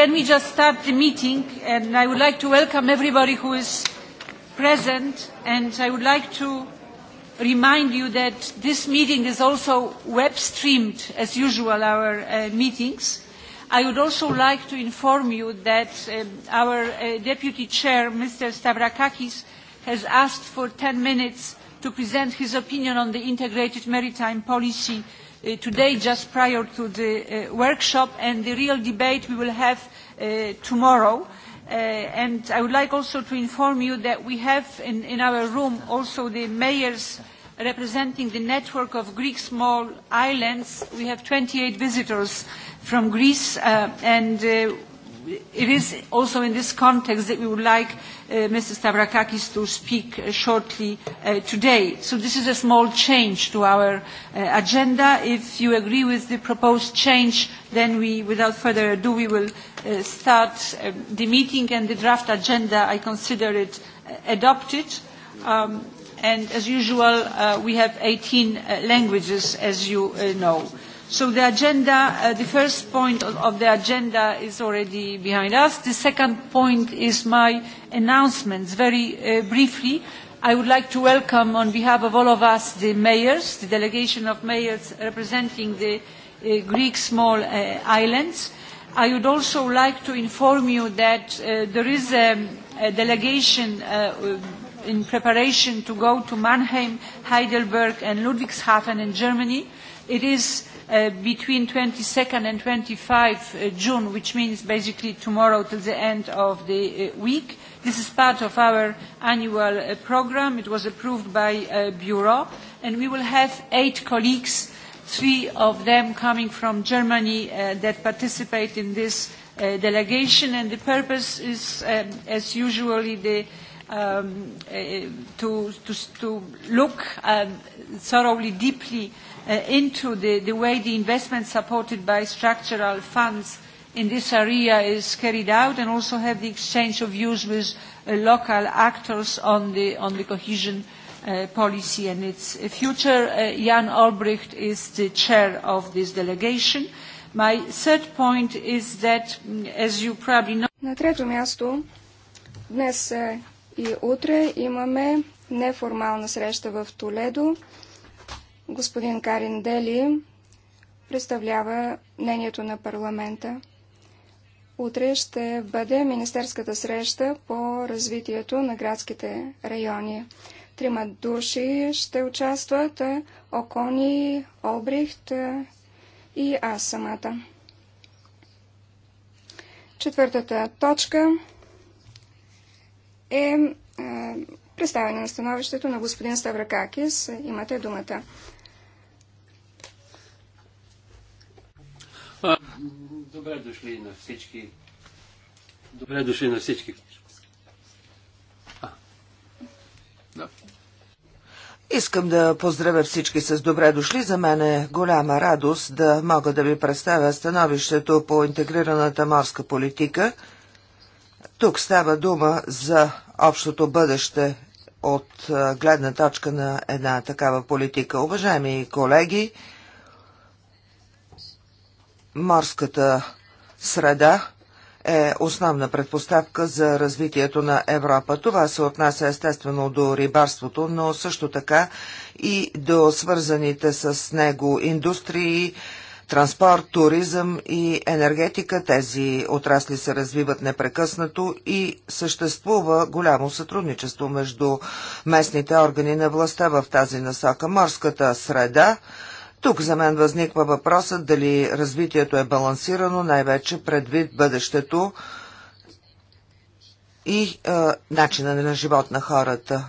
Can we just start the meeting? And I would like to welcome everybody who is present. And I would like to remind you that this meeting is also web streamed, as usual, our uh, meetings. I would also like to inform you that um, our uh, deputy chair, Mr. Stavrakakis, has asked for 10 minutes to present his opinion on the integrated maritime policy today just prior to the workshop and the real debate we will have tomorrow. and I would like also to inform you that we have in, in our room also the mayors representing the network of Greek small islands. We have 28 visitors from Greece and it is also in this context that we would like uh, Mr. Stavrakakis to speak uh, shortly uh, today. So this is a small change to our uh, agenda. If you agree with the proposed change, then we, without further ado, we will uh, start uh, the meeting and the draft agenda. I consider it uh, adopted. Um, and as usual, uh, we have 18 uh, languages, as you uh, know. So the agenda, uh, the first point of, of the agenda is already behind us. The second point is my announcements. Very uh, briefly, I would like to welcome on behalf of all of us the mayors, the delegation of mayors representing the uh, Greek small uh, islands. I would also like to inform you that uh, there is a, a delegation uh, in preparation to go to Mannheim, Heidelberg and Ludwigshafen in Germany. It is between 22nd and 25 uh, June, which means basically tomorrow till the end of the uh, week. This is part of our annual uh, program. It was approved by uh, Bureau, and we will have eight colleagues, three of them coming from Germany, uh, that participate in this uh, delegation. And the purpose is, um, as usually, the um, uh, to, to, to look um, thoroughly, deeply into the, the way the investment supported by structural funds in this area is carried out and also have the exchange of views with uh, local actors on the, on the cohesion uh, policy and its future. Uh, Jan Olbricht is the chair of this delegation. My third point is that, as you probably know... На трето място, днес и утре имаме неформална среща в Толедо Господин Карин Дели представлява мнението на парламента. Утре ще бъде Министерската среща по развитието на градските райони. Трима души ще участват Окони, Обрихт и аз самата. Четвъртата точка е представяне на становището на господин Ставракакис. Имате думата. Добре дошли на всички. Добре дошли на всички. Искам да поздравя всички с добре дошли. За мен е голяма радост да мога да ви представя становището по интегрираната морска политика. Тук става дума за общото бъдеще от гледна точка на една такава политика. Уважаеми колеги, морската среда е основна предпоставка за развитието на Европа. Това се отнася естествено до рибарството, но също така и до свързаните с него индустрии, транспорт, туризъм и енергетика. Тези отрасли се развиват непрекъснато и съществува голямо сътрудничество между местните органи на властта в тази насока. Морската среда – тук за мен възниква въпросът дали развитието е балансирано, най-вече предвид бъдещето и е, начина на живот на хората.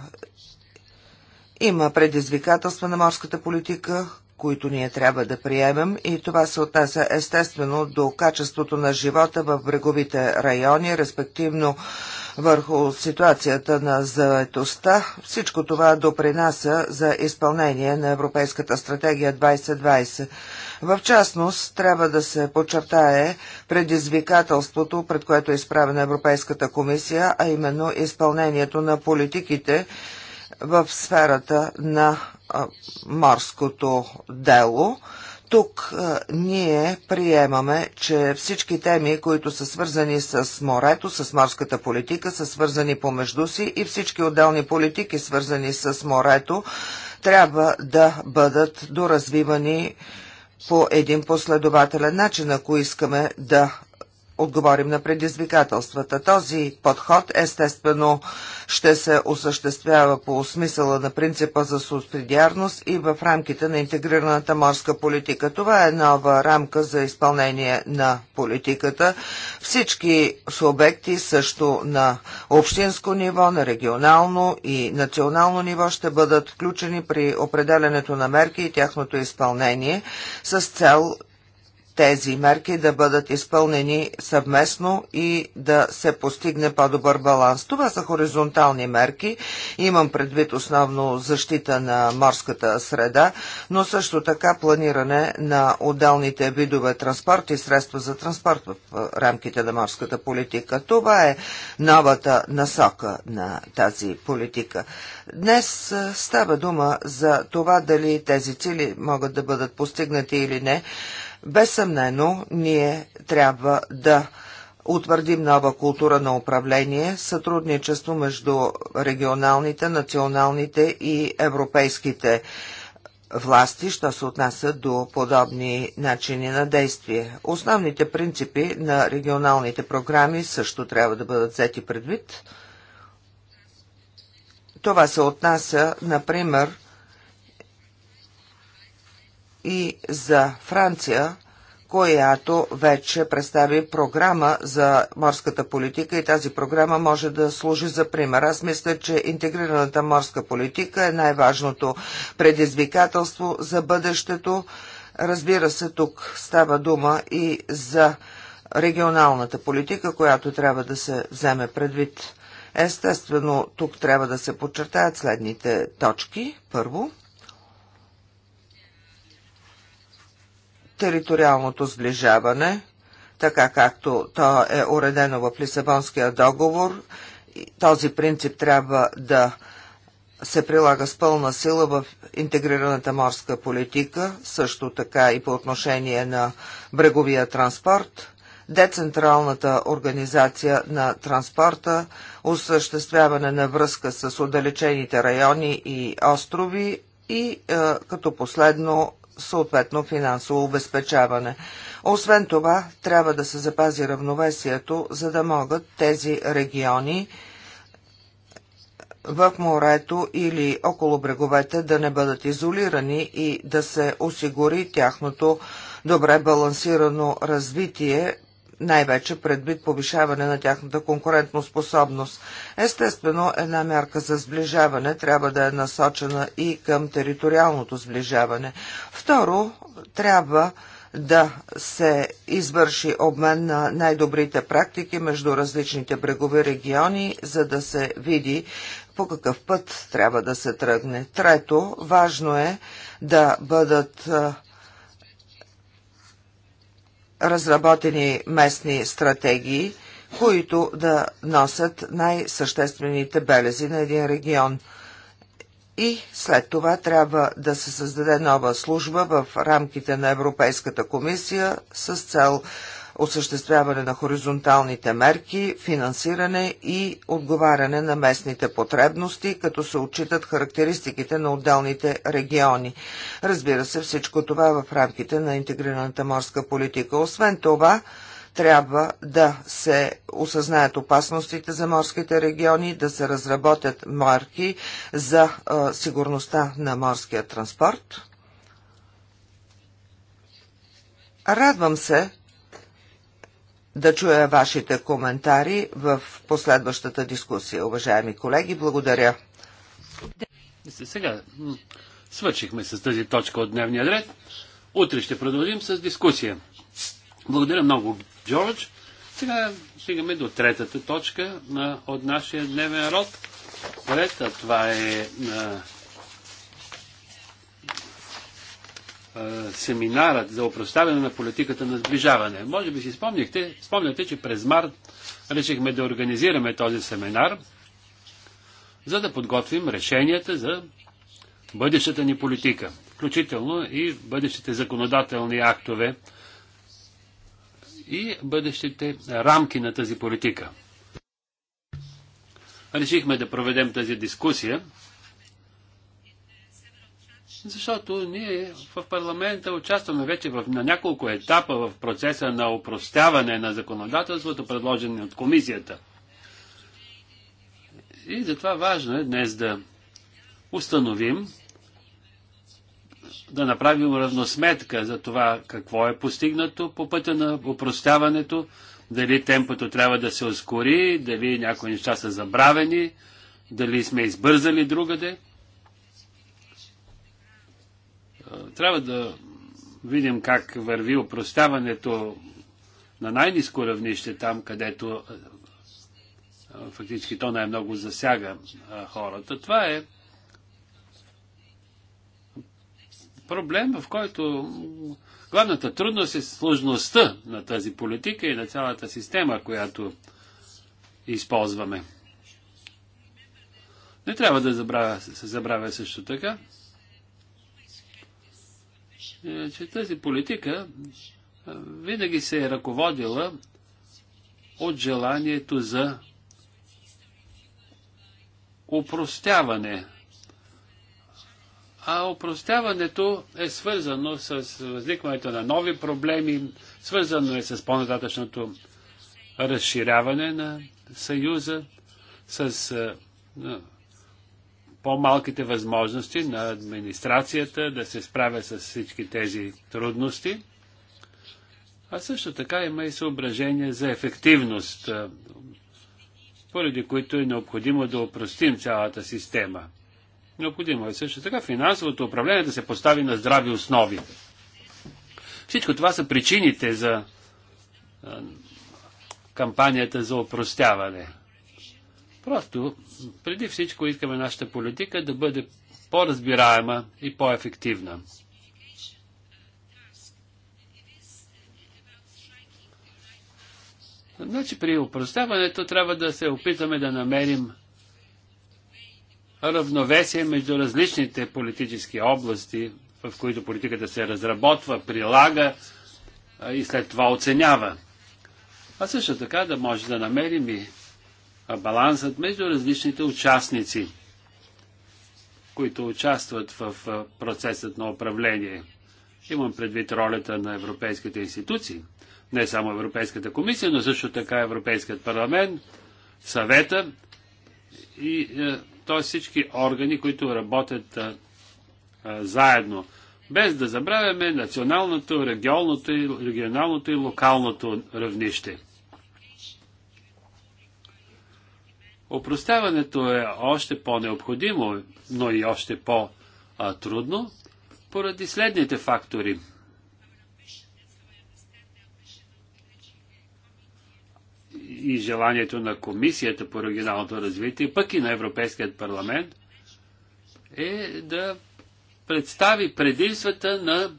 Има предизвикателства на морската политика, които ние трябва да приемем и това се отнася естествено до качеството на живота в бреговите райони, респективно върху ситуацията на заетостта. Всичко това допринася за изпълнение на Европейската стратегия 2020. В частност, трябва да се подчертае предизвикателството, пред което е изправена Европейската комисия, а именно изпълнението на политиките в сферата на морското дело – тук ние приемаме, че всички теми, които са свързани с морето, с морската политика, са свързани помежду си и всички отделни политики, свързани с морето, трябва да бъдат доразвивани по един последователен начин, ако искаме да отговорим на предизвикателствата. Този подход естествено ще се осъществява по смисъла на принципа за субсидиарност и в рамките на интегрираната морска политика. Това е нова рамка за изпълнение на политиката. Всички субекти също на общинско ниво, на регионално и национално ниво ще бъдат включени при определенето на мерки и тяхното изпълнение с цел тези мерки да бъдат изпълнени съвместно и да се постигне по-добър баланс. Това са хоризонтални мерки. Имам предвид основно защита на морската среда, но също така планиране на отделните видове транспорт и средства за транспорт в рамките на морската политика. Това е новата насока на тази политика. Днес става дума за това дали тези цели могат да бъдат постигнати или не. Без съмнено, ние трябва да утвърдим нова култура на управление, сътрудничество между регионалните, националните и европейските власти, що се отнася до подобни начини на действие. Основните принципи на регионалните програми също трябва да бъдат взети предвид. Това се отнася, например, и за Франция, която вече представи програма за морската политика и тази програма може да служи за пример. Аз мисля, че интегрираната морска политика е най-важното предизвикателство за бъдещето. Разбира се, тук става дума и за регионалната политика, която трябва да се вземе предвид. Естествено, тук трябва да се подчертаят следните точки. Първо, териториалното сближаване, така както то е уредено в Лисабонския договор. Този принцип трябва да се прилага с пълна сила в интегрираната морска политика, също така и по отношение на бреговия транспорт. Децентралната организация на транспорта, осъществяване на връзка с отдалечените райони и острови и е, като последно съответно финансово обезпечаване. Освен това, трябва да се запази равновесието, за да могат тези региони в морето или около бреговете да не бъдат изолирани и да се осигури тяхното добре балансирано развитие, най-вече предвид повишаване на тяхната конкурентно способност. Естествено, една мярка за сближаване трябва да е насочена и към териториалното сближаване. Второ, трябва да се извърши обмен на най-добрите практики между различните брегови региони, за да се види по какъв път трябва да се тръгне. Трето, важно е да бъдат разработени местни стратегии, които да носят най-съществените белези на един регион – и след това трябва да се създаде нова служба в рамките на Европейската комисия с цел осъществяване на хоризонталните мерки, финансиране и отговаряне на местните потребности, като се отчитат характеристиките на отделните региони. Разбира се, всичко това в рамките на интегрираната морска политика. Освен това, трябва да се осъзнаят опасностите за морските региони, да се разработят марки за сигурността на морския транспорт. Радвам се да чуя вашите коментари в последващата дискусия. Уважаеми колеги, благодаря. Сега свършихме с тази точка от дневния ред. Утре ще продължим с дискусия. Благодаря много, Джордж. Сега стигаме до третата точка на, от нашия дневен род. Трета, това е на, а, семинарът за опроставяне на политиката на сближаване. Може би си спомняхте, спомняте, че през март решихме да организираме този семинар, за да подготвим решенията за бъдещата ни политика, включително и бъдещите законодателни актове, и бъдещите рамки на тази политика. Решихме да проведем тази дискусия, защото ние в парламента участваме вече в, на няколко етапа в процеса на упростяване на законодателството, предложено от комисията. И затова важно е днес да установим да направим равносметка за това какво е постигнато по пътя на упростяването, дали темпото трябва да се ускори, дали някои неща са забравени, дали сме избързали другаде. Трябва да видим как върви упростяването на най-низко равнище, там където фактически то най-много засяга хората. Това е проблем, в който главната трудност е сложността на тази политика и на цялата система, която използваме. Не трябва да забравя, се забравя също така, е, че тази политика е, винаги се е ръководила от желанието за упростяване а опростяването е свързано с възникването на нови проблеми, свързано е с по-нататъчното разширяване на Съюза, с по-малките възможности на администрацията да се справя с всички тези трудности. А също така има и съображения за ефективност, поради които е необходимо да опростим цялата система. Необходимо е също така финансовото управление да се постави на здрави основи. Всичко това са причините за кампанията за опростяване. Просто, преди всичко, искаме нашата политика да бъде по-разбираема и по-ефективна. Значи при опростяването трябва да се опитаме да намерим равновесие между различните политически области, в които политиката се разработва, прилага и след това оценява. А също така да може да намерим и балансът между различните участници, които участват в процесът на управление. Имам предвид ролята на европейските институции, не само Европейската комисия, но също така Европейският парламент, съвета и т.е. всички органи, които работят а, а, заедно. Без да забравяме националното, регионалното и, регионалното и локалното равнище. Опростяването е още по-необходимо, но и още по-трудно, поради следните фактори – и желанието на Комисията по регионалното развитие, пък и на Европейският парламент, е да представи предимствата на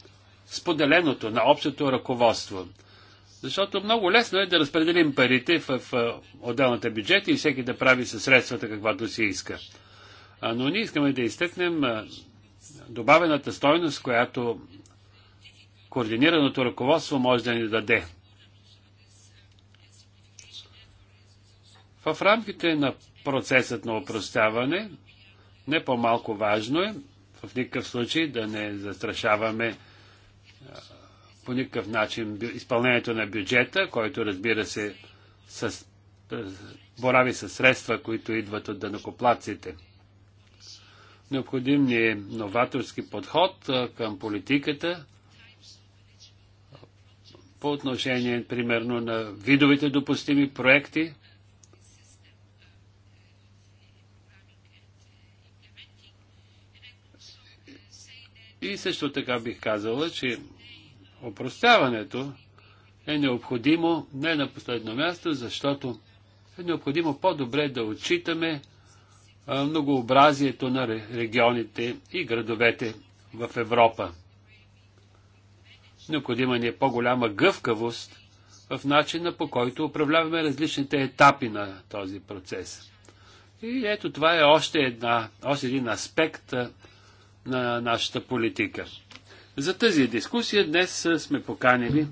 споделеното, на общото ръководство. Защото много лесно е да разпределим парите в, отделната бюджет и всеки да прави със средствата каквато си иска. но ние искаме да изтъкнем добавената стойност, която координираното ръководство може да ни даде. В рамките на процесът на опростяване, не по-малко важно е, в никакъв случай да не застрашаваме по никакъв начин изпълнението на бюджета, който разбира се с, борави с средства, които идват от дънокоплаците. Необходим ни е новаторски подход към политиката по отношение, примерно, на видовите допустими проекти, И също така бих казала, че опростяването е необходимо не на последно място, защото е необходимо по-добре да отчитаме многообразието на регионите и градовете в Европа. Необходима ни е по-голяма гъвкавост в начина по който управляваме различните етапи на този процес. И ето това е още, една, още един аспект на нашата политика. За тази дискусия днес сме поканили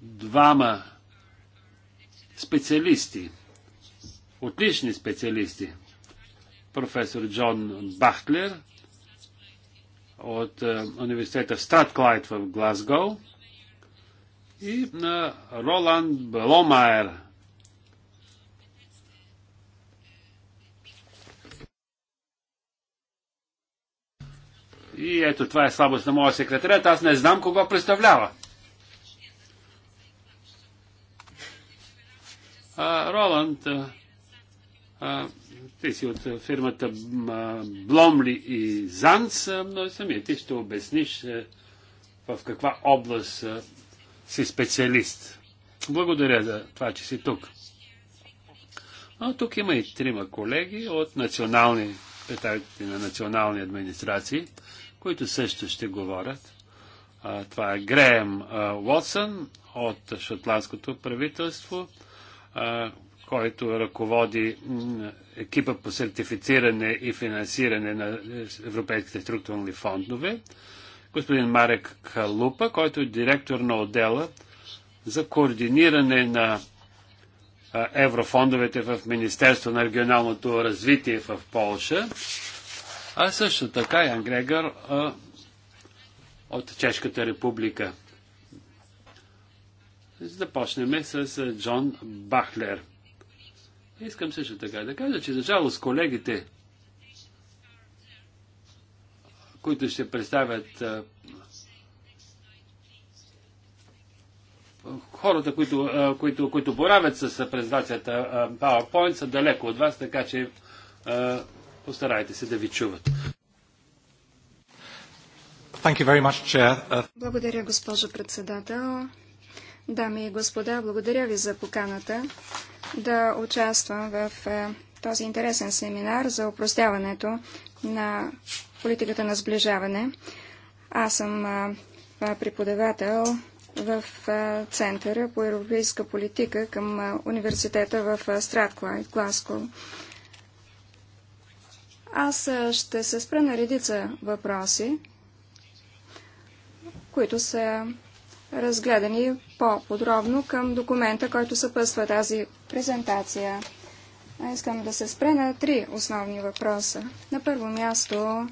двама специалисти, отлични специалисти. Професор Джон Бахтлер от университета в Стратклайд в Глазго и на Роланд Беломайер И ето това е слабост на моя секретарят. Аз не знам кого представлява. А, Роланд, а, а, ти си от фирмата Бломли и Занц, но самия ти ще обясниш в каква област си специалист. Благодаря за това, че си тук. А, тук има и трима колеги от национални представители на национални администрации които също ще говорят. А, това е Греем Уотсън от шотландското правителство, а, който ръководи екипа по сертифициране и финансиране на европейските структурни фондове, господин Марек Калупа, който е директор на отдела за координиране на еврофондовете в Министерство на регионалното развитие в Полша а също така Ян Грегор а, от Чешката република. Започнем с Джон Бахлер. Искам също така да кажа, че за жалост колегите, които ще представят а, хората, които, които, които боравят с презентацията PowerPoint са далеко от вас, така че Постарайте се да ви чуват. Uh, благодаря, госпожо председател. Дами и господа, благодаря ви за поканата да участвам в е, този интересен семинар за упростяването на политиката на сближаване. Аз съм е, е, преподавател в Центъра по европейска политика към университета в Стратклайд, Гласко. Аз ще се спра на редица въпроси, които са разгледани по-подробно към документа, който съпъсва тази презентация. А искам да се спре на три основни въпроса. На първо място,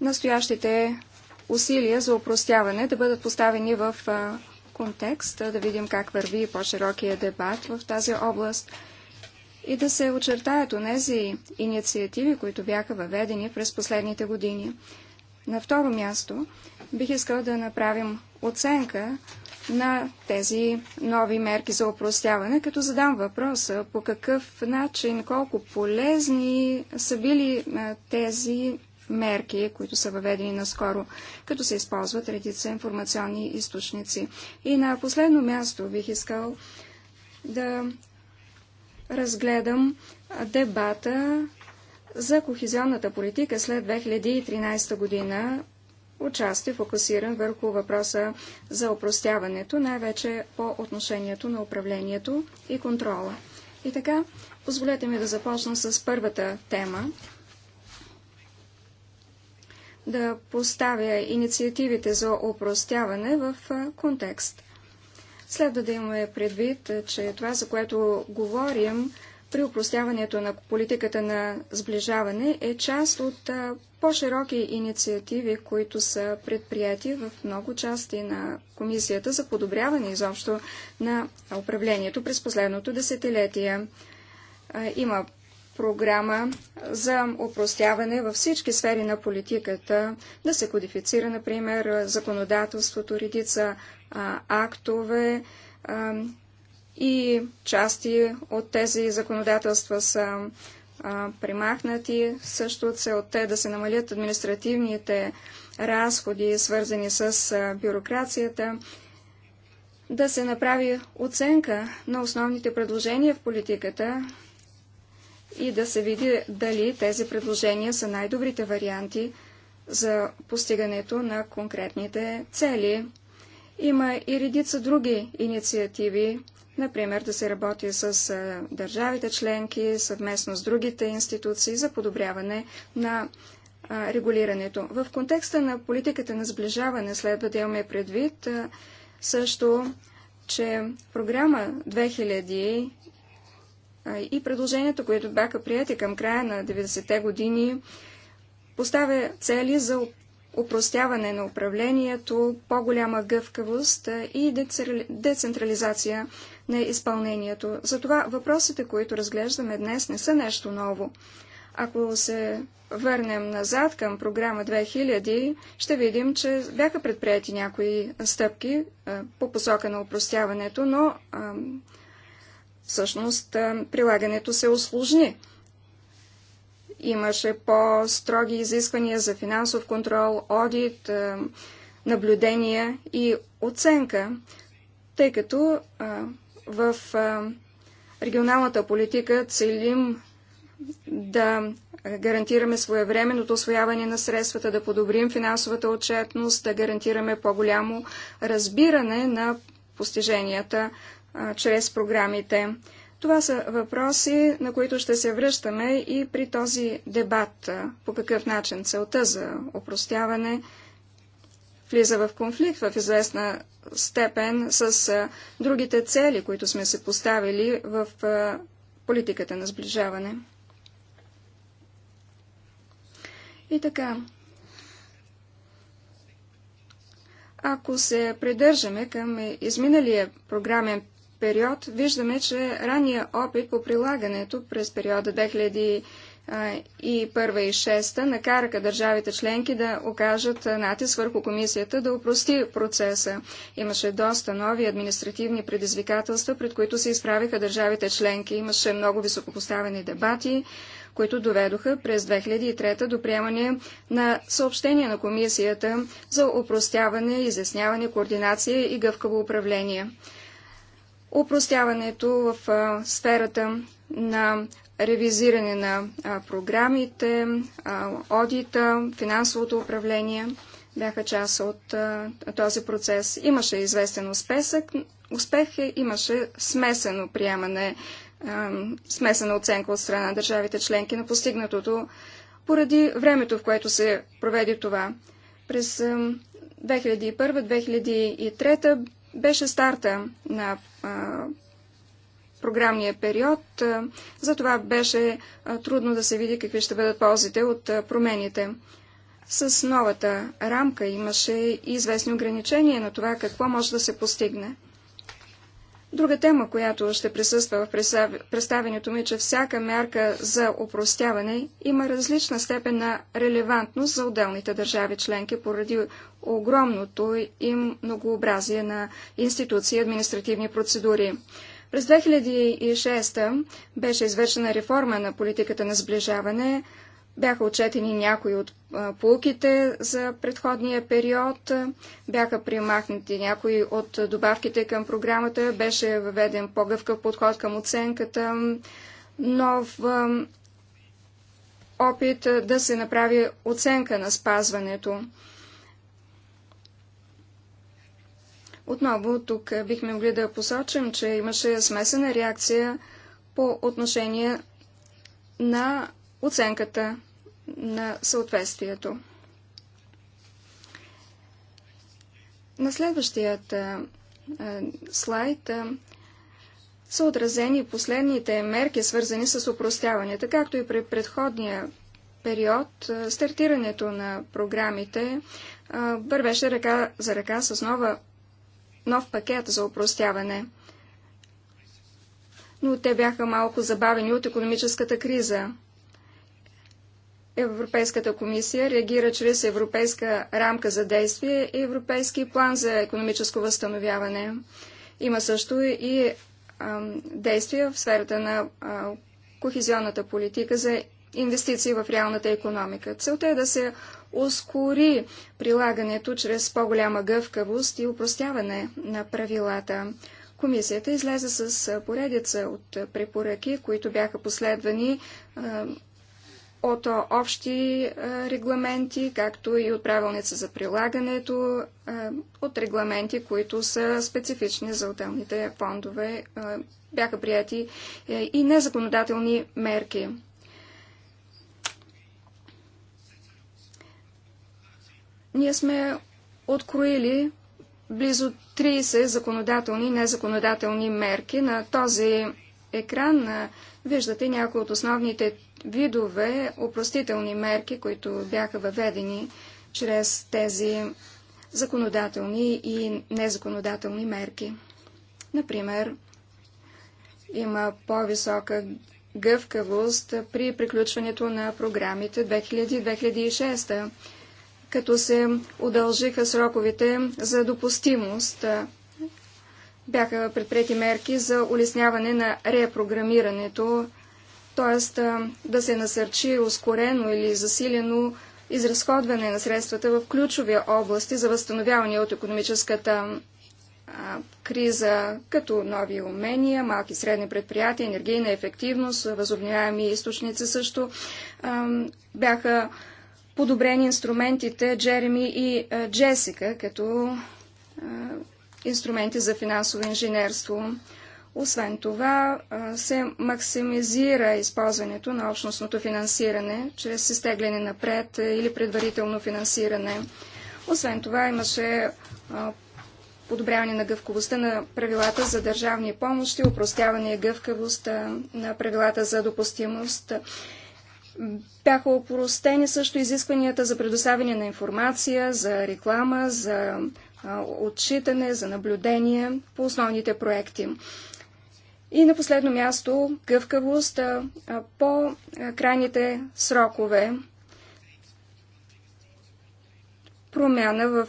настоящите усилия за упростяване да бъдат поставени в контекст, да видим как върви по-широкия дебат в тази област – и да се очертаят онези инициативи, които бяха въведени през последните години. На второ място бих искал да направим оценка на тези нови мерки за опростяване, като задам въпроса по какъв начин, колко полезни са били тези мерки, които са въведени наскоро, като се използват редица информационни източници. И на последно място бих искал да разгледам дебата за кохезионната политика след 2013 година, участие фокусиран върху въпроса за опростяването, най-вече по отношението на управлението и контрола. И така, позволете ми да започна с първата тема, да поставя инициативите за опростяване в контекст – Следва да имаме предвид, че това, за което говорим при упростяването на политиката на сближаване, е част от по-широки инициативи, които са предприяти в много части на Комисията за подобряване изобщо на управлението през последното десетилетие. Има програма за упростяване във всички сфери на политиката, да се кодифицира, например, законодателството, редица а, актове а, и части от тези законодателства са а, примахнати. Също целта е да се намалят административните разходи, свързани с а, бюрокрацията, да се направи оценка на основните предложения в политиката и да се види дали тези предложения са най-добрите варианти за постигането на конкретните цели. Има и редица други инициативи, например да се работи с държавите членки, съвместно с другите институции за подобряване на регулирането. В контекста на политиката на сближаване следва да имаме предвид също, че програма 2000 и предложенията, които бяха прияти към края на 90-те години, поставя цели за упростяване на управлението, по-голяма гъвкавост и децентрализация на изпълнението. Затова въпросите, които разглеждаме днес, не са нещо ново. Ако се върнем назад към програма 2000, ще видим, че бяха предприяти някои стъпки по посока на упростяването, но всъщност прилагането се осложни. Имаше по-строги изисквания за финансов контрол, одит, наблюдение и оценка, тъй като в регионалната политика целим да гарантираме своевременното освояване на средствата, да подобрим финансовата отчетност, да гарантираме по-голямо разбиране на постиженията а, чрез програмите. Това са въпроси, на които ще се връщаме и при този дебат. По какъв начин целта за опростяване влиза в конфликт в известна степен с а, другите цели, които сме се поставили в а, политиката на сближаване. И така, ако се придържаме към изминалия програмен период виждаме, че ранния опит по прилагането през периода 2001 и 6 накараха държавите членки да окажат натиск върху комисията да упрости процеса. Имаше доста нови административни предизвикателства, пред които се изправиха държавите членки. Имаше много високопоставени дебати, които доведоха през 2003 до приемане на съобщение на комисията за упростяване, изясняване, координация и гъвкаво управление упростяването в сферата на ревизиране на програмите, одита, финансовото управление бяха част от този процес. Имаше известен успех, успех, имаше смесено приемане, смесена оценка от страна на държавите членки на постигнатото поради времето, в което се проведе това. През 2001-2003 беше старта на а, програмния период. затова беше трудно да се види какви ще бъдат ползите от промените. С новата рамка имаше и известни ограничения на това какво може да се постигне. Друга тема, която ще присъства в представенето ми, е, че всяка мярка за опростяване има различна степен на релевантност за отделните държави членки поради огромното им многообразие на институции и административни процедури. През 2006 беше извършена реформа на политиката на сближаване бяха отчетени някои от полуките за предходния период, бяха примахнати някои от добавките към програмата, беше въведен по-гъвкав подход към оценката, нов опит да се направи оценка на спазването. Отново тук бихме могли да посочим, че имаше смесена реакция по отношение на оценката на съответствието. На следващият слайд са отразени последните мерки, свързани с упростяването, както и при предходния период стартирането на програмите вървеше ръка за ръка с нова, нов пакет за упростяване. Но те бяха малко забавени от економическата криза. Европейската комисия реагира чрез Европейска рамка за действие и Европейски план за економическо възстановяване. Има също и а, действия в сферата на а, кохезионната политика за инвестиции в реалната економика. Целта е да се ускори прилагането чрез по-голяма гъвкавост и упростяване на правилата. Комисията излезе с поредица от препоръки, които бяха последвани а, от общи регламенти, както и от правилница за прилагането, от регламенти, които са специфични за отделните фондове, бяха прияти е, и незаконодателни мерки. Ние сме откроили близо 30 законодателни и незаконодателни мерки. На този екран виждате някои от основните видове опростителни мерки, които бяха въведени чрез тези законодателни и незаконодателни мерки. Например, има по-висока гъвкавост при приключването на програмите 2000-2006, като се удължиха сроковете за допустимост. Бяха предприяти мерки за улесняване на репрограмирането т.е. да се насърчи ускорено или засилено изразходване на средствата в ключови области за възстановяване от економическата криза, като нови умения, малки и средни предприятия, енергийна ефективност, възобновяеми източници също бяха подобрени инструментите Джереми и Джесика като инструменти за финансово инженерство. Освен това се максимизира използването на общностното финансиране чрез изтегляне напред или предварително финансиране. Освен това имаше подобряване на гъвковостта на правилата за държавни помощи, упростяване и гъвкавостта на правилата за допустимост. Бяха опростени също изискванията за предоставяне на информация, за реклама, за отчитане, за наблюдение по основните проекти. И на последно място гъвкавост по крайните срокове. Промяна в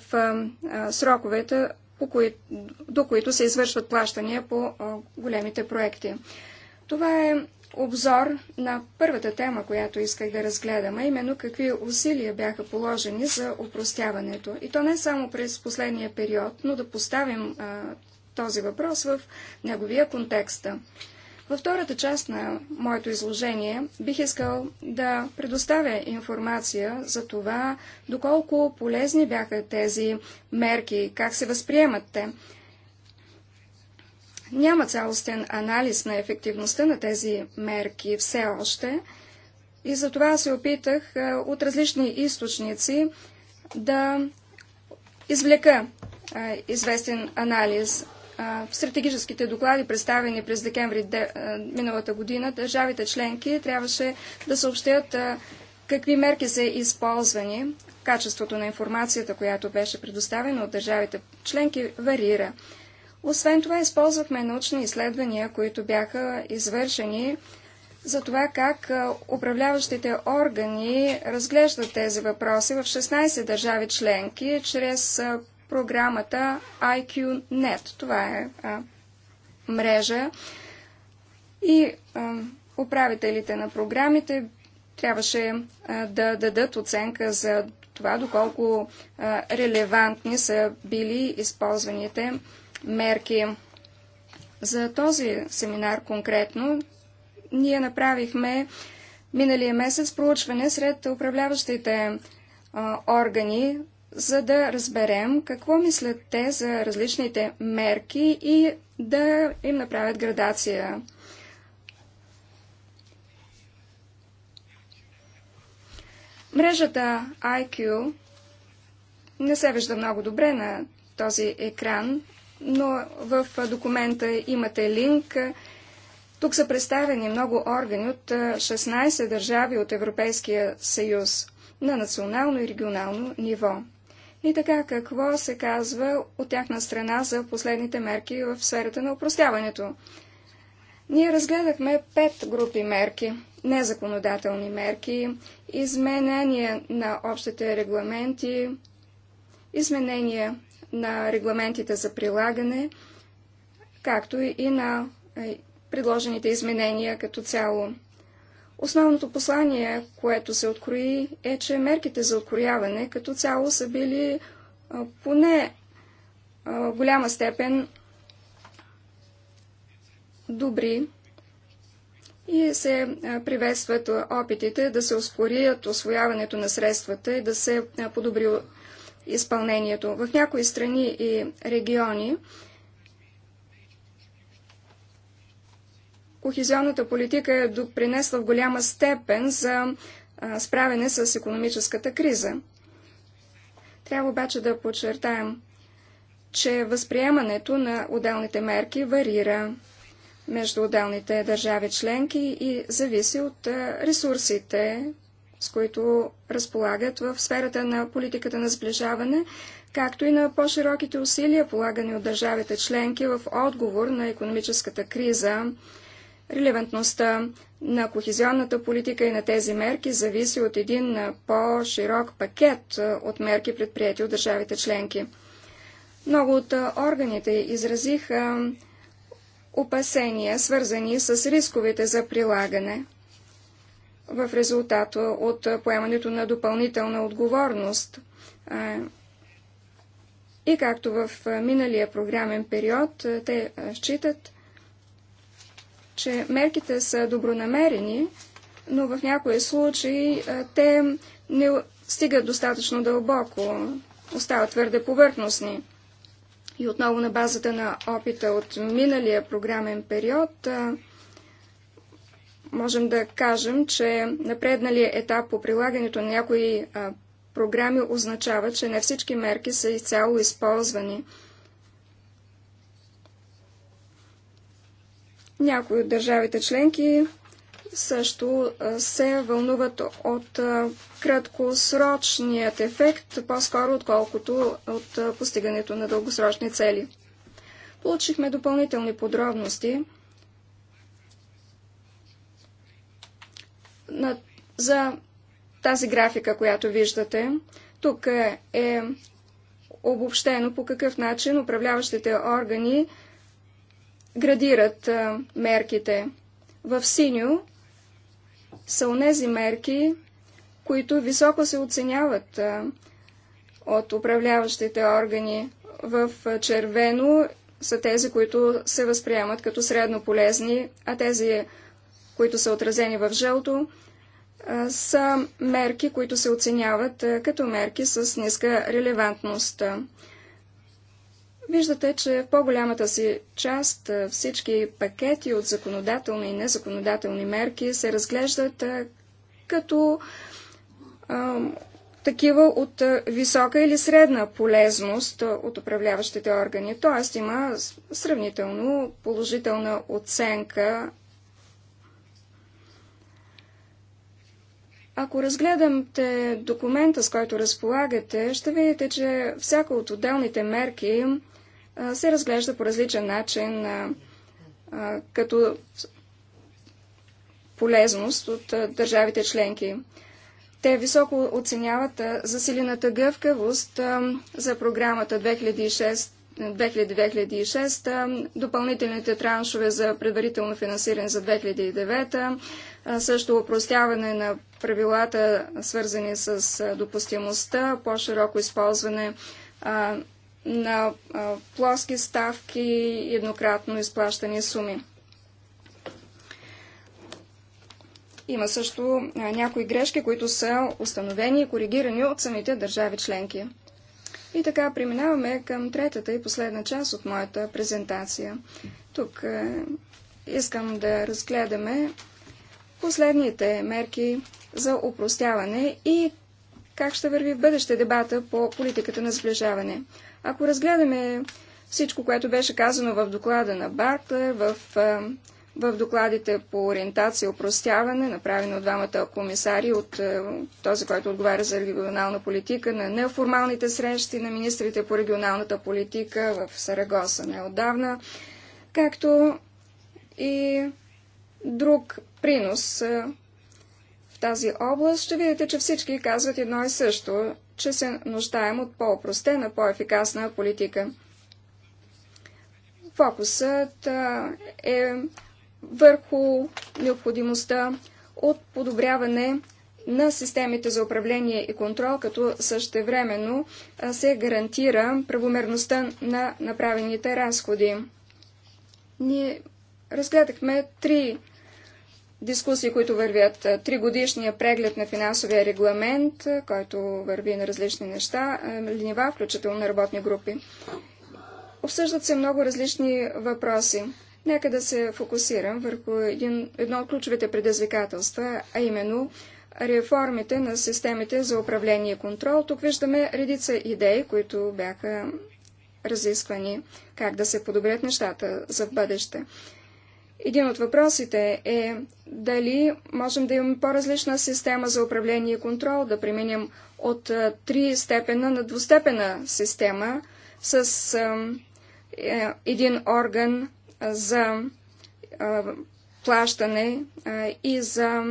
сроковете, до които се извършват плащания по големите проекти. Това е обзор на първата тема, която исках да разгледам, а именно какви усилия бяха положени за упростяването. И то не само през последния период, но да поставим а, този въпрос в неговия контекст. Във втората част на моето изложение бих искал да предоставя информация за това, доколко полезни бяха тези мерки, как се възприемат те. Няма цялостен анализ на ефективността на тези мерки все още и за това се опитах е, от различни източници да извлека е, известен анализ в стратегическите доклади, представени през декември де, миналата година, държавите членки трябваше да съобщят какви мерки са използвани. Качеството на информацията, която беше предоставена от държавите членки, варира. Освен това, използвахме научни изследвания, които бяха извършени за това как управляващите органи разглеждат тези въпроси в 16 държави членки чрез програмата IQNet. Това е а, мрежа. И а, управителите на програмите трябваше а, да дадат оценка за това, доколко а, релевантни са били използваните мерки. За този семинар конкретно ние направихме миналия месец проучване сред управляващите а, органи за да разберем какво мислят те за различните мерки и да им направят градация. Мрежата IQ не се вижда много добре на този екран, но в документа имате линк. Тук са представени много органи от 16 държави от Европейския съюз на национално и регионално ниво. И така, какво се казва от тяхна страна за последните мерки в сферата на упростяването? Ние разгледахме пет групи мерки, незаконодателни мерки, изменения на общите регламенти, изменения на регламентите за прилагане, както и на е, предложените изменения като цяло. Основното послание, което се открои, е, че мерките за открояване като цяло са били поне в голяма степен добри и се приветстват опитите да се ускорят освояването на средствата и да се подобри изпълнението. В някои страни и региони Кохезионната политика е допринесла в голяма степен за справяне с економическата криза. Трябва обаче да подчертаем, че възприемането на отделните мерки варира между отделните държави членки и зависи от ресурсите, с които разполагат в сферата на политиката на сближаване, както и на по-широките усилия, полагани от държавите членки в отговор на економическата криза Релевантността на кохезионната политика и на тези мерки зависи от един по-широк пакет от мерки, предприяти от държавите членки. Много от органите изразиха опасения, свързани с рисковете за прилагане в резултат от поемането на допълнителна отговорност. И както в миналия програмен период, те считат, че мерките са добронамерени, но в някои случаи те не стигат достатъчно дълбоко, остават твърде повърхностни. И отново на базата на опита от миналия програмен период, можем да кажем, че напредналият етап по прилагането на някои програми означава, че не всички мерки са изцяло използвани. Някои от държавите членки също се вълнуват от краткосрочният ефект, по-скоро отколкото от постигането на дългосрочни цели. Получихме допълнителни подробности за тази графика, която виждате. Тук е, е обобщено по какъв начин управляващите органи градират а, мерките. В синьо са онези мерки, които високо се оценяват а, от управляващите органи. В червено са тези, които се възприемат като средно полезни, а тези, които са отразени в жълто, а, са мерки, които се оценяват а, като мерки с ниска релевантност. Виждате, че в по-голямата си част всички пакети от законодателни и незаконодателни мерки се разглеждат като а, такива от висока или средна полезност от управляващите органи. Т.е. има сравнително положителна оценка. Ако разгледамте документа, с който разполагате, ще видите, че всяка от отделните мерки се разглежда по различен начин като полезност от държавите членки. Те високо оценяват засилената гъвкавост за програмата 2006 2006 допълнителните траншове за предварително финансиране за 2009, също упростяване на правилата, свързани с допустимостта, по-широко използване на плоски ставки и еднократно изплащани суми. Има също някои грешки, които са установени и коригирани от самите държави членки. И така преминаваме към третата и последна част от моята презентация. Тук искам да разгледаме последните мерки за упростяване и как ще върви в бъдеще дебата по политиката на сближаване. Ако разгледаме всичко, което беше казано в доклада на Бартлер, в, в докладите по ориентация и упростяване, направено от двамата комисари, от този, който отговаря за регионална политика, на неформалните срещи на министрите по регионалната политика в Сарагоса неодавна, както и друг принос в тази област, ще видите, че всички казват едно и също, че се нуждаем от по-опростена, по-ефикасна политика. Фокусът е върху необходимостта от подобряване на системите за управление и контрол, като същевременно се гарантира правомерността на направените разходи. Ние разгледахме три дискусии, които вървят. Тригодишния преглед на финансовия регламент, който върви на различни неща, нива, включително на работни групи. Обсъждат се много различни въпроси. Нека да се фокусирам върху един, едно от ключовите предизвикателства, а именно реформите на системите за управление и контрол. Тук виждаме редица идеи, които бяха разисквани, как да се подобрят нещата за в бъдеще. Един от въпросите е дали можем да имаме по-различна система за управление и контрол, да преминем от три степена на двустепена система с е, един орган за плащане и за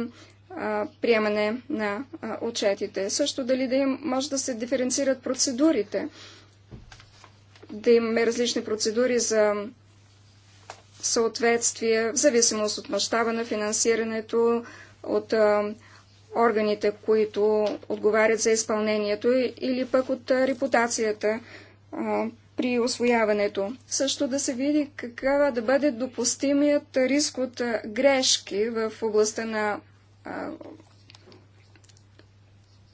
приемане на отчетите. Също дали да им може да се диференцират процедурите, да имаме различни процедури за съответствие, в зависимост от мащаба на финансирането, от а, органите, които отговарят за изпълнението или пък от а, репутацията а, при освояването. Също да се види каква да бъде допустимият риск от грешки в областта на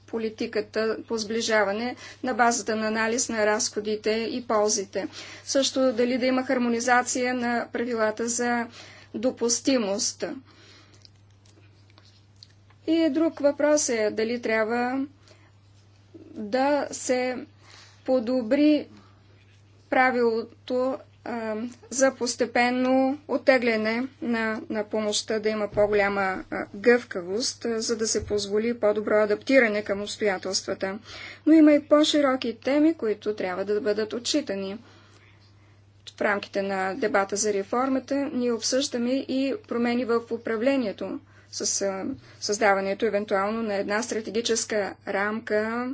политиката по сближаване на базата на анализ на разходите и ползите. Също дали да има хармонизация на правилата за допустимост. И друг въпрос е дали трябва да се подобри правилото за постепенно оттегляне на, на помощта, да има по-голяма гъвкавост, за да се позволи по-добро адаптиране към обстоятелствата. Но има и по-широки теми, които трябва да бъдат отчитани. В рамките на дебата за реформата ние обсъждаме и промени в управлението с създаването евентуално на една стратегическа рамка,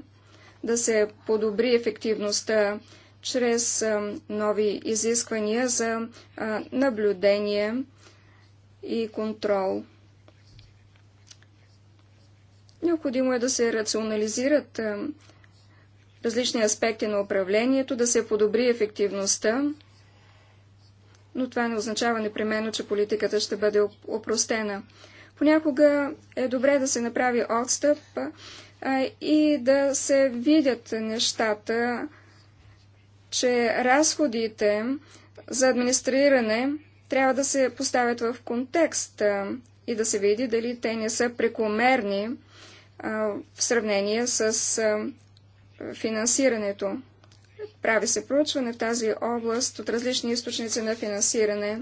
да се подобри ефективността чрез нови изисквания за наблюдение и контрол. Необходимо е да се рационализират различни аспекти на управлението, да се подобри ефективността, но това не означава непременно, че политиката ще бъде опростена. Понякога е добре да се направи отстъп и да се видят нещата, че разходите за администриране трябва да се поставят в контекст и да се види дали те не са прекомерни в сравнение с финансирането. Прави се проучване в тази област от различни източници на финансиране.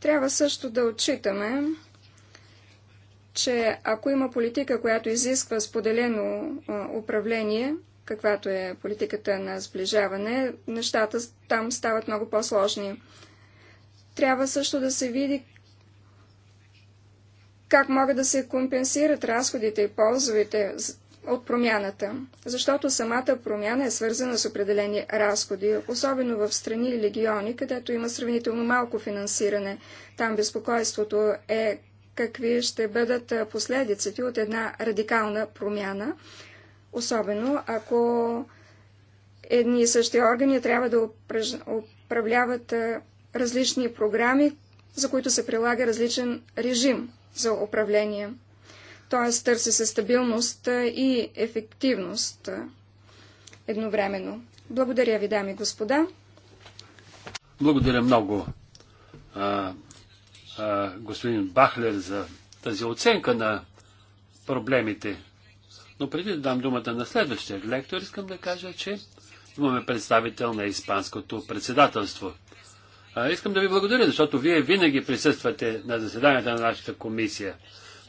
Трябва също да отчитаме, че ако има политика, която изисква споделено управление, каквато е политиката на сближаване, нещата там стават много по-сложни. Трябва също да се види как могат да се компенсират разходите и ползовете от промяната, защото самата промяна е свързана с определени разходи, особено в страни и легиони, където има сравнително малко финансиране. Там безпокойството е какви ще бъдат последиците от една радикална промяна, особено ако едни и същи органи трябва да управляват различни програми, за които се прилага различен режим за управление. Т.е. търси се стабилност и ефективност едновременно. Благодаря ви, дами и господа. Благодаря много, а, господин Бахлер за тази оценка на проблемите. Но преди да дам думата на следващия лектор, искам да кажа, че имаме представител на Испанското председателство. А, искам да ви благодаря, защото вие винаги присъствате на заседанията на нашата комисия.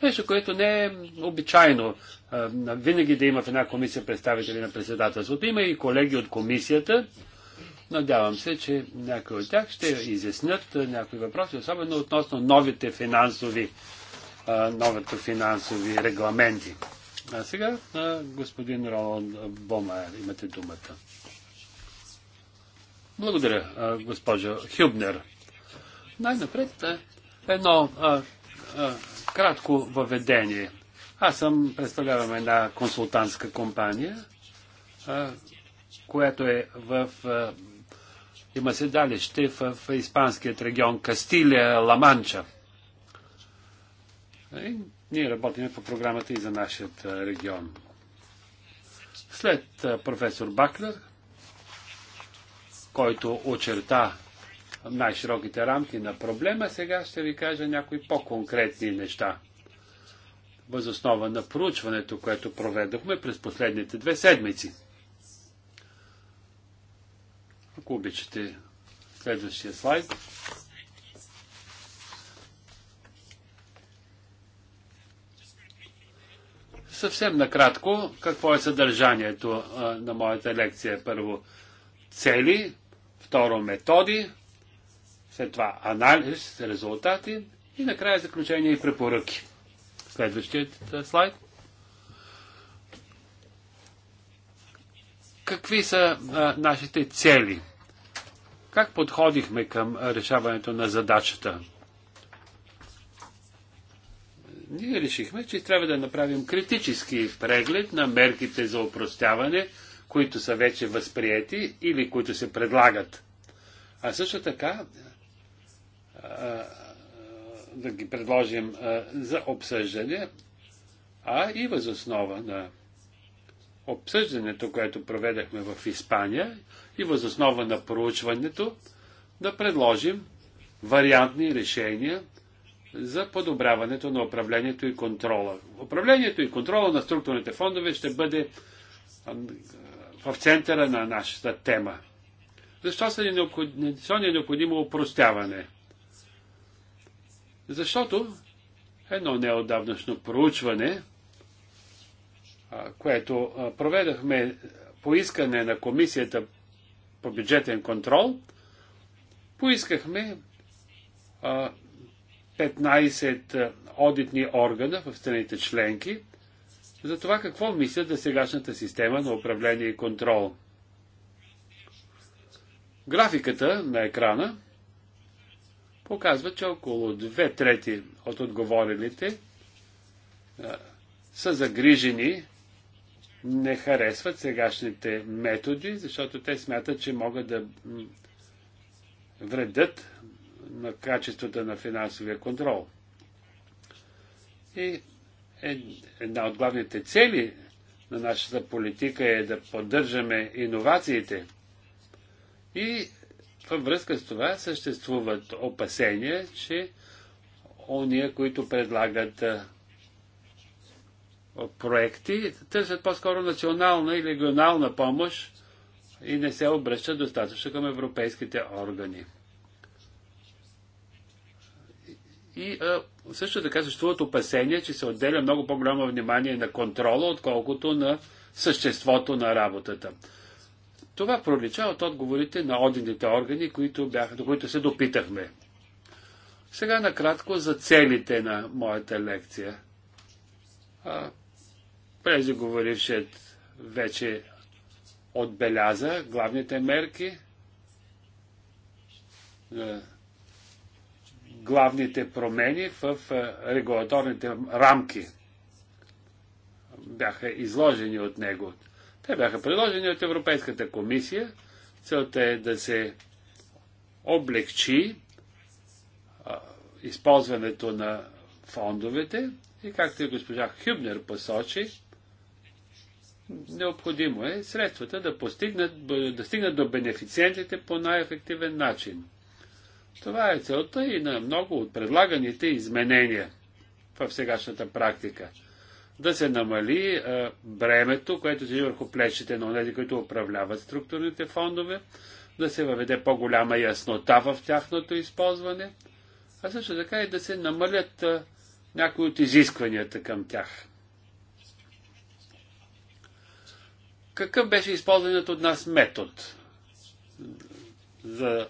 Нещо, което не е обичайно. А, винаги да има в една комисия представители на председателството. Има и колеги от комисията, Надявам се, че някои от тях ще изяснят е, някои въпроси, особено относно новите финансови, е, новите финансови регламенти. А сега е, господин Роланд Бомайер, имате думата. Благодаря, госпожо Хюбнер. Най-напред едно а, а, кратко въведение. Аз съм, представлявам една консултантска компания, а, която е в а, има седалище в, в испанският регион Кастилия, Ламанча. И ние работим по програмата и за нашия регион. След професор Баклер, който очерта най-широките рамки на проблема, сега ще ви кажа някои по-конкретни неща. Възоснова на проучването, което проведохме през последните две седмици ако обичате следващия слайд. Съвсем накратко, какво е съдържанието на моята лекция? Първо цели, второ методи, след това анализ, резултати и накрая заключение и препоръки. Следващият слайд. Какви са а, нашите цели? Как подходихме към решаването на задачата? Ние решихме, че трябва да направим критически преглед на мерките за упростяване, които са вече възприяти или които се предлагат. А също така да ги предложим за обсъждане, а и възоснова на обсъждането, което проведахме в Испания, и възоснова на проучването да предложим вариантни решения за подобряването на управлението и контрола. Управлението и контрола на структурните фондове ще бъде в центъра на нашата тема. Защо са ни необходимо, ни е необходимо упростяване? Защото едно неодавнашно проучване, което проведахме по искане на комисията по бюджетен контрол, поискахме 15 одитни органа в страните членки за това какво мислят за сегашната система на управление и контрол. Графиката на екрана показва, че около две трети от отговорилите са загрижени не харесват сегашните методи, защото те смятат, че могат да вредят на качеството на финансовия контрол. И една от главните цели на нашата политика е да поддържаме иновациите. И във връзка с това съществуват опасения, че ония, които предлагат проекти търсят по-скоро национална и регионална помощ и не се обръщат достатъчно към европейските органи. И а, също така съществуват опасения, че се отделя много по-голямо внимание на контрола, отколкото на съществото на работата. Това пролича от отговорите на одините органи, които бяха, до които се допитахме. Сега накратко за целите на моята лекция. А, Преждеговорившият вече отбеляза главните мерки, е, главните промени в е, регулаторните рамки бяха изложени от него. Те бяха предложени от Европейската комисия. Целта е да се облегчи е, използването на фондовете и както и госпожа Хюбнер посочи, Необходимо е средствата да, постигнат, да стигнат до бенефициентите по най-ефективен начин. Това е целта и на много от предлаганите изменения в сегашната практика. Да се намали а, е, бремето, което се върху плещите на тези, които управляват структурните фондове, да се въведе по-голяма яснота в тяхното използване, а също така и да се намалят а, е, някои от изискванията към тях. Какъв беше използваният от нас метод, за,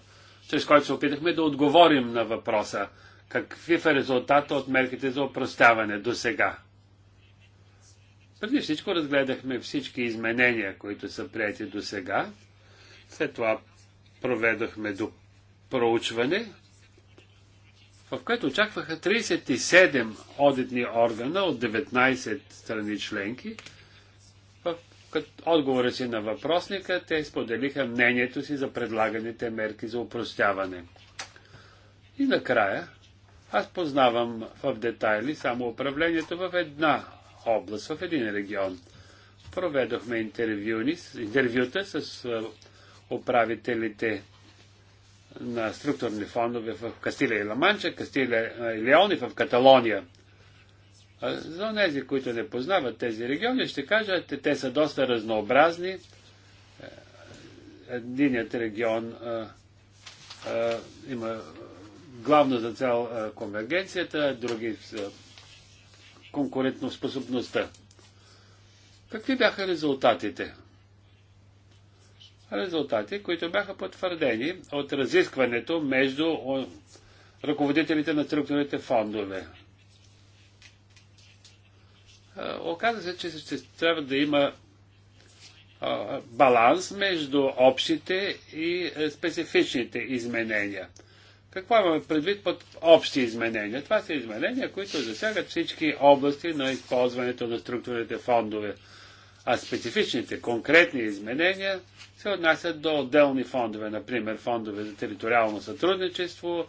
чрез който се опитахме да отговорим на въпроса? какви е резултата от мерките за опростяване до сега? Преди всичко разгледахме всички изменения, които са прияти до сега. След това проведохме до проучване, в което очакваха 37 одитни органа от 19 страни членки – отговора си на въпросника те споделиха мнението си за предлаганите мерки за упростяване. И накрая, аз познавам в детайли само управлението в една област, в един регион. Проведохме интервюта с е, управителите на структурни фондове в Кастилия и Ламанча, Кастилия и е, Леони в Каталония. А за тези, които не познават тези региони, ще кажа, те, те са доста разнообразни. Е, единият регион а, е, а, е, има главно за цел конвергенцията, други са способността. Какви бяха резултатите? Резултати, които бяха потвърдени от разискването между ръководителите на структурните фондове. Е, Оказва се, че ще трябва да има баланс между общите и е, специфичните изменения. Какво имаме предвид под общи изменения? Това са изменения, които засягат всички области на използването на структурните фондове. А специфичните, конкретни изменения се отнасят до отделни фондове, например фондове за териториално сътрудничество,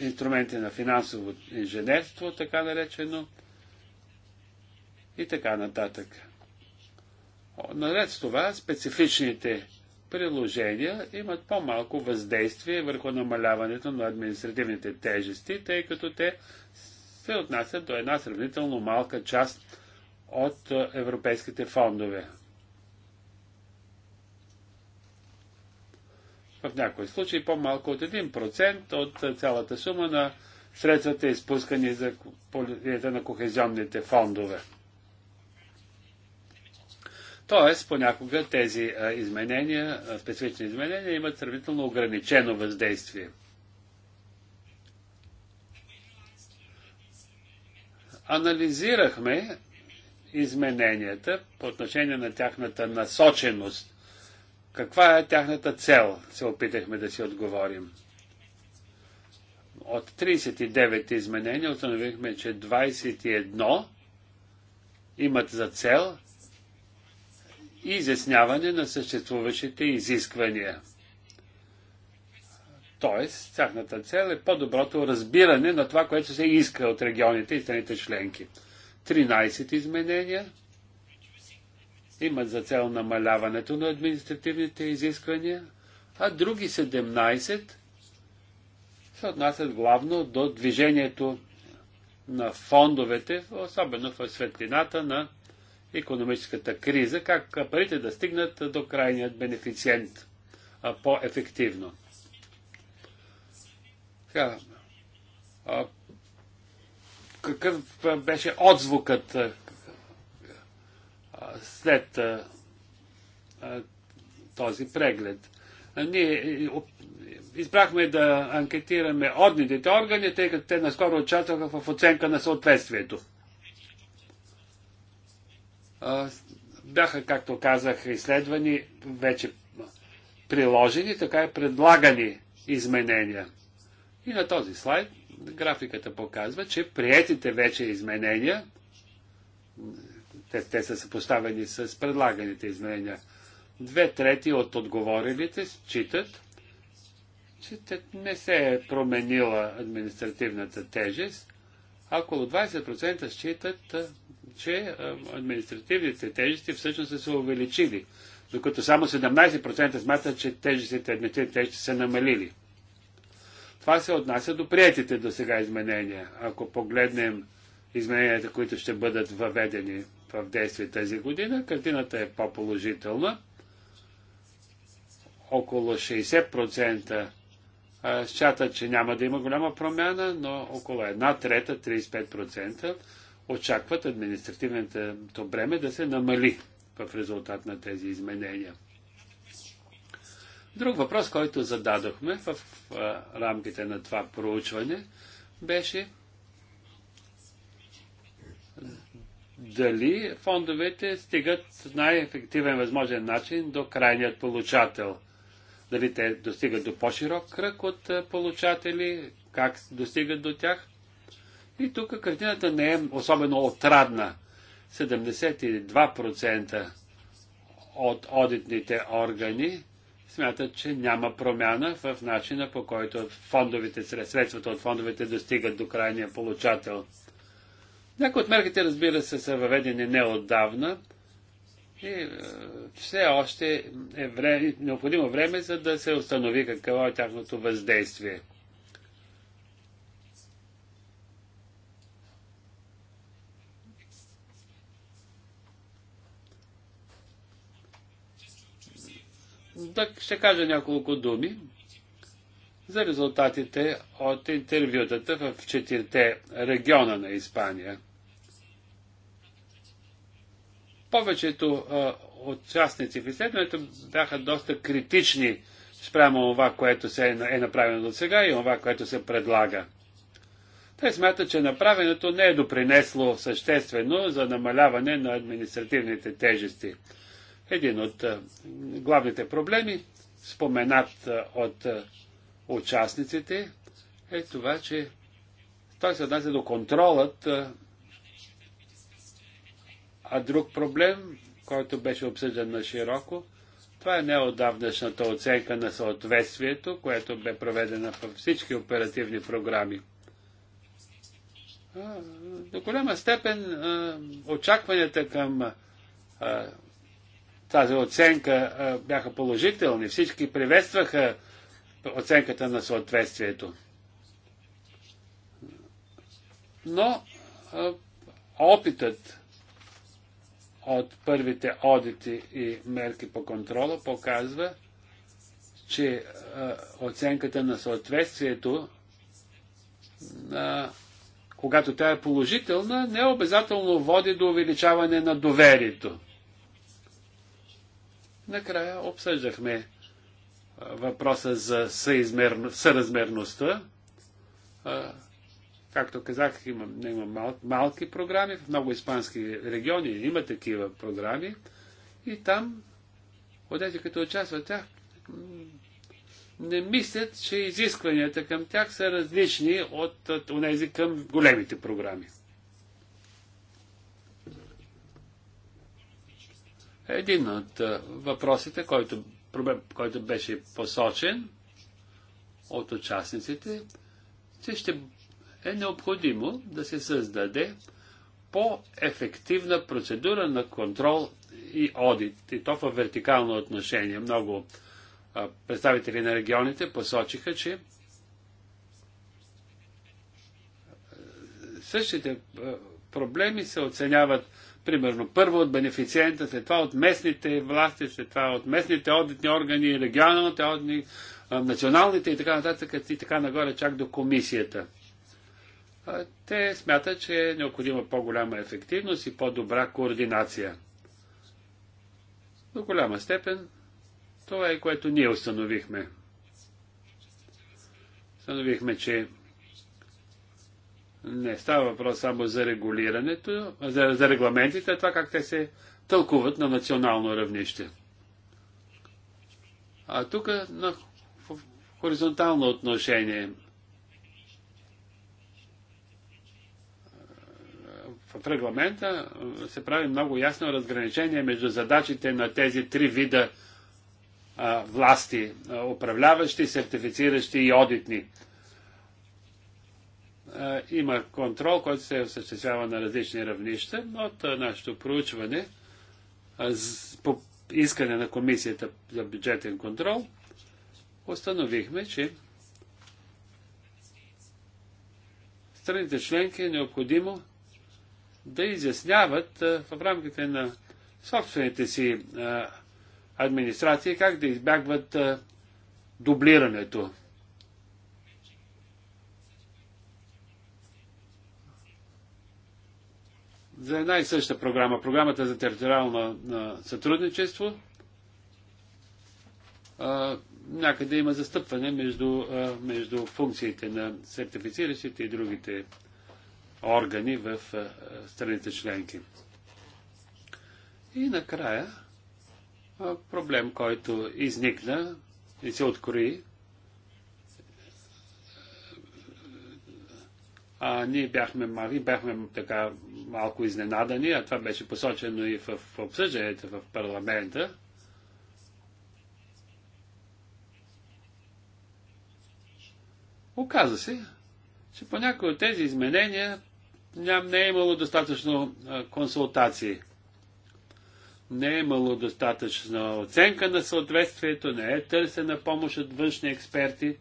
инструменти на финансово инженерство, така наречено, и така нататък. Наред с това, специфичните приложения имат по-малко въздействие върху намаляването на административните тежести, тъй като те се отнасят до една сравнително малка част от е, европейските фондове. В някои случаи по-малко от 1% от е, цялата сума на средствата, изпускани за политиката на кохезионните фондове. Тоест, понякога тези изменения, специфични изменения, имат сравнително ограничено въздействие. Анализирахме измененията по отношение на тяхната насоченост. Каква е тяхната цел, се опитахме да си отговорим. От 39 изменения установихме, че 21 имат за цел и изясняване на съществуващите изисквания. Тоест, тяхната цел е по-доброто разбиране на това, което се иска от регионите и страните членки. 13 изменения имат за цел намаляването на административните изисквания, а други 17 се отнасят главно до движението на фондовете, особено в светлината на економическата криза, как парите да стигнат до крайният бенефициент по-ефективно. Какъв беше отзвукът след този преглед? Ние избрахме да анкетираме одните органи, тъй като те наскоро участваха в оценка на съответствието бяха, както казах, изследвани, вече приложени, така и предлагани изменения. И на този слайд графиката показва, че приетите вече изменения, те, те са съпоставени с предлаганите изменения, две трети от отговорилите считат, че не се е променила административната тежест около 20% считат, че административните тежести всъщност са се увеличили, докато само 17% смятат, че тежестите, административните тежести са намалили. Това се отнася до приятите до сега изменения. Ако погледнем измененията, които ще бъдат въведени в действие тази година, картината е по-положителна. Около 60% Счатат, че няма да има голяма промяна, но около една трета, 35%, очакват административното бреме да се намали в резултат на тези изменения. Друг въпрос, който зададохме в рамките на това проучване, беше дали фондовете стигат най-ефективен възможен начин до крайният получател дали те достигат до по-широк кръг от е, получатели, как достигат до тях. И тук картината не е особено отрадна. 72% от одитните органи смятат, че няма промяна в начина по който фондовите средствата от фондовете достигат до крайния получател. Някои от мерките, разбира се, са въведени неотдавна. И е, все още е вре, необходимо време, за да се установи какво е тяхното въздействие. Так ще кажа няколко думи за резултатите от интервютата в четирите региона на Испания – повечето а, участници в изследването бяха доста критични спрямо това, което се е, е направено до сега и това, което се предлага. Те смятат, че направеното не е допринесло съществено за намаляване на административните тежести. Един от главните проблеми, споменат от участниците, е това, че той се отнася до контролът а друг проблем, който беше обсъждан на широко, това е неодавнешната оценка на съответствието, което бе проведена във всички оперативни програми. До голяма степен очакванията към тази оценка бяха положителни. Всички приветстваха оценката на съответствието. Но опитът от първите одити и мерки по контрола показва, че оценката на съответствието, когато тя е положителна, не обязателно води до увеличаване на доверието. Накрая обсъждахме въпроса за съразмерността. Както казах, има, има мал, малки програми, в много испански региони има такива програми и там, отдете като участват тях, не мислят, че изискванията към тях са различни от, от тези към големите програми. Един от въпросите, който, проблем, който беше посочен от участниците, че ще е необходимо да се създаде по-ефективна процедура на контрол и одит. И то в вертикално отношение. Много представители на регионите посочиха, че същите проблеми се оценяват примерно първо от бенефициента, след това от местните власти, след това от местните одитни органи, регионалните одитни, националните и така нататък, и така нагоре чак до комисията те смятат, че е необходима по-голяма ефективност и по-добра координация. До голяма степен това е което ние установихме. Установихме, че не става въпрос само за регулирането, за, за регламентите, а това как те се тълкуват на национално равнище. А тук на хоризонтално отношение в регламента се прави много ясно разграничение между задачите на тези три вида а, власти управляващи, сертифициращи и одитни. А, има контрол, който се осъществява на различни равнища, но от нашето проучване а, с, по искане на Комисията за бюджетен контрол установихме, че страните членки е необходимо да изясняват в рамките на собствените си администрации как да избягват дублирането. за една и съща програма, програмата за териториално сътрудничество, а, някъде има застъпване между, а, между функциите на сертифициращите и другите органи в страните членки. И накрая проблем, който изникна и се открои. А ние бяхме мали, бяхме така малко изненадани, а това беше посочено и в обсъждането в парламента. Оказа се, че по някои от тези изменения ням, не е имало достатъчно консултации. Не е имало достатъчно оценка на съответствието, не е търсена помощ от външни експерти.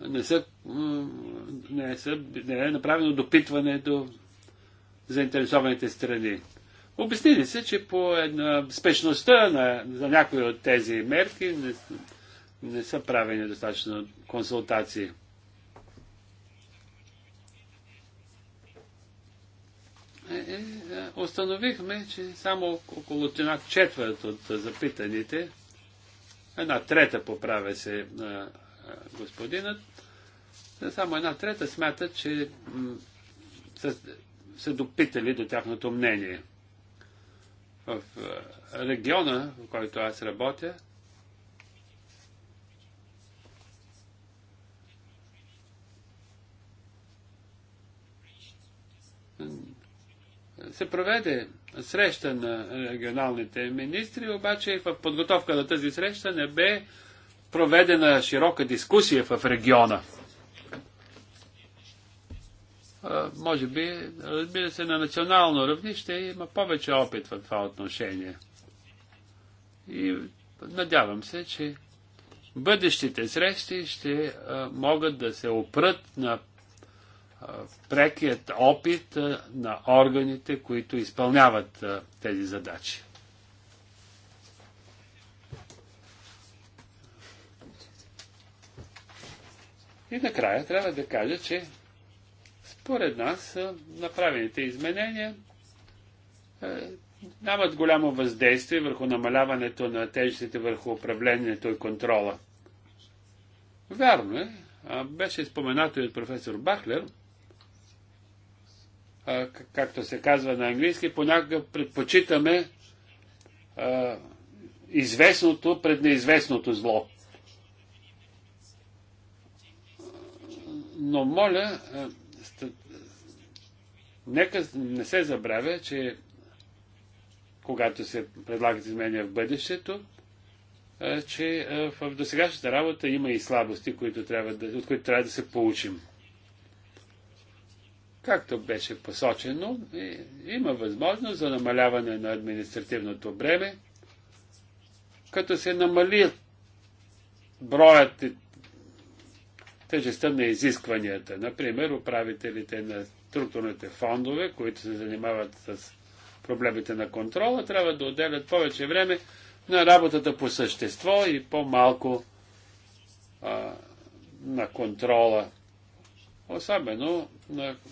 Не, са, не, са, не е направено допитване до заинтересованите страни. Обясни се, че по една, спешността на, за някои от тези мерки не, не са правени достатъчно консултации. Е, е, установихме, че само около една четвърт от е, запитаните, една трета поправя се на е, господинът, само една трета смята, че са, са допитали до тяхното мнение. В региона, в който аз работя, се проведе среща на регионалните министри, обаче в подготовка на тази среща не бе проведена широка дискусия в региона. Може би, разбира се, на национално равнище има повече опит в това отношение. И надявам се, че бъдещите срещи ще могат да се опрат на прекият опит на органите, които изпълняват тези задачи. И накрая трябва да кажа, че според нас направените изменения нямат голямо въздействие върху намаляването на тежестите върху управлението и контрола. Вярно е, беше споменато и от професор Бахлер – както се казва на английски, понякога предпочитаме а, известното пред неизвестното зло. Но моля, а, нека не се забравя, че когато се предлагат изменения в бъдещето, че в досегашната работа има и слабости, които трябва да, от които трябва да се получим. Както беше посочено, има възможност за намаляване на административното бреме, като се намали броят и тежестта на изискванията. Например, управителите на структурните фондове, които се занимават с проблемите на контрола, трябва да отделят повече време на работата по същество и по-малко на контрола. Особено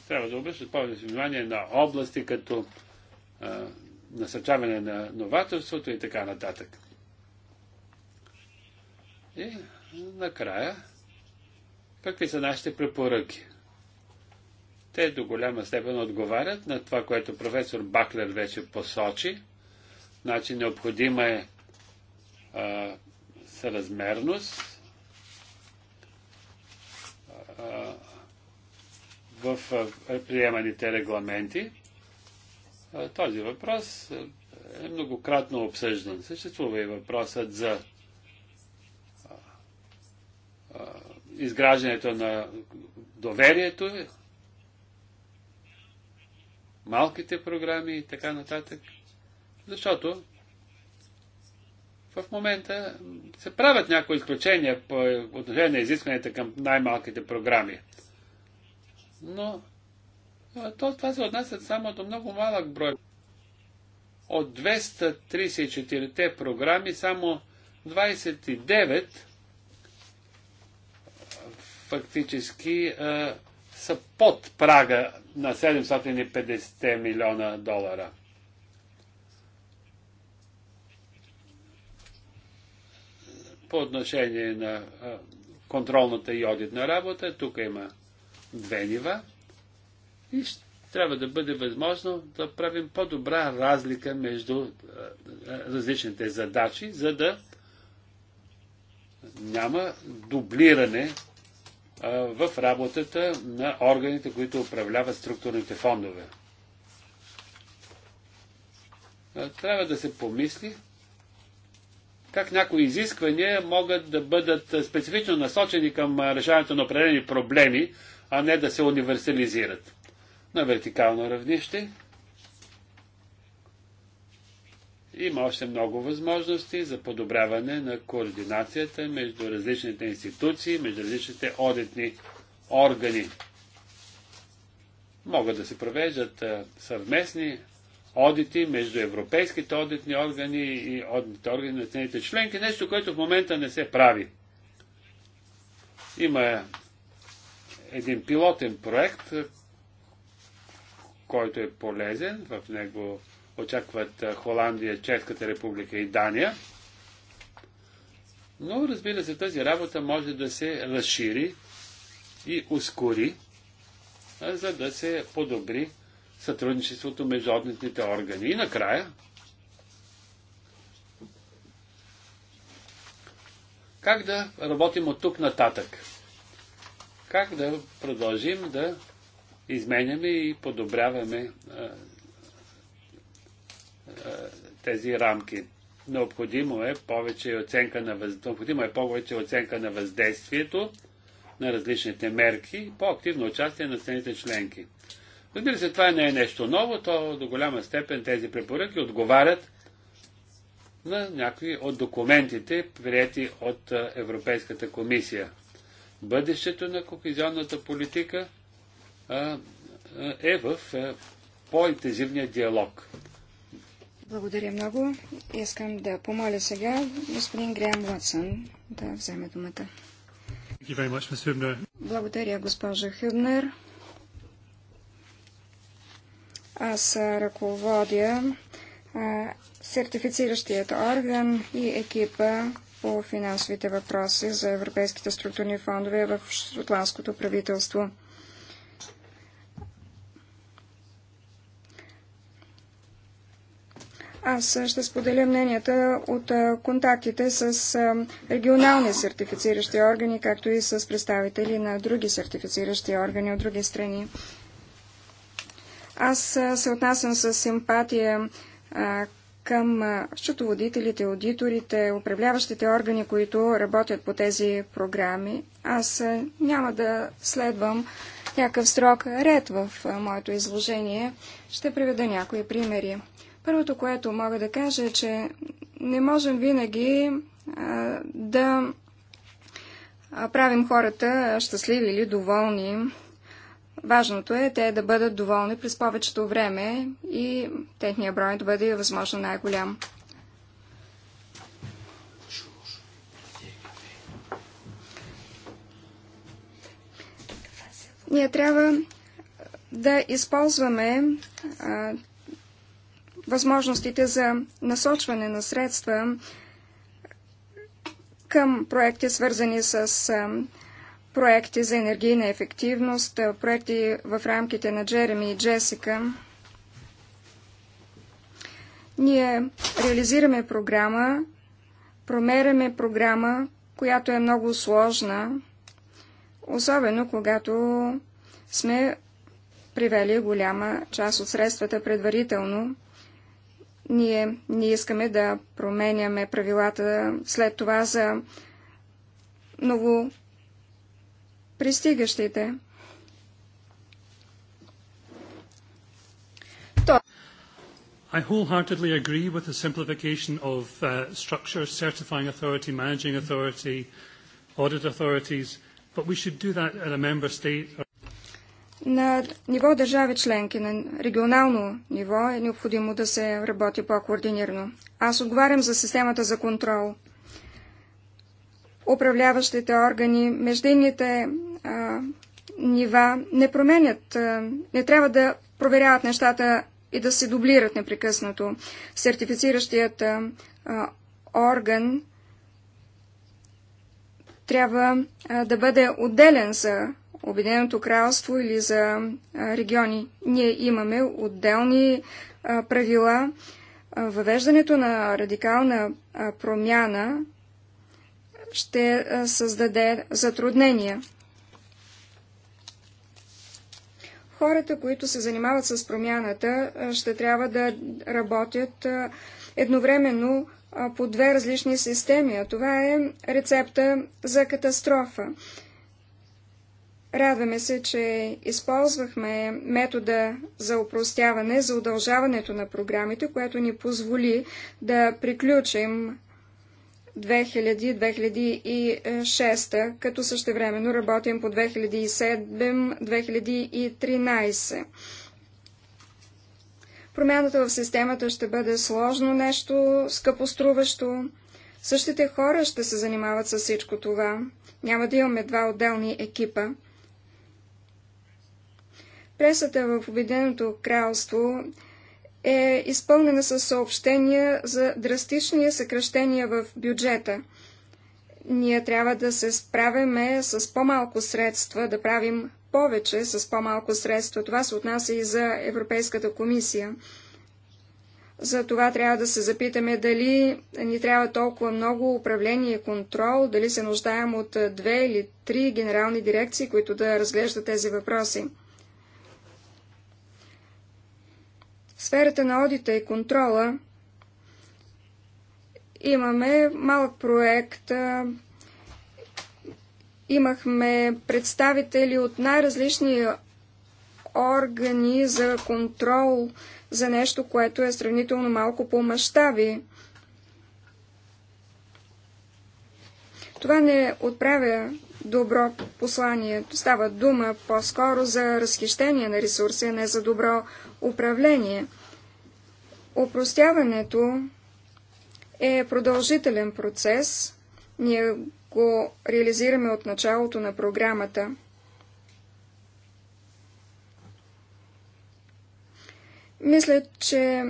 трябва да обръщат повече внимание на области като а, насърчаване на новаторството и така нататък. И накрая, какви са нашите препоръки? Те до голяма степен отговарят на това, което професор Баклер вече посочи. Значи необходима е а, съразмерност, в е, приеманите регламенти. Този въпрос е многократно обсъждан. Съществува и въпросът за изграждането на доверието, малките програми и така нататък. Защото в момента се правят някои изключения по отношение на изискванията към най-малките програми. Но то, това се отнася само до много малък брой. От 234-те програми, само 29 фактически а, са под прага на 750 милиона долара. По отношение на а, контролната и одитна работа, тук има две нива и трябва да бъде възможно да правим по-добра разлика между е, е, различните задачи, за да няма дублиране е, в работата на органите, които управляват структурните фондове. Трябва да се помисли как някои изисквания могат да бъдат специфично насочени към решаването на определени проблеми, а не да се универсализират. На вертикално равнище има още много възможности за подобряване на координацията между различните институции, между различните одитни органи. Могат да се провеждат съвместни одити между европейските одитни органи и одитните органи на цените членки, нещо, което в момента не се прави. Има един пилотен проект, е, който е полезен. В него очакват е, Холандия, Чешката република и Дания. Но, разбира се, тази работа може да се разшири и ускори, е, за да се подобри сътрудничеството между отнетните органи. И накрая, как да работим от тук нататък? как да продължим да изменяме и подобряваме а, а, тези рамки. Необходимо е повече оценка на въз... необходимо е повече оценка на въздействието на различните мерки и по-активно участие на страните членки. Разбира се, това не е нещо ново, то до голяма степен тези препоръки отговарят на някои от документите, прияти от Европейската комисия бъдещето на кохезионната политика а, е в по-интензивния диалог. Благодаря много. Искам да помоля сега господин Греъм Уотсън да вземе думата. Благодаря, госпожа Хюбнер. Аз ръководя а, сертифициращият орган и екипа по финансовите въпроси за европейските структурни фондове в шотландското правителство. Аз ще споделя мненията от контактите с регионални сертифициращи органи, както и с представители на други сертифициращи органи от други страни. Аз се отнасям с симпатия към счетоводителите, аудиторите, управляващите органи, които работят по тези програми. Аз няма да следвам някакъв срок ред в моето изложение. Ще приведа някои примери. Първото, което мога да кажа е, че не можем винаги а, да правим хората щастливи или доволни Важното е те да бъдат доволни през повечето време и техния брой да бъде възможно най-голям. Ние трябва да използваме а, възможностите за насочване на средства към проекти, свързани с а, проекти за енергийна ефективност, проекти в рамките на Джереми и Джесика. Ние реализираме програма, промеряме програма, която е много сложна, особено когато сме привели голяма част от средствата предварително. Ние не искаме да променяме правилата след това за ново пристигащите. I wholeheartedly agree with the simplification of uh, structure, certifying authority, managing authority, audit authorities, but we should do that at a member state. На ниво държави членки, на регионално ниво е необходимо да се работи по-координирано. Аз отговарям за системата за контрол управляващите органи, междинните а, нива не променят, а, не трябва да проверяват нещата и да се дублират непрекъснато. Сертифициращият а, орган трябва а, да бъде отделен за Обединеното кралство или за а, региони. Ние имаме отделни а, правила. Въвеждането на радикална промяна ще създаде затруднения. Хората, които се занимават с промяната, ще трябва да работят едновременно по две различни системи, а това е рецепта за катастрофа. Радваме се, че използвахме метода за упростяване, за удължаването на програмите, което ни позволи да приключим 2000-2006, като същевременно работим по 2007-2013. Промяната в системата ще бъде сложно нещо, скъпоструващо. Същите хора ще се занимават с всичко това. Няма да имаме два отделни екипа. Пресата в Обединеното кралство е изпълнена с съобщения за драстични съкръщения в бюджета. Ние трябва да се справяме с по-малко средства, да правим повече с по-малко средства. Това се отнася и за Европейската комисия. За това трябва да се запитаме дали ни трябва толкова много управление и контрол, дали се нуждаем от две или три генерални дирекции, които да разглеждат тези въпроси. сферата на одита и контрола имаме малък проект. Имахме представители от най-различни органи за контрол за нещо, което е сравнително малко по мащаби. Това не отправя добро послание. Става дума по-скоро за разхищение на ресурси, а не за добро управление. Опростяването е продължителен процес. Ние го реализираме от началото на програмата. Мисля, че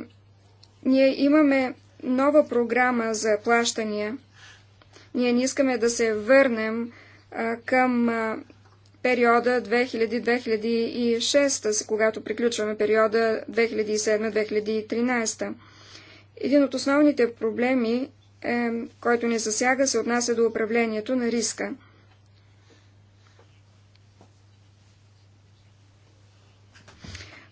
ние имаме нова програма за плащания. Ние не искаме да се върнем а, към а, периода 2000-2006, когато приключваме периода 2007-2013. Един от основните проблеми, е, който ни засяга, се отнася до управлението на риска.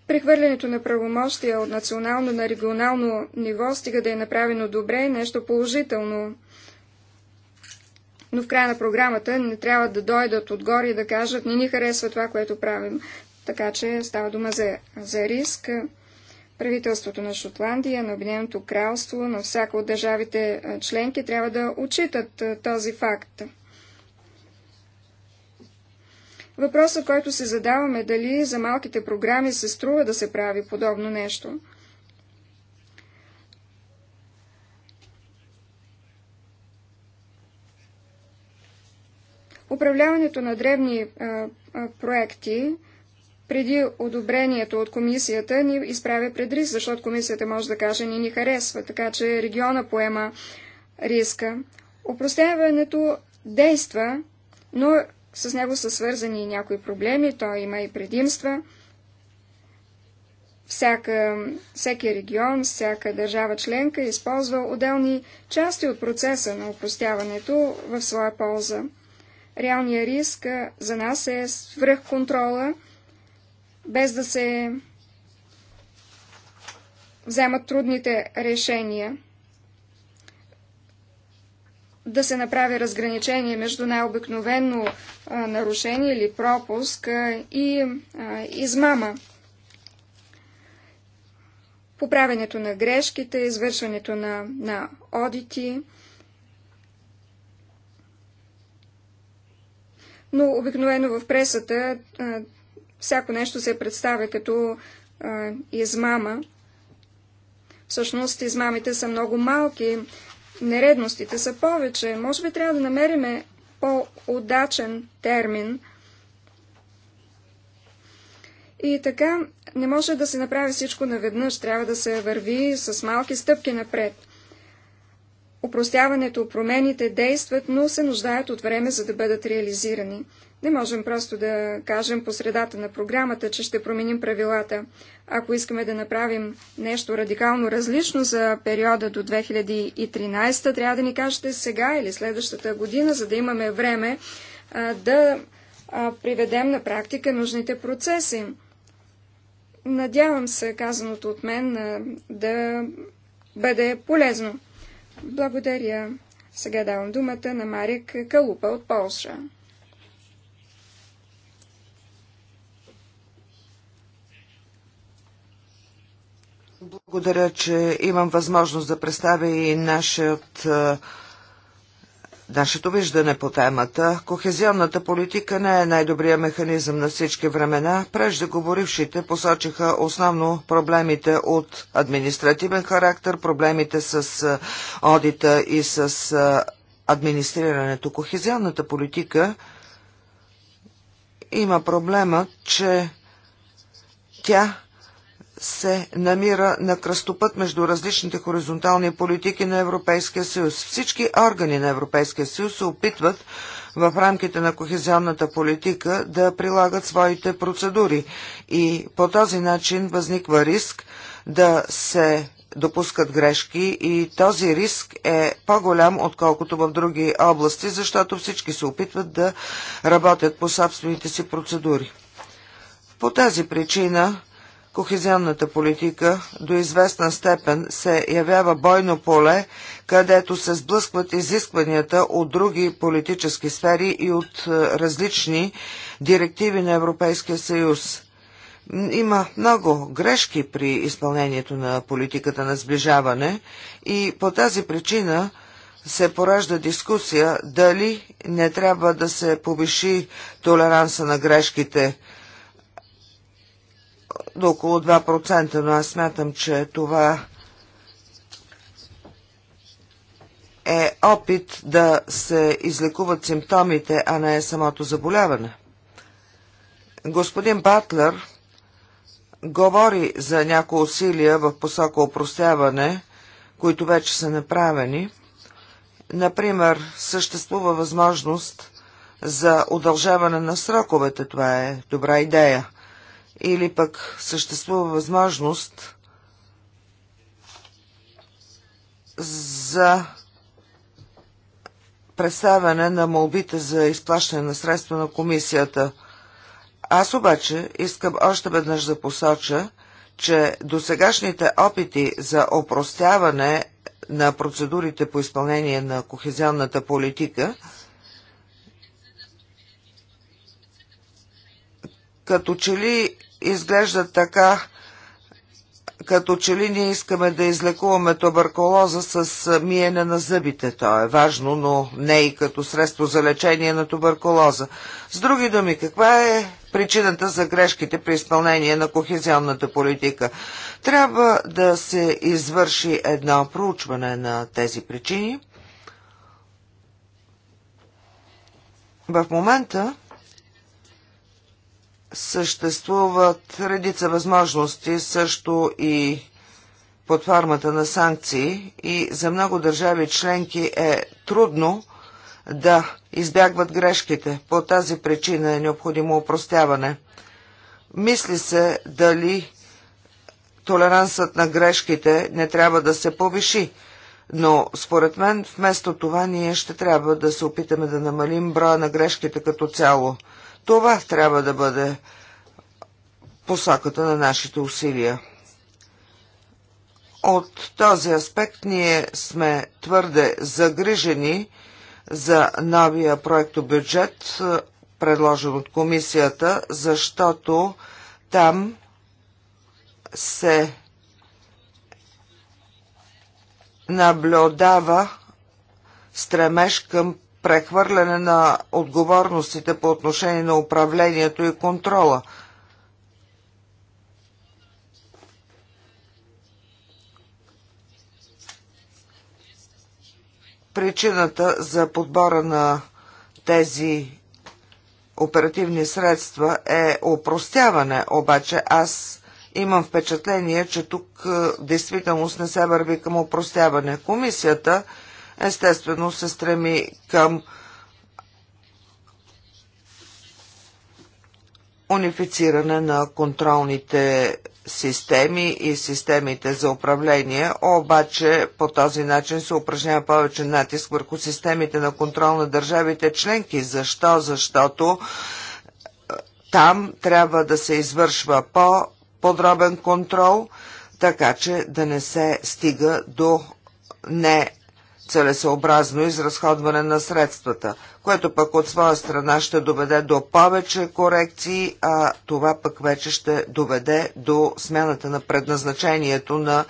Прехвърлянето на правомощия от национално на регионално ниво стига да е направено добре, нещо положително – но в края на програмата не трябва да дойдат отгоре и да кажат не ни харесва това, което правим. Така че става дума за, за риск. Правителството на Шотландия, на Обединеното кралство, на всяка от държавите членки трябва да отчитат този факт. Въпросът, който се задаваме, дали за малките програми се струва да се прави подобно нещо – Управляването на древни а, а, проекти преди одобрението от комисията ни изправя пред риск, защото комисията може да каже ни ни харесва, така че региона поема риска. Опростяването действа, но с него са свързани и някои проблеми, то има и предимства. Всяка, всеки регион, всяка държава членка използва отделни части от процеса на опростяването в своя полза. Реалният риск за нас е свръх контрола, без да се вземат трудните решения, да се направи разграничение между най-обикновено нарушение или пропуск и измама. Поправенето на грешките, извършването на, на одити – но обикновено в пресата а, всяко нещо се представя като а, измама. Всъщност измамите са много малки, нередностите са повече. Може би трябва да намериме по-удачен термин. И така не може да се направи всичко наведнъж, трябва да се върви с малки стъпки напред. Опростяването, промените действат, но се нуждаят от време, за да бъдат реализирани. Не можем просто да кажем по средата на програмата, че ще променим правилата. Ако искаме да направим нещо радикално различно за периода до 2013, трябва да ни кажете сега или следващата година, за да имаме време а, да а, приведем на практика нужните процеси. Надявам се казаното от мен а, да бъде полезно. Благодаря. Сега давам думата на Марик Калупа от Полша. Благодаря, че имам възможност да представя и нашият е, нашето виждане по темата. Кохезионната политика не е най-добрия механизъм на всички времена. Преждеговорившите посочиха основно проблемите от административен характер, проблемите с одита и с администрирането. Кохезионната политика има проблема, че тя се намира на кръстопът между различните хоризонтални политики на Европейския съюз. Всички органи на Европейския съюз се опитват в рамките на кохезионната политика да прилагат своите процедури и по този начин възниква риск да се допускат грешки и този риск е по-голям, отколкото в други области, защото всички се опитват да работят по собствените си процедури. По тази причина Кохезионната политика до известна степен се явява бойно поле, където се сблъскват изискванията от други политически сфери и от е, различни директиви на Европейския съюз. Има много грешки при изпълнението на политиката на сближаване и по тази причина се поражда дискусия дали не трябва да се повиши толеранса на грешките до около 2%, но аз смятам, че това е опит да се излекуват симптомите, а не е самото заболяване. Господин Батлер говори за някои усилия в посока опростяване, които вече са направени. Например, съществува възможност за удължаване на сроковете. Това е добра идея или пък съществува възможност за представяне на молбите за изплащане на средства на комисията. Аз обаче искам още веднъж да посоча, че досегашните опити за опростяване на процедурите по изпълнение на кохезионната политика, като че ли изглежда така, като че ли ние искаме да излекуваме туберкулоза с миене на зъбите. То е важно, но не и като средство за лечение на туберкулоза. С други думи, каква е причината за грешките при изпълнение на кохезионната политика? Трябва да се извърши едно проучване на тези причини. В момента Съществуват редица възможности също и под формата на санкции и за много държави членки е трудно да избягват грешките. По тази причина е необходимо упростяване. Мисли се дали толерансът на грешките не трябва да се повиши, но според мен вместо това ние ще трябва да се опитаме да намалим броя на грешките като цяло – това трябва да бъде посоката на нашите усилия. От този аспект ние сме твърде загрижени за новия бюджет, предложен от комисията, защото там се наблюдава стремеж към прехвърляне на отговорностите по отношение на управлението и контрола. Причината за подбора на тези оперативни средства е опростяване, обаче аз имам впечатление, че тук е, действителност не се върви към опростяване. Комисията естествено се стреми към унифициране на контролните системи и системите за управление, обаче по този начин се упражнява повече натиск върху системите на контрол на държавите членки. Защо? Защото е, там трябва да се извършва по-подробен контрол, така че да не се стига до не целесообразно изразходване на средствата, което пък от своя страна ще доведе до повече корекции, а това пък вече ще доведе до смяната на предназначението на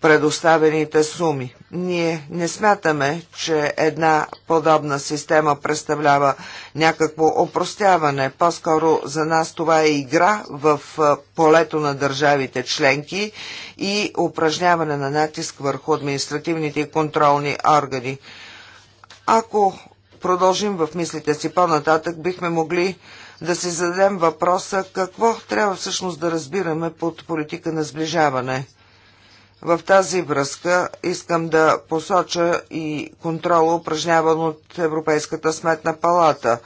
предоставените суми. Ние не смятаме, че една подобна система представлява някакво опростяване. По-скоро за нас това е игра в полето на държавите членки и упражняване на натиск върху административните и контролни органи. Ако продължим в мислите си по-нататък, бихме могли да си зададем въпроса какво трябва всъщност да разбираме под политика на сближаване – в тази връзка искам да посоча и контрола, упражняван от Европейската сметна палата.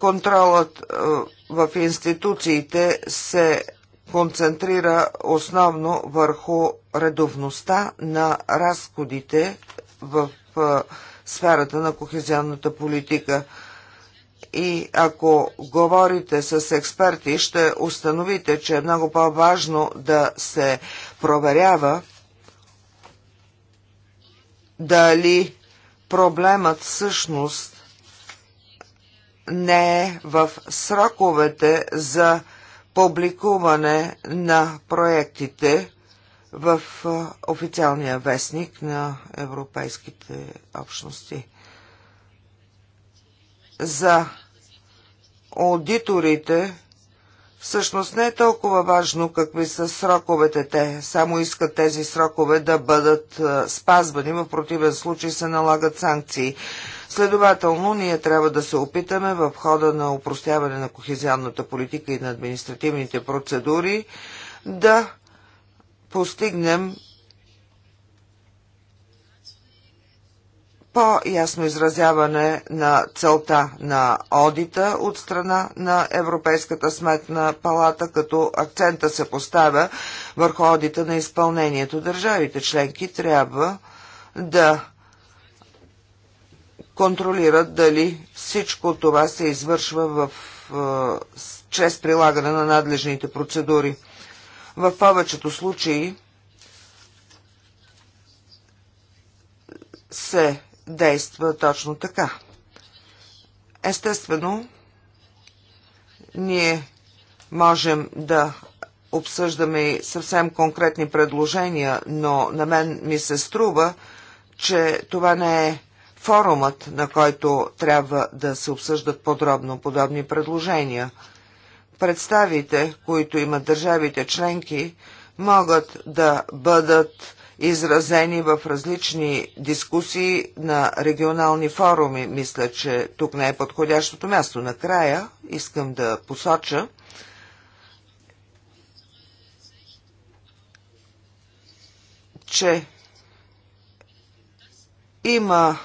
Контролът е, в институциите се концентрира основно върху редовността на разходите в е, сферата на кохезионната политика – и ако говорите с експерти, ще установите, че е много по-важно да се проверява дали проблемът всъщност не е в сроковете за публикуване на проектите в официалния вестник на европейските общности за аудиторите всъщност не е толкова важно какви са сроковете те, само искат тези срокове да бъдат спазвани, в противен случай се налагат санкции. Следователно, ние трябва да се опитаме в хода на упростяване на кохезионната политика и на административните процедури да постигнем по-ясно изразяване на целта на одита от страна на Европейската сметна палата, като акцента се поставя върху одита на изпълнението. Държавите членки трябва да контролират дали всичко това се извършва в, в, е, чрез прилагане на надлежните процедури. В повечето случаи се действа точно така. Естествено, ние можем да обсъждаме и съвсем конкретни предложения, но на мен ми се струва, че това не е форумът, на който трябва да се обсъждат подробно подобни предложения. Представите, които имат държавите членки, могат да бъдат изразени в различни дискусии на регионални форуми. Мисля, че тук не е подходящото място. Накрая искам да посоча, че има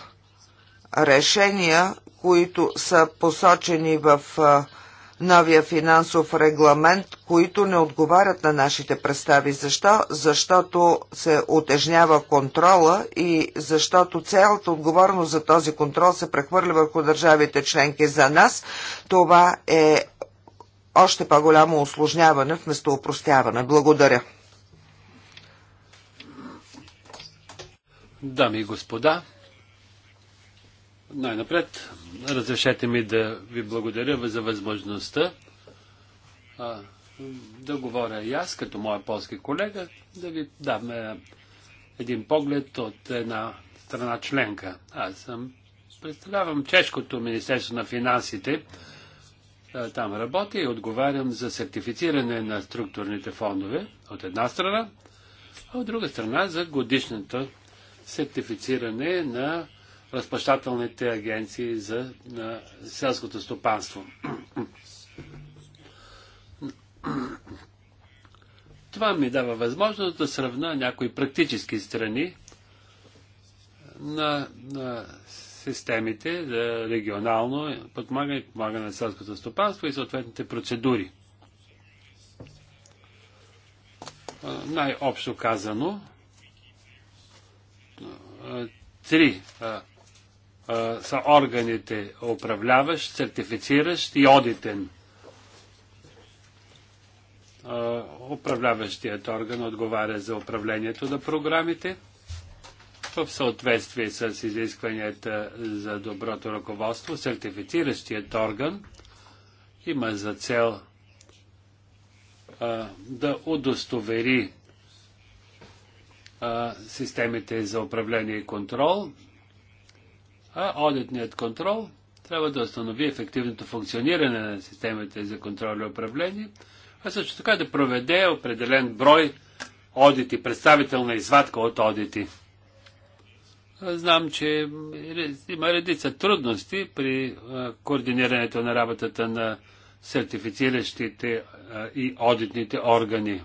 решения, които са посочени в новия финансов регламент, които не отговарят на нашите представи. Защо? Защото се отежнява контрола и защото цялата отговорност за този контрол се прехвърля върху държавите членки. За нас това е още по-голямо осложняване вместо упростяване. Благодаря. Дами и господа, най-напред разрешете ми да ви благодаря за възможността а, да говоря и аз, като моя полски колега, да ви дам е, един поглед от една страна членка. Аз съм, представлявам Чешкото Министерство на финансите. А, е, там работя и отговарям за сертифициране на структурните фондове от една страна, а от друга страна за годишното сертифициране на разплащателните агенции за на селското стопанство. Това ми дава възможност да сравна някои практически страни на, на системите за регионално подмагане и подмагане на селското стопанство и съответните процедури. Най-общо казано, три са органите управляващ, сертифициращ и одитен. управляващият орган отговаря за управлението на програмите в съответствие с изискванията за доброто ръководство. Сертифициращият орган има за цел да удостовери системите за управление и контрол а одитният контрол трябва да установи ефективното функциониране на системите за контрол и управление, а също така да проведе определен брой одити, представителна извадка от одити. Знам, че има редица трудности при координирането на работата на сертифициращите и одитните органи.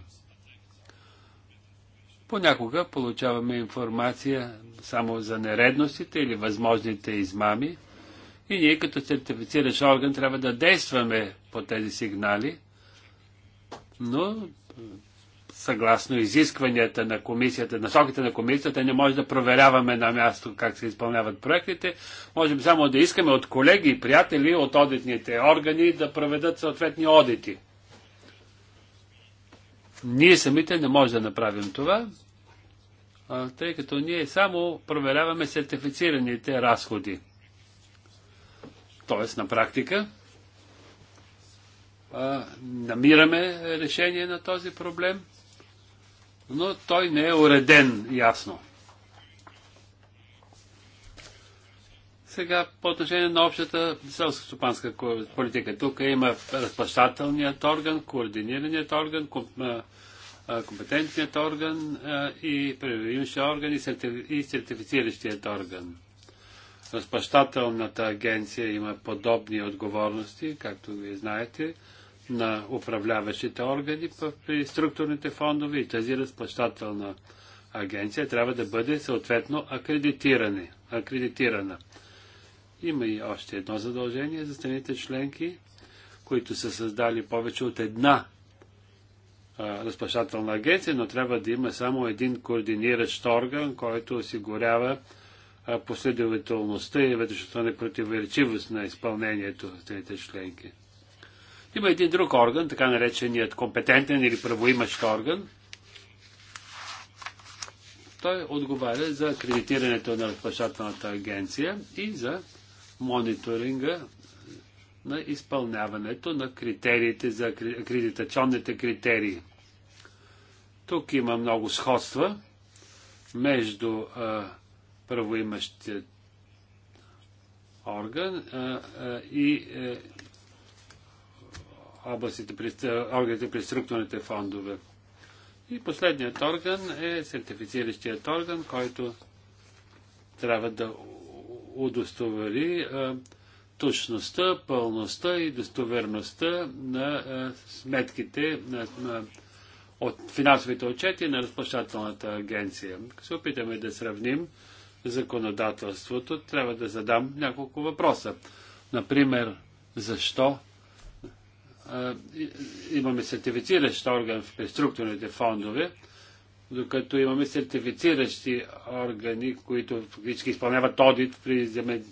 Понякога получаваме информация само за нередностите или възможните измами и ние като сертифициращ орган трябва да действаме по тези сигнали, но съгласно изискванията на комисията, насоките на комисията, не може да проверяваме на място как се изпълняват проектите. Можем само да искаме от колеги и приятели от одитните органи да проведат съответни одити. Ние самите не можем да направим това, тъй като ние само проверяваме сертифицираните разходи. Тоест, на практика, намираме решение на този проблем, но той не е уреден ясно. Сега по отношение на общата селско-стопанска политика. Тук има разплащателният орган, координираният орган, компетентният орган и предвидимшия орган и, и сертифициращият орган. Разплащателната агенция има подобни отговорности, както вие знаете, на управляващите органи при структурните фондове и тази разплащателна агенция трябва да бъде съответно акредитирана има и още едно задължение за страните членки, които са създали повече от една а, разплащателна агенция, но трябва да има само един координиращ орган, който осигурява а, последователността и вътрешната непротиворечивост на изпълнението на страните членки. Има един друг орган, така нареченият компетентен или правоимащ орган. Той отговаря за кредитирането на разплащателната агенция и за мониторинга на изпълняването на критериите за акредитационните критерии. Тук има много сходства между а, орган а, а, и е, областите, органите при структурните фондове. И последният орган е сертифициращият орган, който трябва да удостовери точността, пълността и достоверността на сметките на, на, от финансовите отчети на разплащателната агенция. Се опитаме да сравним законодателството. Трябва да задам няколко въпроса. Например, защо имаме сертифициращ орган в структурните фондове, докато имаме сертифициращи органи, които фактически изпълняват одит при земед...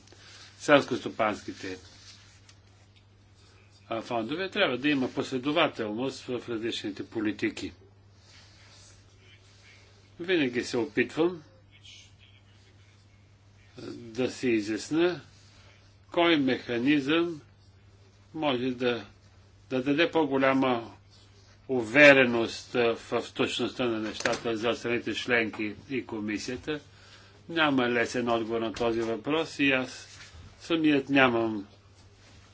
селско-стопанските фондове. Трябва да има последователност в различните политики. Винаги се опитвам да се изясна кой механизъм може да, да даде по-голяма увереност в точността на нещата за страните членки и комисията. Няма лесен отговор на този въпрос и аз самият нямам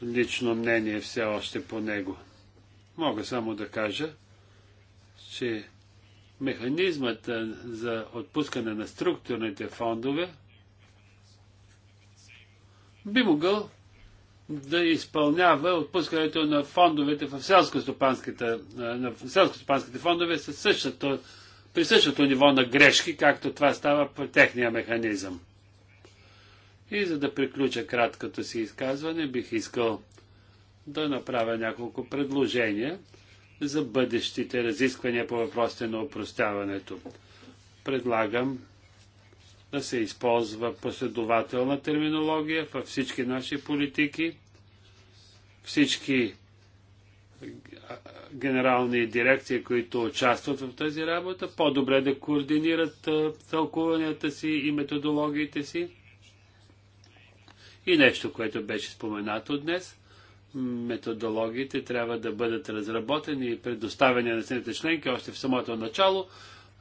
лично мнение все още по него. Мога само да кажа, че механизмът за отпускане на структурните фондове би могъл да изпълнява отпускането на фондовете в селско-стопанските, на селско-стопанските фондове със същото, при същото ниво на грешки, както това става по техния механизъм. И за да приключа краткото си изказване, бих искал да направя няколко предложения за бъдещите разисквания по въпросите на опростяването. Предлагам да се използва последователна терминология във всички наши политики, всички генерални дирекции, които участват в тази работа, по-добре да координират тълкуванията си и методологиите си. И нещо, което беше споменато днес, методологиите трябва да бъдат разработени и предоставени на страните членки още в самото начало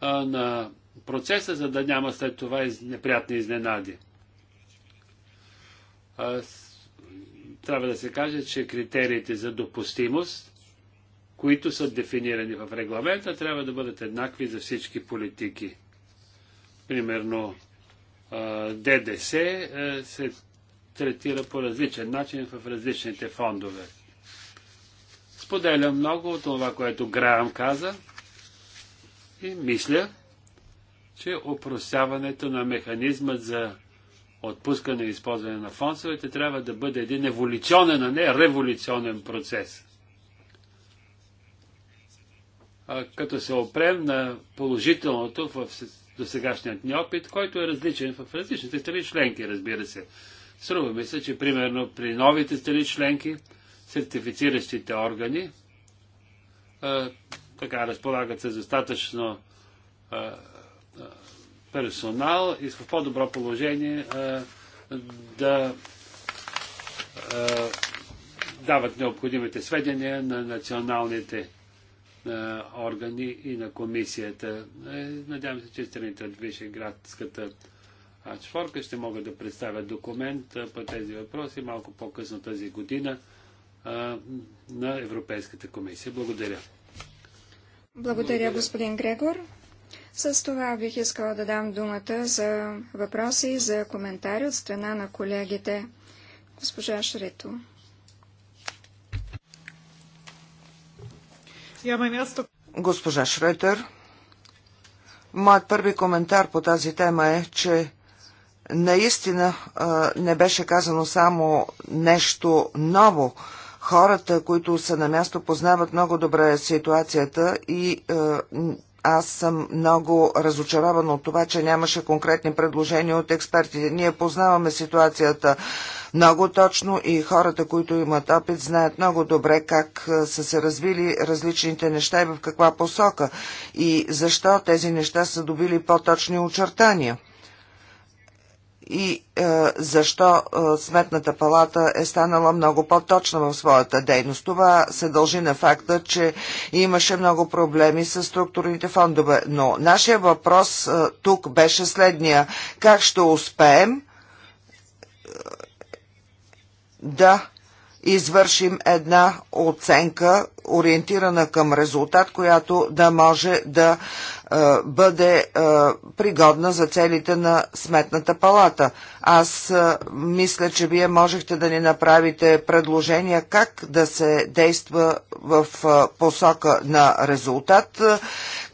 на процеса, за да няма след това неприятни изненади трябва да се каже, че критериите за допустимост, които са дефинирани в регламента, трябва да бъдат еднакви за всички политики. Примерно ДДС се третира по различен начин в различните фондове. Споделям много от това, което Граем каза и мисля, че опростяването на механизма за отпускане и използване на фонсовете трябва да бъде един еволюционен, а не революционен процес. А, като се опрем на положителното в досегашният ни опит, който е различен в различните страни членки, разбира се. Струва ми се, че примерно при новите страни членки, сертифициращите органи, а, така разполагат се достатъчно а, персонал и в по-добро положение да дават необходимите сведения на националните а, органи и на комисията. Е, надявам се, че страните от Вишеградската чворка ще могат да представят документ по тези въпроси малко по-късно тази година на Европейската комисия. Благодаря. Благодаря, господин Грегор. С това бих искала да дам думата за въпроси и за коментари от страна на колегите. Госпожа Шрето. Госпожа Шретер, моят първи коментар по тази тема е, че наистина не беше казано само нещо ново. Хората, които са на място, познават много добре ситуацията и аз съм много разочарован от това, че нямаше конкретни предложения от експертите. Ние познаваме ситуацията много точно и хората, които имат опит, знаят много добре как са се развили различните неща и в каква посока и защо тези неща са добили по-точни очертания и е, защо е, Сметната палата е станала много по-точна в своята дейност. Това се дължи на факта, че имаше много проблеми с структурните фондове. Но нашия въпрос е, тук беше следния. Как ще успеем е, да извършим една оценка, ориентирана към резултат, която да може да е, бъде пригодна за целите на Сметната палата. Аз мисля, че вие можехте да ни направите предложения как да се действа в посока на резултат,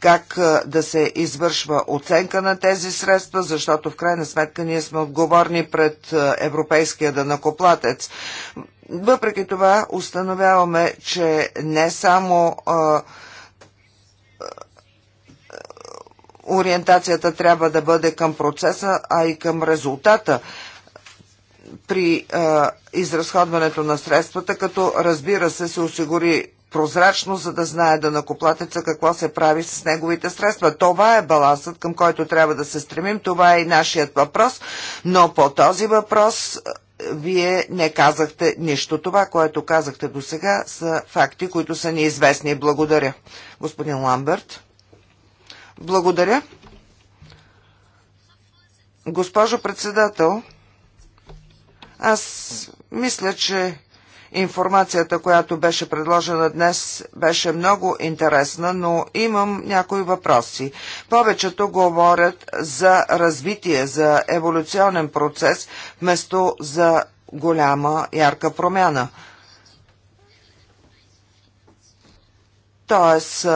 как да се извършва оценка на тези средства, защото в крайна сметка ние сме отговорни пред европейския данакоплатец. Въпреки това установяваме, че не само а, ориентацията трябва да бъде към процеса, а и към резултата при а, изразходването на средствата, като разбира се се осигури прозрачно, за да знае да накоплатеца какво се прави с неговите средства. Това е балансът, към който трябва да се стремим. Това е и нашият въпрос, но по този въпрос вие не казахте нищо. Това, което казахте до сега, са факти, които са неизвестни. Благодаря. Господин Ламберт. Благодаря. Госпожо председател, аз мисля, че информацията, която беше предложена днес, беше много интересна, но имам някои въпроси. Повечето говорят за развитие, за еволюционен процес, вместо за голяма ярка промяна – т.е.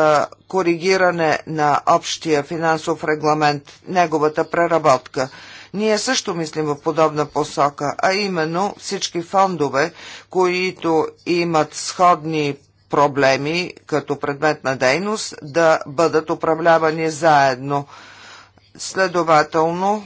коригиране на общия финансов регламент, неговата преработка. Ние също мислим в подобна посока, а именно всички фондове, които имат сходни проблеми като предмет на дейност, да бъдат управлявани заедно. Следователно,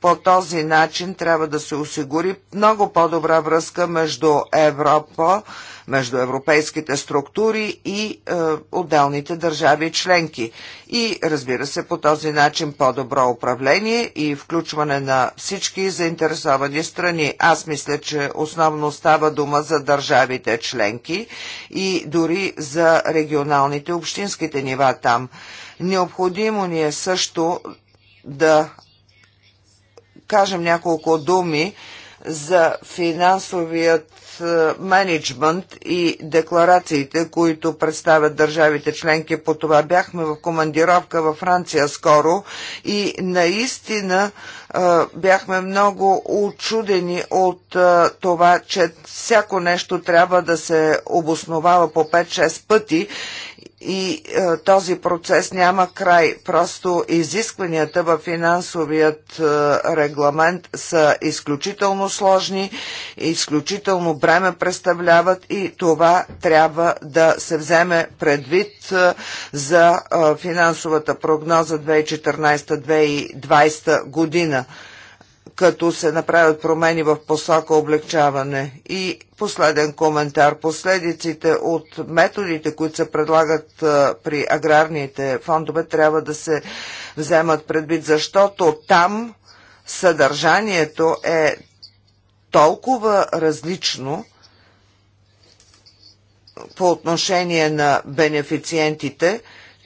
по този начин трябва да се осигури много по-добра връзка между Европа, между европейските структури и е, отделните държави членки. И разбира се, по този начин по-добро управление и включване на всички заинтересовани страни. Аз мисля, че основно става дума за държавите членки и дори за регионалните общинските нива там. Необходимо ни е също да кажем няколко думи за финансовият е, менеджмент и декларациите, които представят държавите членки. По това бяхме в командировка във Франция скоро и наистина е, бяхме много очудени от е, това, че всяко нещо трябва да се обосновава по 5-6 пъти и а, е, този процес няма край. Просто изискванията в финансовият а, е, регламент са изключително сложни, изключително бреме представляват и това трябва да се вземе предвид а, е, за а, финансовата прогноза 2014-2020 година като се направят промени в посока облегчаване. И последен коментар. Последиците от методите, които се предлагат при аграрните фондове, трябва да се вземат предвид, защото там съдържанието е толкова различно по отношение на бенефициентите,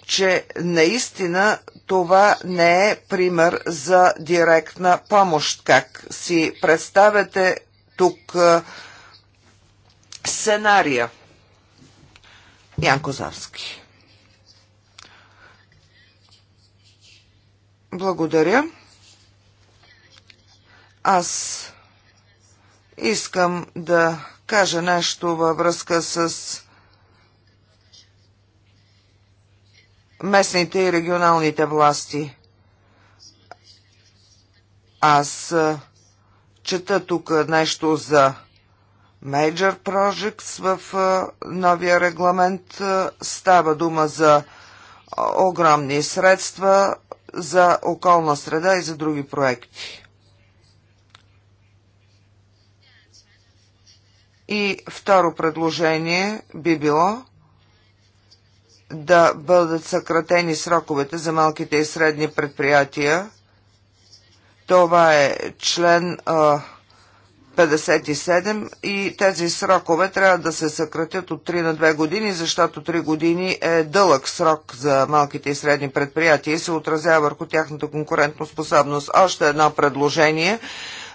че наистина това не е пример за директна помощ. Как си представяте тук сценария? Ян Козавски. Благодаря. Аз искам да кажа нещо във връзка с местните и регионалните власти. Аз чета тук нещо за Major Projects в новия регламент. Става дума за огромни средства за околна среда и за други проекти. И второ предложение би било да бъдат съкратени сроковете за малките и средни предприятия. Това е член 57 и тези срокове трябва да се съкратят от 3 на 2 години, защото 3 години е дълъг срок за малките и средни предприятия и се отразява върху тяхната конкурентно способност. Още едно предложение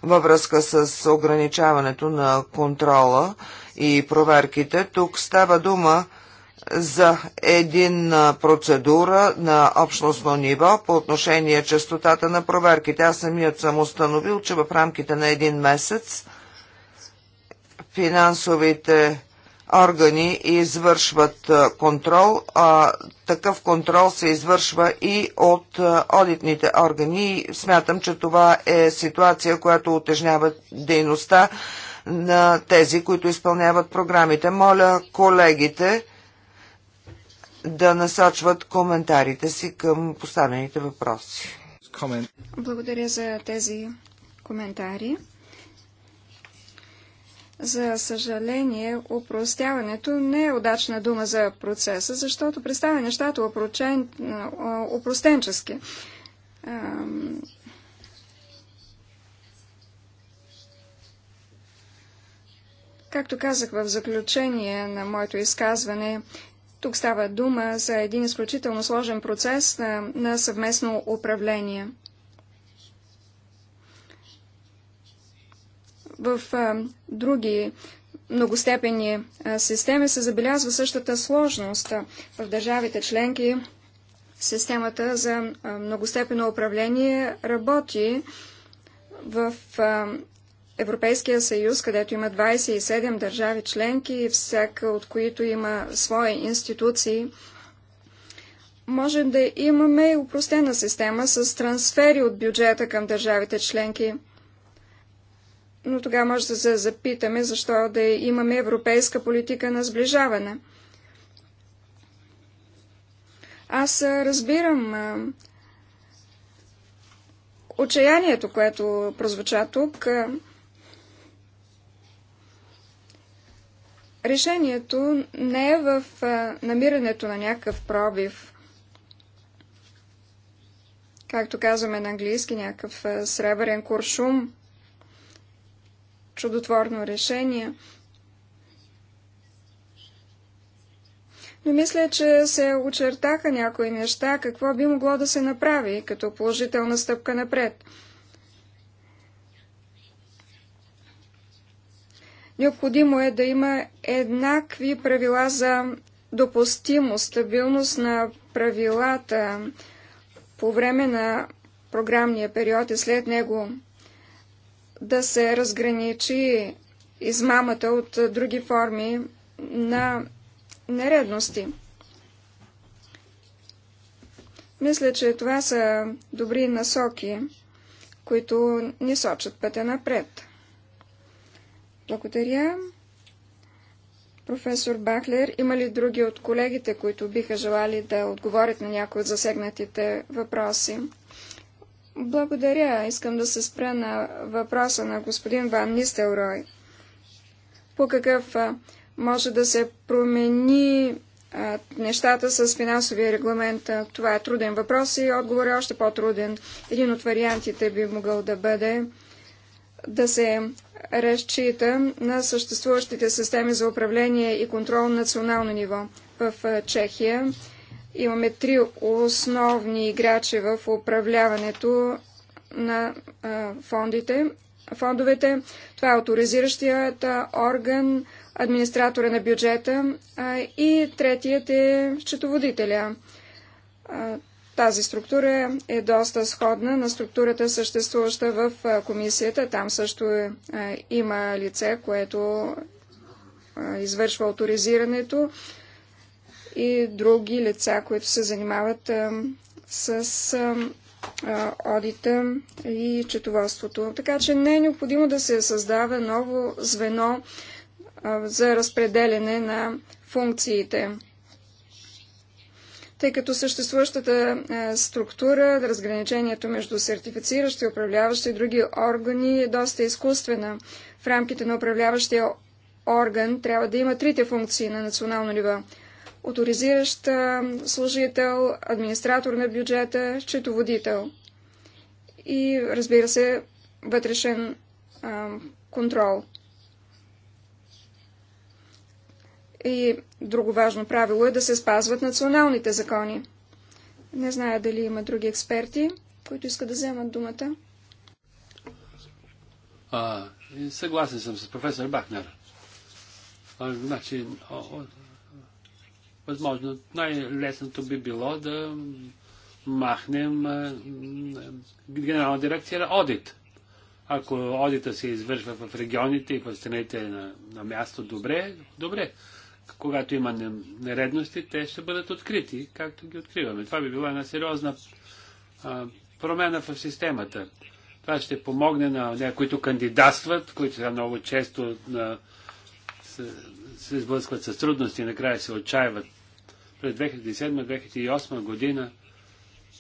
във връзка с ограничаването на контрола и проверките. Тук става дума за един процедура на общностно ниво по отношение частотата на проверките. Аз самият съм установил, че в рамките на един месец финансовите органи извършват контрол, а такъв контрол се извършва и от одитните органи. Смятам, че това е ситуация, която отежнява дейността на тези, които изпълняват програмите. Моля колегите да насочват коментарите си към поставените въпроси. Благодаря за тези коментари. За съжаление, упростяването не е удачна дума за процеса, защото представя нещата упрочен, упростенчески. Както казах в заключение на моето изказване, тук става дума за един изключително сложен процес на, на съвместно управление. В а, други многостепени а, системи се забелязва същата сложност. В държавите членки системата за а, многостепено управление работи в а, Европейския съюз, където има 27 държави членки, всяка от които има свои институции, може да имаме упростена система с трансфери от бюджета към държавите членки. Но тогава може да се запитаме, защо да имаме европейска политика на сближаване. Аз разбирам отчаянието, което прозвуча тук, Решението не е в намирането на някакъв пробив, както казваме на английски, някакъв сребърен куршум, чудотворно решение. Но мисля, че се очертаха някои неща, какво би могло да се направи като положителна стъпка напред – Необходимо е да има еднакви правила за допустимост, стабилност на правилата по време на програмния период и след него да се разграничи измамата от други форми на нередности. Мисля, че това са добри насоки, които ни сочат пътя напред. Благодаря. Професор Бахлер, има ли други от колегите, които биха желали да отговорят на някои от засегнатите въпроси? Благодаря. Искам да се спра на въпроса на господин Ван Нистелрой. По какъв може да се промени нещата с финансовия регламент? Това е труден въпрос и отговор е още по-труден. Един от вариантите би могъл да бъде да се разчита на съществуващите системи за управление и контрол на национално ниво. В Чехия имаме три основни играчи в управляването на фондите, фондовете. Това е авторизиращият орган, администратора на бюджета и третият е счетоводителя. Тази структура е доста сходна на структурата, съществуваща в комисията. Там също е, има лице, което извършва авторизирането и други лица, които се занимават с одита и четоводството. Така че не е необходимо да се създава ново звено за разпределене на функциите тъй като съществуващата е, структура, разграничението между сертифициращи, управляващи и други органи е доста изкуствена. В рамките на управляващия орган трябва да има трите функции на национално ниво. Оторизиращ е, служител, администратор на бюджета, счетоводител и, разбира се, вътрешен е, контрол. И друго важно правило е да се спазват националните закони. Не зная дали има други експерти, които искат да вземат думата. А, съгласен съм с професор Бахнер. А, значи, о, о, възможно най-лесното би било да махнем а, генерална дирекция одит. Ако одита се извършва в регионите и в страните на, на място добре, добре когато има нередности, те ще бъдат открити, както ги откриваме. Това би била една сериозна а, промена в системата. Това ще помогне на някои, които кандидатстват, които са много често на, се, се сблъскват с трудности и накрая се отчаиват. През 2007-2008 година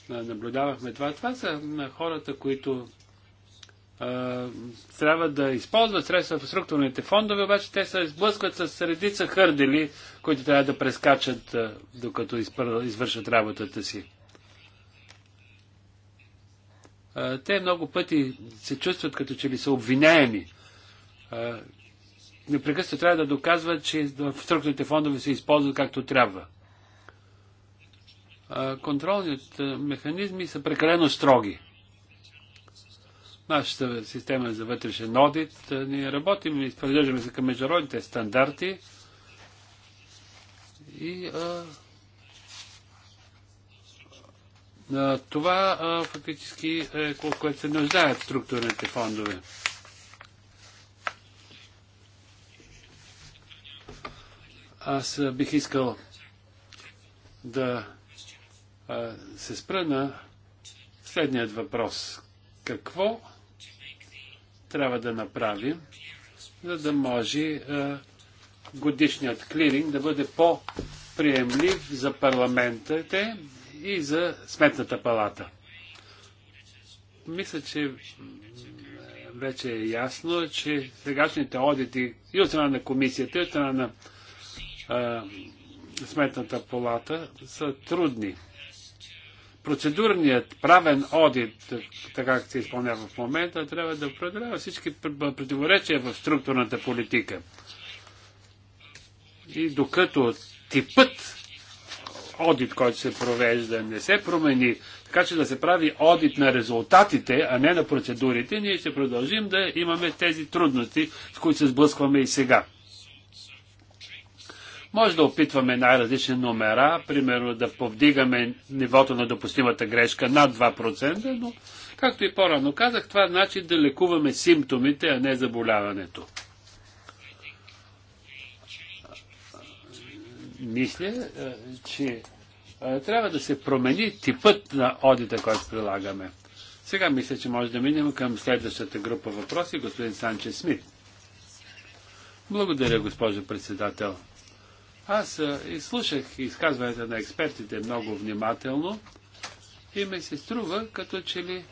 наблюдавахме това. Това са хората, които трябва да използват средства в структурните фондове, обаче те се сблъскват с редица хърдели, които трябва да прескачат, докато извършат работата си. Те много пъти се чувстват като че ли са обвиняеми. Непрекъснато трябва да доказват, че в структурните фондове се използват както трябва. Контролните механизми са прекалено строги нашата система за вътрешен одит. Ние работим и поддържаме се към международните стандарти и а, а, това а, фактически е което се нуждаят структурните фондове. Аз бих искал да а, се спра на следният въпрос. Какво трябва да направим, за да може годишният клиринг да бъде по-приемлив за парламентите и за сметната палата. Мисля, че вече е ясно, че сегашните одити и от страна на комисията, и от страна на а, сметната палата са трудни процедурният правен одит, така как се изпълнява в момента, трябва да определява всички противоречия в структурната политика. И докато типът одит, който се провежда, не се промени, така че да се прави одит на резултатите, а не на процедурите, ние ще продължим да имаме тези трудности, с които се сблъскваме и сега. Може да опитваме най-различни номера, примерно да повдигаме нивото на допустимата грешка над 2%, но както и по-рано казах, това значи да лекуваме симптомите, а не заболяването. Мисля, е, че е, трябва да се промени типът на одита, който прилагаме. Сега мисля, че може да минем към следващата група въпроси, господин Санче Смит. Благодаря, госпожо председател. Аз изслушах изказването на експертите много внимателно и ми се струва, като че ли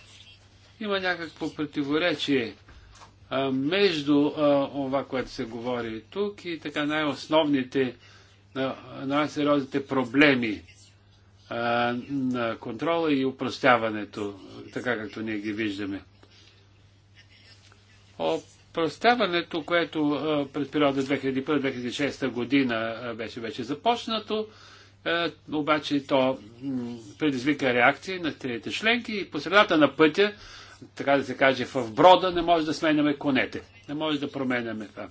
има някакво противоречие а, между а, това, което се говори тук и така най-основните, най-сериозните проблеми а, на контрола и упростяването, така както ние ги виждаме. Проставането, което през периода 2001-2006 година беше вече започнато, обаче то предизвика реакции на трите членки и по средата на пътя, така да се каже, в брода не може да сменяме конете. Не може да променяме това.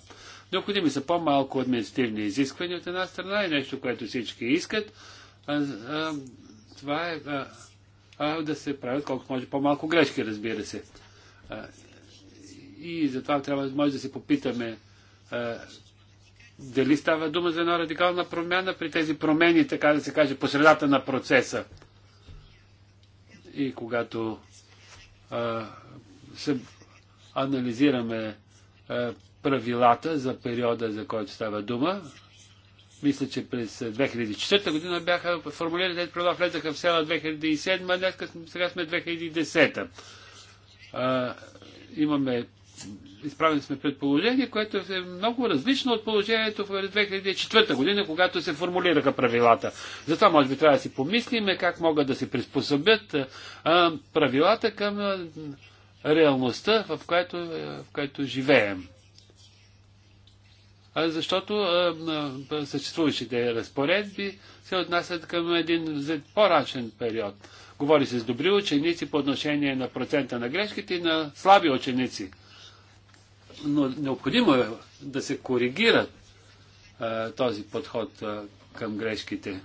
Необходими са по-малко административни изисквания от една страна и нещо, което всички искат. това е да се правят колкото може по-малко грешки, разбира се. И затова трябва, може да се попитаме е, дали става дума за една радикална промяна при тези промени, така да се каже, по средата на процеса. И когато а, е, се анализираме а, е, правилата за периода, за който става дума, мисля, че през 2004 година бяха формулирани тези правила, влезаха в села 2007, а днес сега сме 2010. А, имаме изправени сме пред положение, което е много различно от положението в 2004 година, когато се формулираха правилата. Затова може би трябва да си помислиме как могат да се приспособят правилата към реалността, в която, в която живеем. А, защото а, съществуващите разпоредби се отнасят към един по-рачен период. Говори се с добри ученици по отношение на процента на грешките и на слаби ученици – но необходимо е да се коригира този подход към грешките.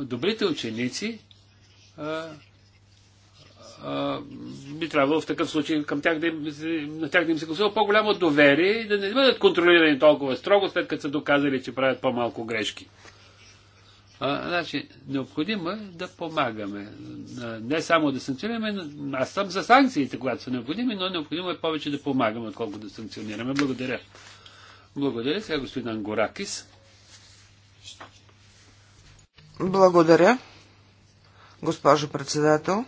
добрите ученици би трябвало в такъв случай към тях да им, на тях да им се гласува по-голямо доверие и да не бъдат контролирани толкова строго, след като са доказали, че правят по-малко грешки. А, значи, необходимо е да помагаме. Не само да санкционираме, аз съм за санкциите, когато са необходими, но необходимо е повече да помагаме, отколкото да санкционираме. Благодаря. Благодаря. Сега господин Ангоракис. Благодаря, госпожо председател.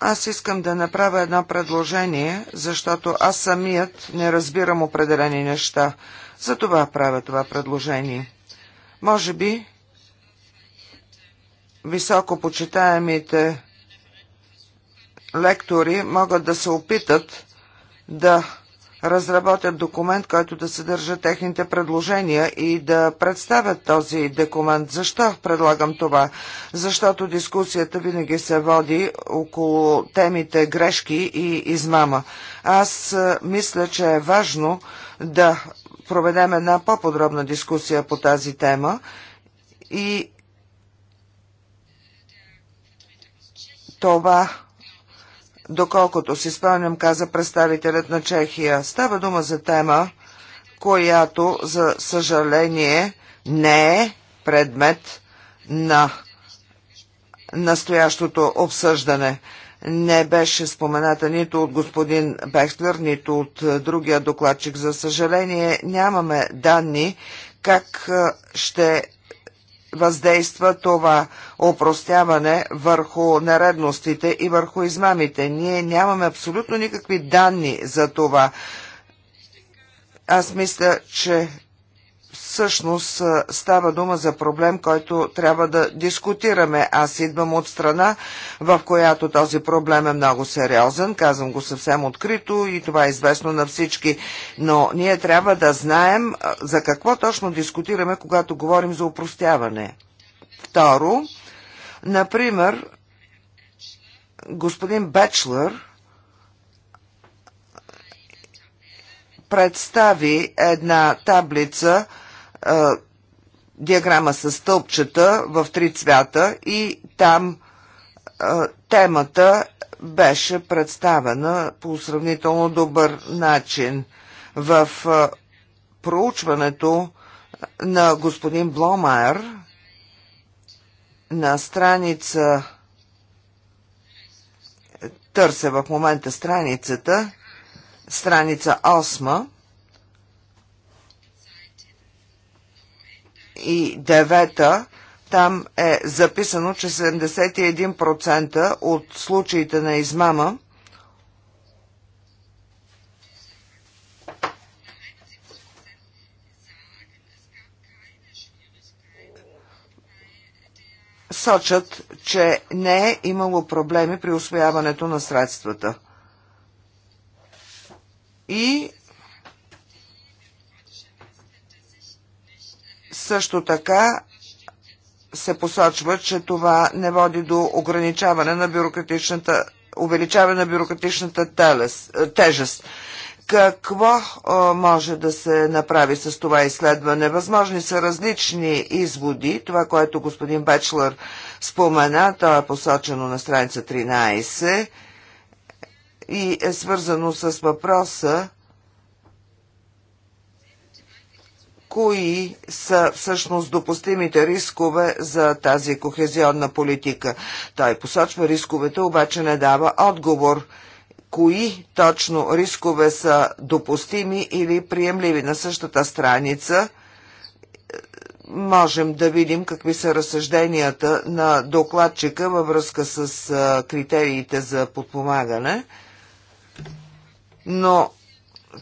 Аз искам да направя едно предложение, защото аз самият не разбирам определени неща. За това правя това предложение. Може би високо почитаемите лектори могат да се опитат да разработят документ, който да съдържа техните предложения и да представят този документ. Защо предлагам това? Защото дискусията винаги се води около темите грешки и измама. Аз мисля, че е важно да проведем една по-подробна дискусия по тази тема и това, доколкото си спомням, каза представителят на Чехия. Става дума за тема, която, за съжаление, не е предмет на настоящото обсъждане не беше спомената нито от господин Бехтлер, нито от е, другия докладчик. За съжаление, нямаме данни как е, ще въздейства това опростяване върху наредностите и върху измамите. Ние нямаме абсолютно никакви данни за това. Аз мисля, че всъщност става дума за проблем, който трябва да дискутираме. Аз идвам от страна, в която този проблем е много сериозен, казвам го съвсем открито и това е известно на всички, но ние трябва да знаем за какво точно дискутираме, когато говорим за упростяване. Второ, например, господин Бечлер представи една таблица – диаграма с стълбчета в три цвята и там темата беше представена по сравнително добър начин. В проучването на господин Бломайер на страница търся в момента страницата, страница 8 2009 там е записано, че 71% от случаите на измама сочат, че не е имало проблеми при освояването на средствата. И Също така се посочва, че това не води до ограничаване на бюрократичната, увеличаване на бюрократичната телес, е, тежест. Какво е, може да се направи с това изследване? Възможни са различни изводи. Това, което господин Бечлер спомена, то е посочено на страница 13 и е свързано с въпроса кои са всъщност допустимите рискове за тази кохезионна политика. Той посочва рисковете, обаче не дава отговор кои точно рискове са допустими или приемливи на същата страница е, можем да видим какви са разсъжденията на докладчика във връзка с е, критериите за подпомагане, но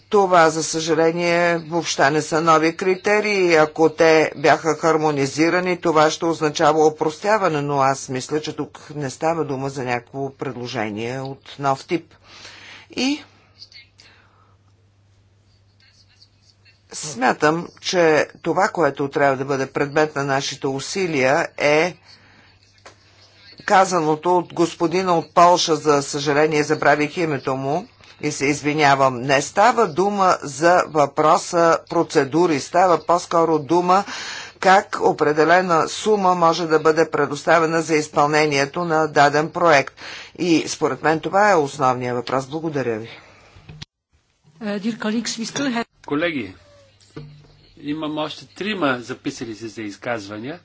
това, за съжаление, въобще не са нови критерии. Ако те бяха хармонизирани, това ще означава опростяване, но аз мисля, че тук не става дума за някакво предложение от нов тип. И смятам, че това, което трябва да бъде предмет на нашите усилия е казаното от господина от Полша, за съжаление забравих името му, и се извинявам, не става дума за въпроса процедури, става по-скоро дума как определена сума може да бъде предоставена за изпълнението на даден проект. И според мен това е основният въпрос. Благодаря ви. Uh, Колеги, имам още трима записали се за изказвания.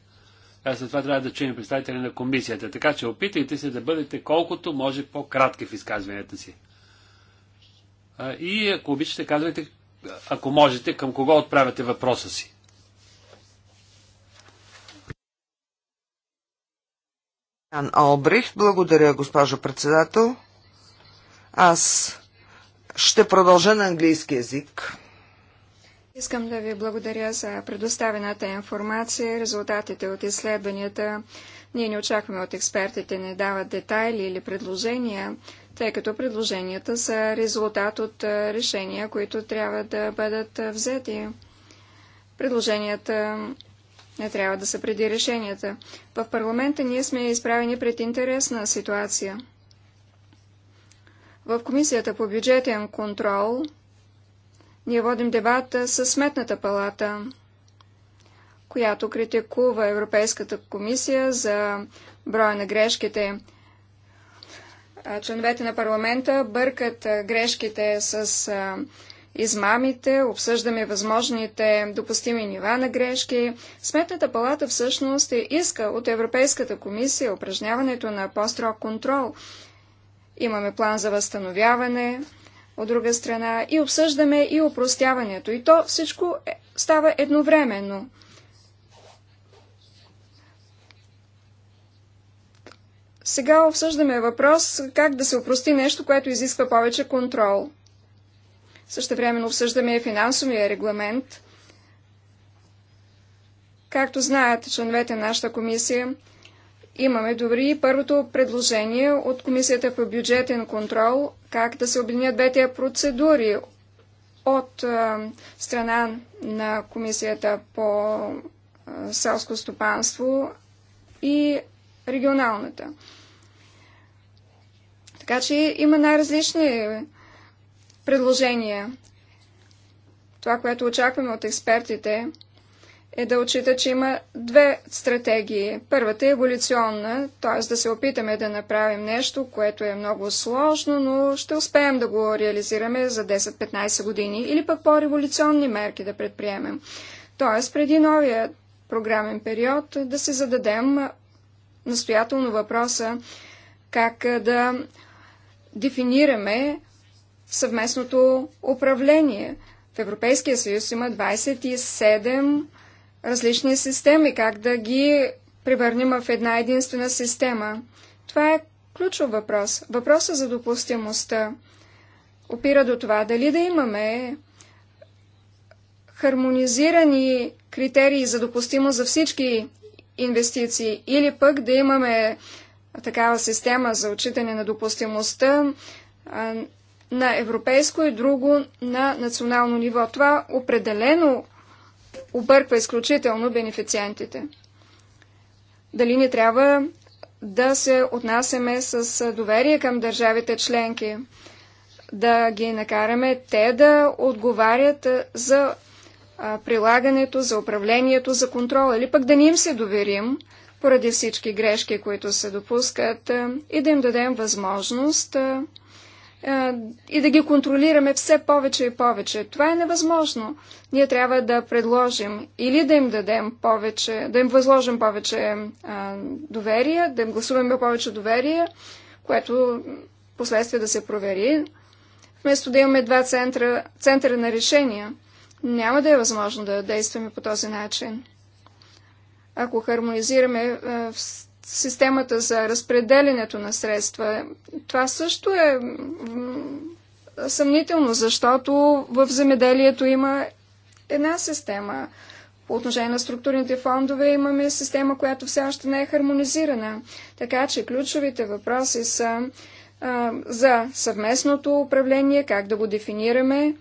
Аз след това трябва да чуем представители на комисията. Така че опитайте се да бъдете колкото може по-кратки в изказванията си. И ако обичате, казвайте, ако можете, към кого отправяте въпроса си. Албрих, благодаря, госпожо председател. Аз ще продължа на английски язик. Искам да ви благодаря за предоставената информация, резултатите от изследванията. Ние не очакваме от експертите, не дават детайли или предложения, тъй като предложенията са резултат от решения, които трябва да бъдат взети. Предложенията не трябва да са преди решенията. В парламента ние сме изправени пред интересна ситуация. В Комисията по бюджетен контрол ние водим дебата с Сметната палата, която критикува Европейската комисия за броя на грешките членовете на парламента бъркат грешките с измамите, обсъждаме възможните допустими нива на грешки. Сметната палата всъщност е иска от Европейската комисия упражняването на по-строг контрол. Имаме план за възстановяване, от друга страна, и обсъждаме и упростяването. И то всичко е, става едновременно. Сега обсъждаме въпрос как да се опрости нещо, което изисква повече контрол. Също времено обсъждаме и финансовия регламент. Както знаят членовете на нашата комисия, имаме дори първото предложение от Комисията по бюджетен контрол, как да се объединят двете процедури от а, страна на Комисията по селско стопанство и регионалната. Така че има най-различни предложения. Това, което очакваме от експертите, е да отчита, че има две стратегии. Първата е еволюционна, т.е. да се опитаме да направим нещо, което е много сложно, но ще успеем да го реализираме за 10-15 години или пък по-революционни мерки да предприемем. Т.е. преди новия програмен период да се зададем настоятелно въпроса как да дефинираме съвместното управление. В Европейския съюз има 27 различни системи, как да ги превърнем в една единствена система. Това е ключов въпрос. Въпросът за допустимостта опира до това дали да имаме хармонизирани критерии за допустимост за всички инвестиции или пък да имаме такава система за отчитане на допустимостта на европейско и друго на национално ниво. Това определено обърква изключително бенефициентите. Дали не трябва да се отнасяме с доверие към държавите членки, да ги накараме те да отговарят за прилагането, за управлението, за контрола, или пък да не им се доверим, поради всички грешки, които се допускат е, и да им дадем възможност е, е, и да ги контролираме все повече и повече. Това е невъзможно. Ние трябва да предложим или да им дадем повече, да им възложим повече доверие, да им гласуваме повече доверие, което последствие да се провери, вместо да имаме два центъра, центъра на решения. Няма да е възможно да действаме по този начин ако хармонизираме е, системата за разпределенето на средства, това също е съмнително, защото в земеделието има една система. По отношение на структурните фондове имаме система, която все още не е хармонизирана. Така че ключовите въпроси са а, за съвместното управление, как да го дефинираме,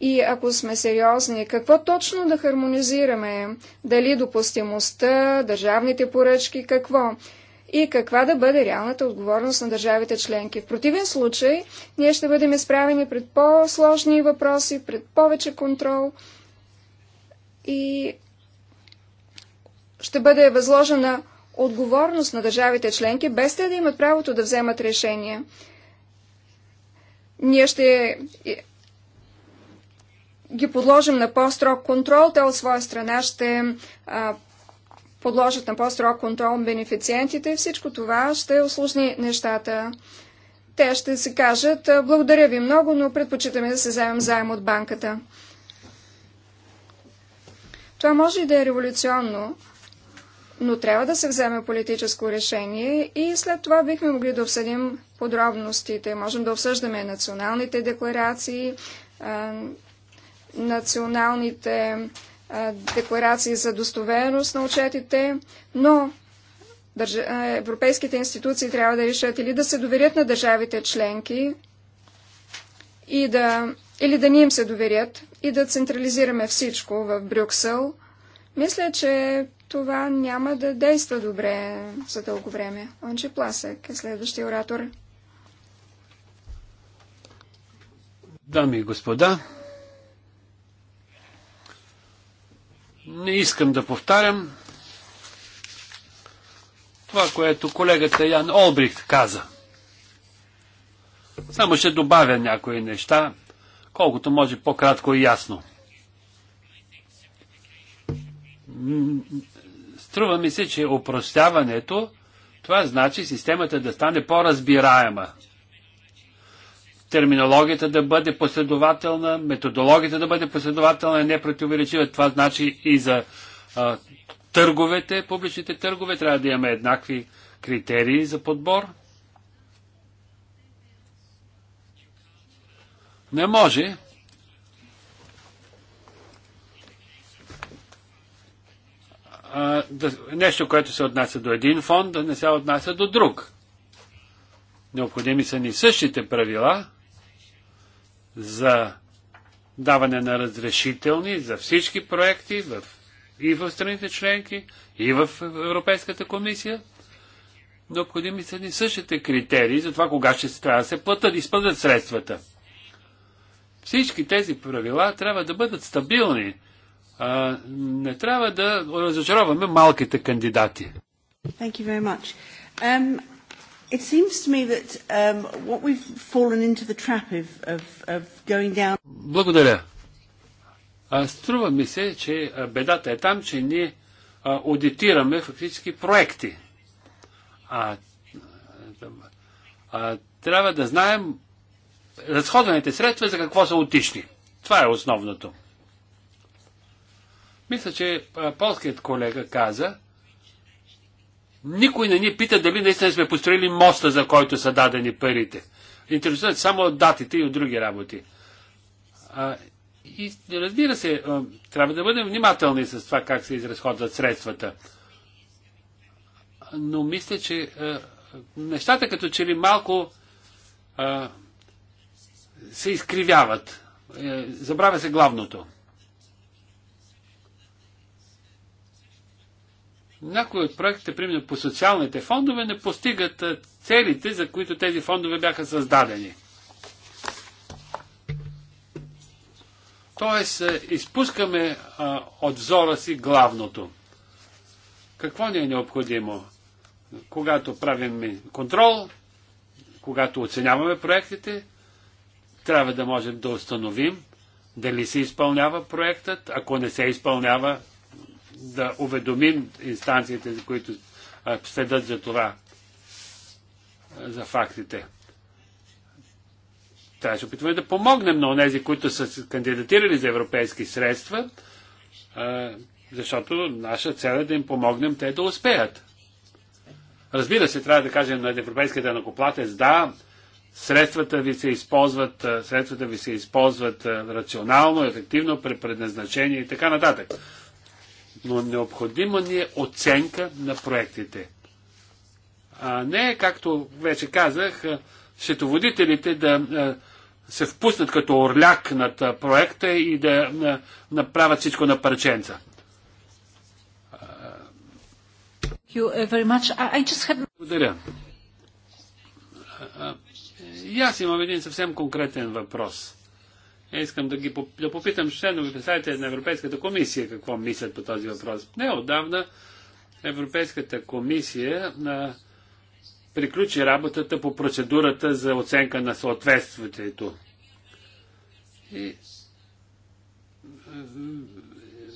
и ако сме сериозни, какво точно да хармонизираме? Дали допустимостта, държавните поръчки, какво? И каква да бъде реалната отговорност на държавите членки? В противен случай, ние ще бъдем изправени пред по-сложни въпроси, пред повече контрол и ще бъде възложена отговорност на държавите членки, без те да имат правото да вземат решение. Ние ще ги подложим на по-строг контрол, те от своя страна ще подложат на по-строг контрол бенефициентите. Всичко това ще осложни нещата. Те ще се кажат, благодаря ви много, но предпочитаме да се вземем заем от банката. Това може и да е революционно, но трябва да се вземе политическо решение и след това бихме могли да обсъдим подробностите. Можем да обсъждаме националните декларации, националните декларации за достоверност на отчетите, но европейските институции трябва да решат или да се доверят на държавите членки и да... или да ни им се доверят и да централизираме всичко в Брюксел. Мисля, че това няма да действа добре за дълго време. Онче Пласък е следващия оратор. Дами и господа, Не искам да повтарям това, което колегата Ян Олбрихт каза. Само ще добавя някои неща, колкото може по-кратко и ясно. Струва ми се, че опростяването, това значи системата да стане по-разбираема, терминологията да бъде последователна, методологията да бъде последователна и не противоречива. Това значи и за а, търговете, публичните търгове, трябва да имаме еднакви критерии за подбор. Не може а, да, нещо, което се отнася до един фонд, да не се отнася до друг. Необходими са ни същите правила, за даване на разрешителни за всички проекти в, и в страните членки, и в Европейската комисия. Необходими са ни същите критерии за това кога ще трябва да се платят, спъдат средствата. Всички тези правила трябва да бъдат стабилни. А, не трябва да разочароваме малките кандидати. Thank you very much. Um, It seems to me that um, what we've fallen into the trap of, of, of going down. Благодаря. А, струва ми се, че бедата е там, че ние аудитираме фактически проекти. А, а, трябва да знаем разходваните средства за какво са отишли. Това е основното. Мисля, че а, полският колега каза, никой не ни пита дали наистина сме построили моста, за който са дадени парите. Интересуват само от датите и от други работи. А, и разбира се, трябва да бъдем внимателни с това как се изразходват средствата. Но мисля, че а, нещата като че ли малко а, се изкривяват. Е, забравя се главното. Някои от проектите, примерно по социалните фондове, не постигат целите, за които тези фондове бяха създадени. Тоест, изпускаме а, от взора си главното. Какво ни е необходимо? Когато правим контрол, когато оценяваме проектите, трябва да можем да установим дали се изпълнява проектът. Ако не се изпълнява, да уведомим инстанциите, които следят за това, за фактите. Трябва да се опитваме да помогнем на тези, които са кандидатирали за европейски средства, защото наша цел е да им помогнем те да успеят. Разбира се, трябва да кажем на европейския накоплатец, да, средствата ви се използват, средствата ви се използват рационално, ефективно, при предназначение и така нататък но необходима ни е оценка на проектите. А не, както вече казах, световодителите да се впуснат като орляк над проекта и да направят всичко на парченца. Uh, Благодаря. И аз имам един съвсем конкретен въпрос. Е, искам да ги да попитам членове представители на Европейската комисия какво мислят по този въпрос. Не отдавна Европейската комисия на приключи работата по процедурата за оценка на съответствието. И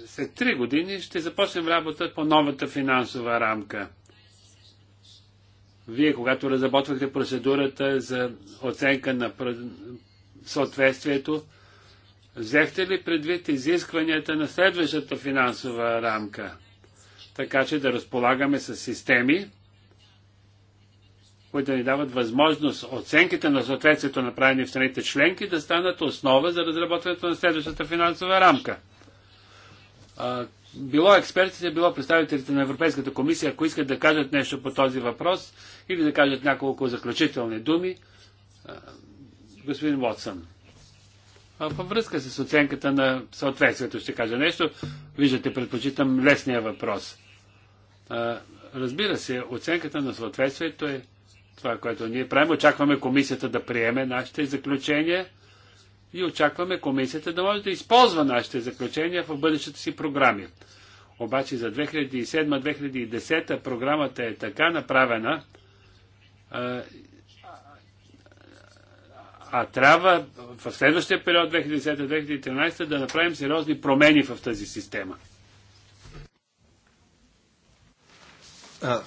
след три години ще започнем работа по новата финансова рамка. Вие, когато разработвахте процедурата за оценка на съответствието, Взехте ли предвид изискванията на следващата финансова рамка, така че да разполагаме с системи, които ни дават възможност оценките на съответствието направени в страните членки да станат основа за разработването на следващата финансова рамка? било експертите, било представителите на Европейската комисия, ако искат да кажат нещо по този въпрос или да кажат няколко заключителни думи, господин Уотсън във връзка с оценката на съответствието ще кажа нещо. Виждате, предпочитам лесния въпрос. А, разбира се, оценката на съответствието е това, което ние правим. Очакваме комисията да приеме нашите заключения и очакваме комисията да може да използва нашите заключения в бъдещите си програми. Обаче за 2007-2010 програмата е така направена а трябва в следващия период 2010-2013 да направим сериозни промени в тази система. Uh,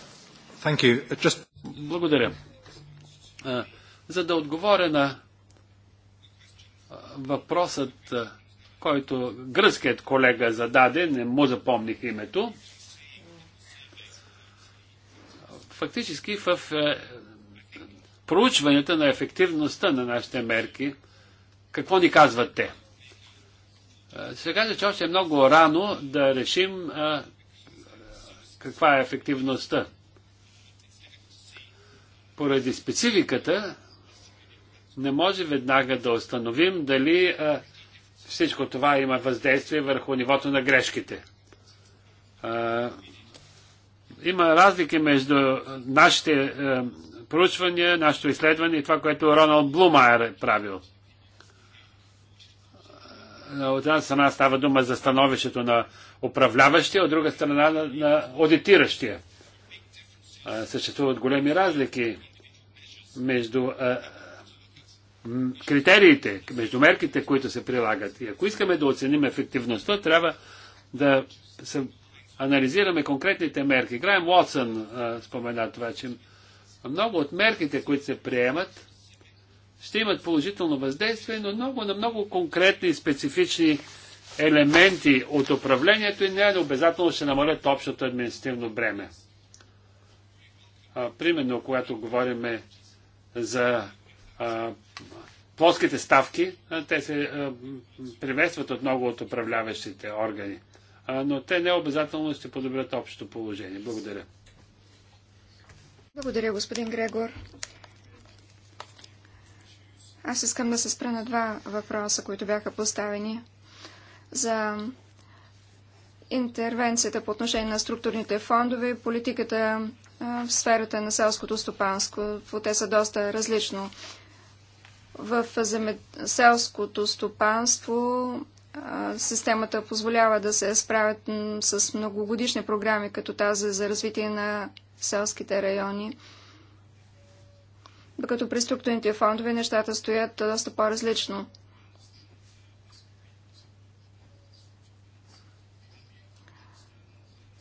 uh Just... Благодаря. Uh, за да отговоря на въпросът, който гръцкият колега зададе, не му запомних името, фактически в е, проучванията на ефективността на нашите мерки, какво ни казват те? Се казва, че още е много рано да решим а, каква е ефективността. Поради спецификата не може веднага да установим дали а, всичко това има въздействие върху нивото на грешките. А, има разлики между нашите проучвания, нашето изследване и това, което Роналд Блумайер е правил. Е, от една страна става дума за становището на управляващия, от друга страна на, аудитиращия. Е, съществуват големи разлики между е, критериите, между мерките, които се прилагат. И ако искаме да оценим ефективността, трябва да се анализираме конкретните мерки. Грайм Уотсън спомена това, че много от мерките, които се приемат, ще имат положително въздействие, но много на много конкретни и специфични елементи от управлението и не е обязателно ще намалят общото административно бреме. А, примерно, когато говорим за а, плоските ставки, а, те се а, приветстват от много от управляващите органи, а, но те не обязателно ще подобрят общото положение. Благодаря. Благодаря, господин Грегор. Аз искам да се спра на два въпроса, които бяха поставени за интервенцията по отношение на структурните фондове и политиката в сферата на селското стопанство. Те са доста различно. В селското стопанство системата позволява да се справят с многогодишни програми, като тази за развитие на селските райони. Докато при структурните фондове нещата стоят доста по-различно.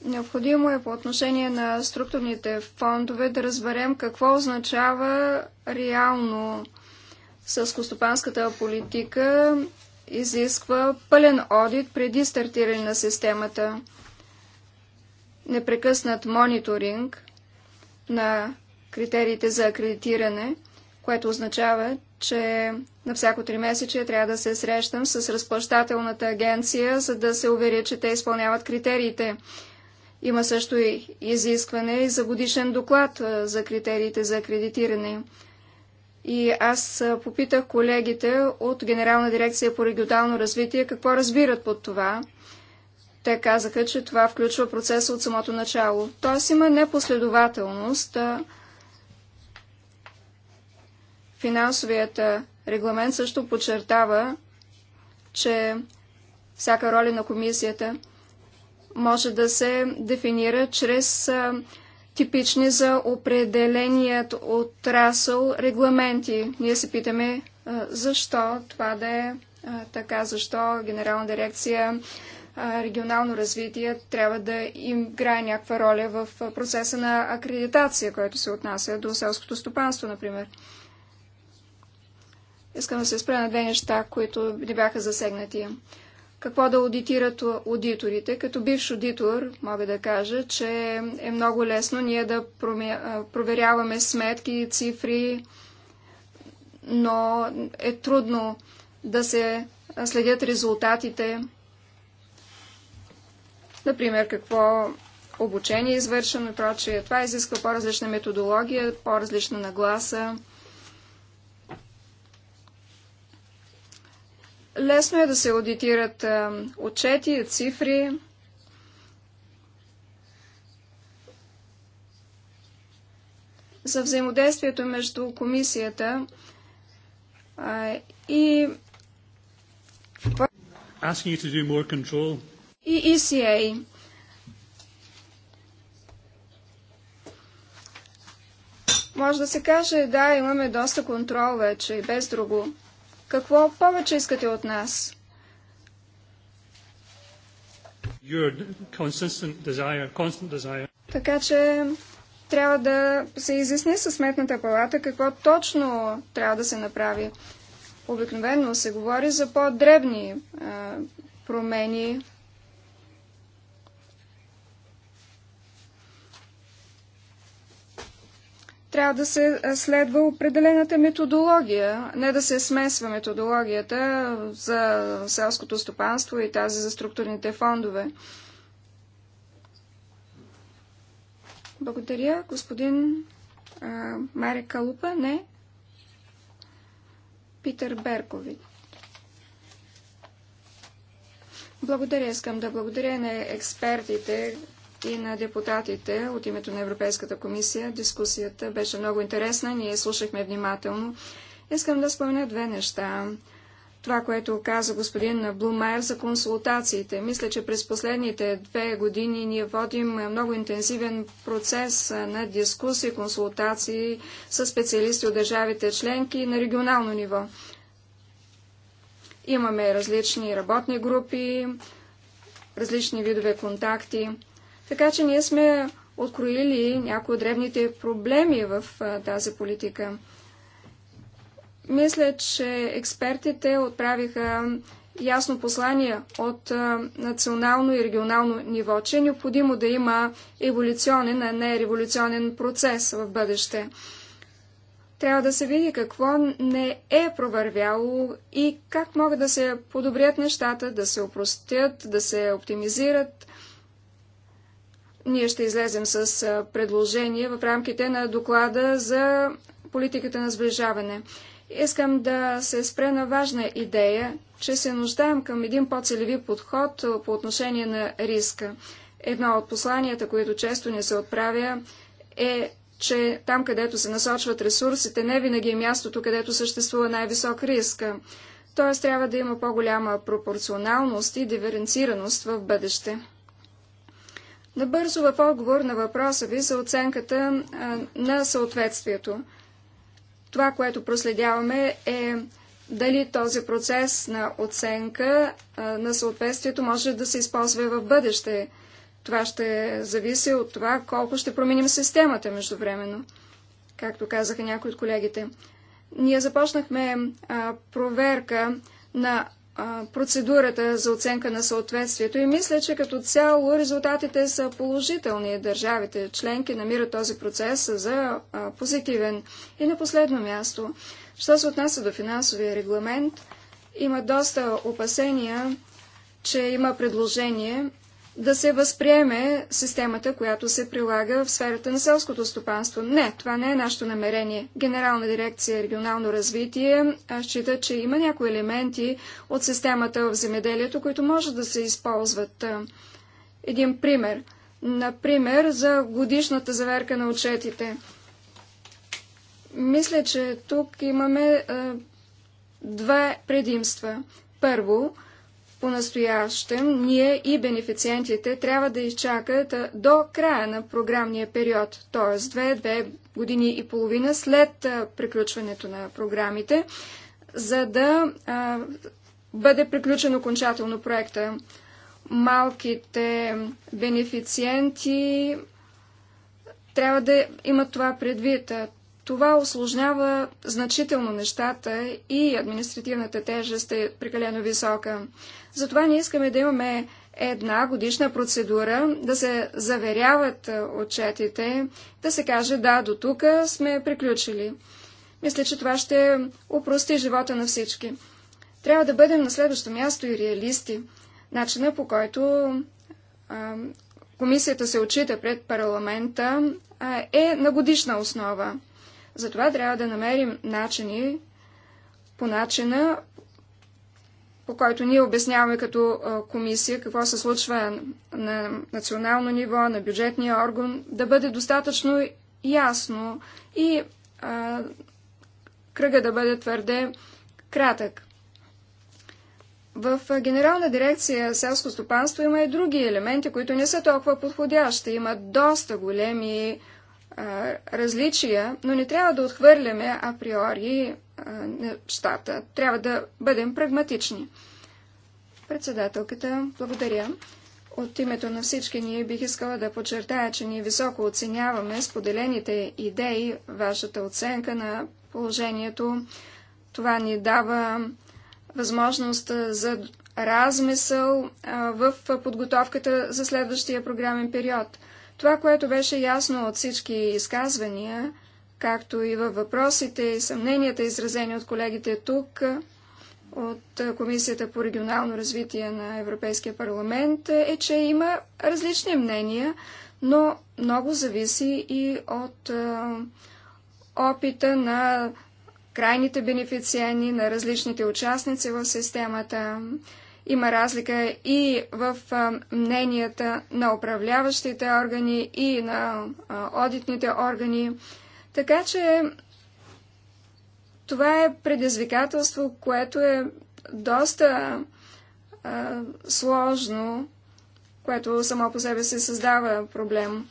Необходимо е по отношение на структурните фондове да разберем какво означава реално сълскостопанската политика изисква пълен одит преди стартиране на системата, непрекъснат мониторинг на критериите за акредитиране, което означава, че на всяко три месече трябва да се срещам с разплащателната агенция, за да се уверя, че те изпълняват критериите. Има също и изискване и за годишен доклад за критериите за акредитиране. И аз попитах колегите от Генерална дирекция по регионално развитие какво разбират под това – те казаха, че това включва процеса от самото начало. Тоест има непоследователност. Финансовият регламент също подчертава, че всяка роля на комисията може да се дефинира чрез типични за определеният отрасъл регламенти. Ние се питаме защо това да е така, защо Генерална дирекция регионално развитие трябва да им играе някаква роля в процеса на акредитация, който се отнася до селското стопанство, например. Искам да се спра на две неща, които не бяха засегнати. Какво да аудитират аудиторите? Като бивш аудитор мога да кажа, че е много лесно ние да проверяваме сметки, цифри, но е трудно да се следят резултатите Например, какво обучение е извършено и прочее. Това изисква по-различна методология, по-различна нагласа. Лесно е да се аудитират отчети, цифри. За взаимодействието между комисията и asking you to do more control и ECA. Може да се каже, да, имаме доста контрол вече и без друго. Какво повече искате от нас? Desire, desire. Така че трябва да се изясни със сметната палата какво точно трябва да се направи. Обикновено се говори за по-дребни промени, трябва да се следва определената методология, не да се смесва методологията за селското стопанство и тази за структурните фондове. Благодаря. Господин а, Маре Калупа, не. Питър Беркови. Благодаря. Искам да благодаря на експертите, и на депутатите от името на Европейската комисия. Дискусията беше много интересна, ние слушахме внимателно. Искам да спомена две неща. Това, което каза господин Блумайер за консултациите. Мисля, че през последните две години ние водим много интензивен процес на дискусии, консултации с специалисти от държавите членки на регионално ниво. Имаме различни работни групи, различни видове контакти. Така че ние сме откроили някои от древните проблеми в тази политика. Мисля, че експертите отправиха ясно послание от национално и регионално ниво, че е необходимо да има еволюционен, а не революционен процес в бъдеще. Трябва да се види какво не е провървяло и как могат да се подобрят нещата, да се опростят, да се оптимизират, ние ще излезем с предложение в рамките на доклада за политиката на сближаване. Искам да се спре на важна идея, че се нуждаем към един по-целеви подход по отношение на риска. Едно от посланията, които често ни се отправя, е, че там, където се насочват ресурсите, не винаги е мястото, където съществува най-висок риск. Т.е. трябва да има по-голяма пропорционалност и диференцираност в бъдеще. Набързо в отговор на въпроса ви за оценката на съответствието. Това, което проследяваме е дали този процес на оценка на съответствието може да се използва в бъдеще. Това ще зависи от това колко ще променим системата междувременно, както казаха някои от колегите. Ние започнахме проверка на процедурата за оценка на съответствието и мисля, че като цяло резултатите са положителни. Държавите членки намират този процес за позитивен. И на последно място, що се отнася до финансовия регламент, има доста опасения, че има предложение да се възприеме системата, която се прилага в сферата на селското стопанство. Не, това не е нашето намерение. Генерална дирекция регионално развитие счита, че има някои елементи от системата в земеделието, които може да се използват. Един пример. Например, за годишната заверка на отчетите. Мисля, че тук имаме е, две предимства. Първо, по-настоящем ние и бенефициентите трябва да изчакат до края на програмния период, т.е. две-две години и половина след приключването на програмите, за да а, бъде приключен окончателно проекта. Малките бенефициенти трябва да имат това предвид. Това осложнява значително нещата и административната тежест е прекалено висока. Затова ние искаме да имаме една годишна процедура, да се заверяват отчетите, да се каже да, до тук сме приключили. Мисля, че това ще упрости живота на всички. Трябва да бъдем на следващо място и реалисти. Начина по който а, комисията се отчита пред парламента а, е на годишна основа. Затова трябва да намерим начини по начина, по който ние обясняваме като комисия какво се случва на национално ниво, на бюджетния орган, да бъде достатъчно ясно и а, кръга да бъде твърде кратък. В Генерална дирекция селско стопанство има и други елементи, които не са толкова подходящи. Има доста големи различия, но не трябва да отхвърляме априори нещата. Трябва да бъдем прагматични. Председателката, благодаря. От името на всички ние бих искала да подчертая, че ние високо оценяваме споделените идеи, вашата оценка на положението. Това ни дава възможност за размисъл в подготовката за следващия програмен период. Това, което беше ясно от всички изказвания, както и във въпросите и съмненията, изразени от колегите тук, от Комисията по регионално развитие на Европейския парламент, е, че има различни мнения, но много зависи и от опита на крайните бенефициени, на различните участници в системата. Има разлика и в мненията на управляващите органи и на одитните органи. Така че това е предизвикателство, което е доста а, сложно, което само по себе си създава проблем.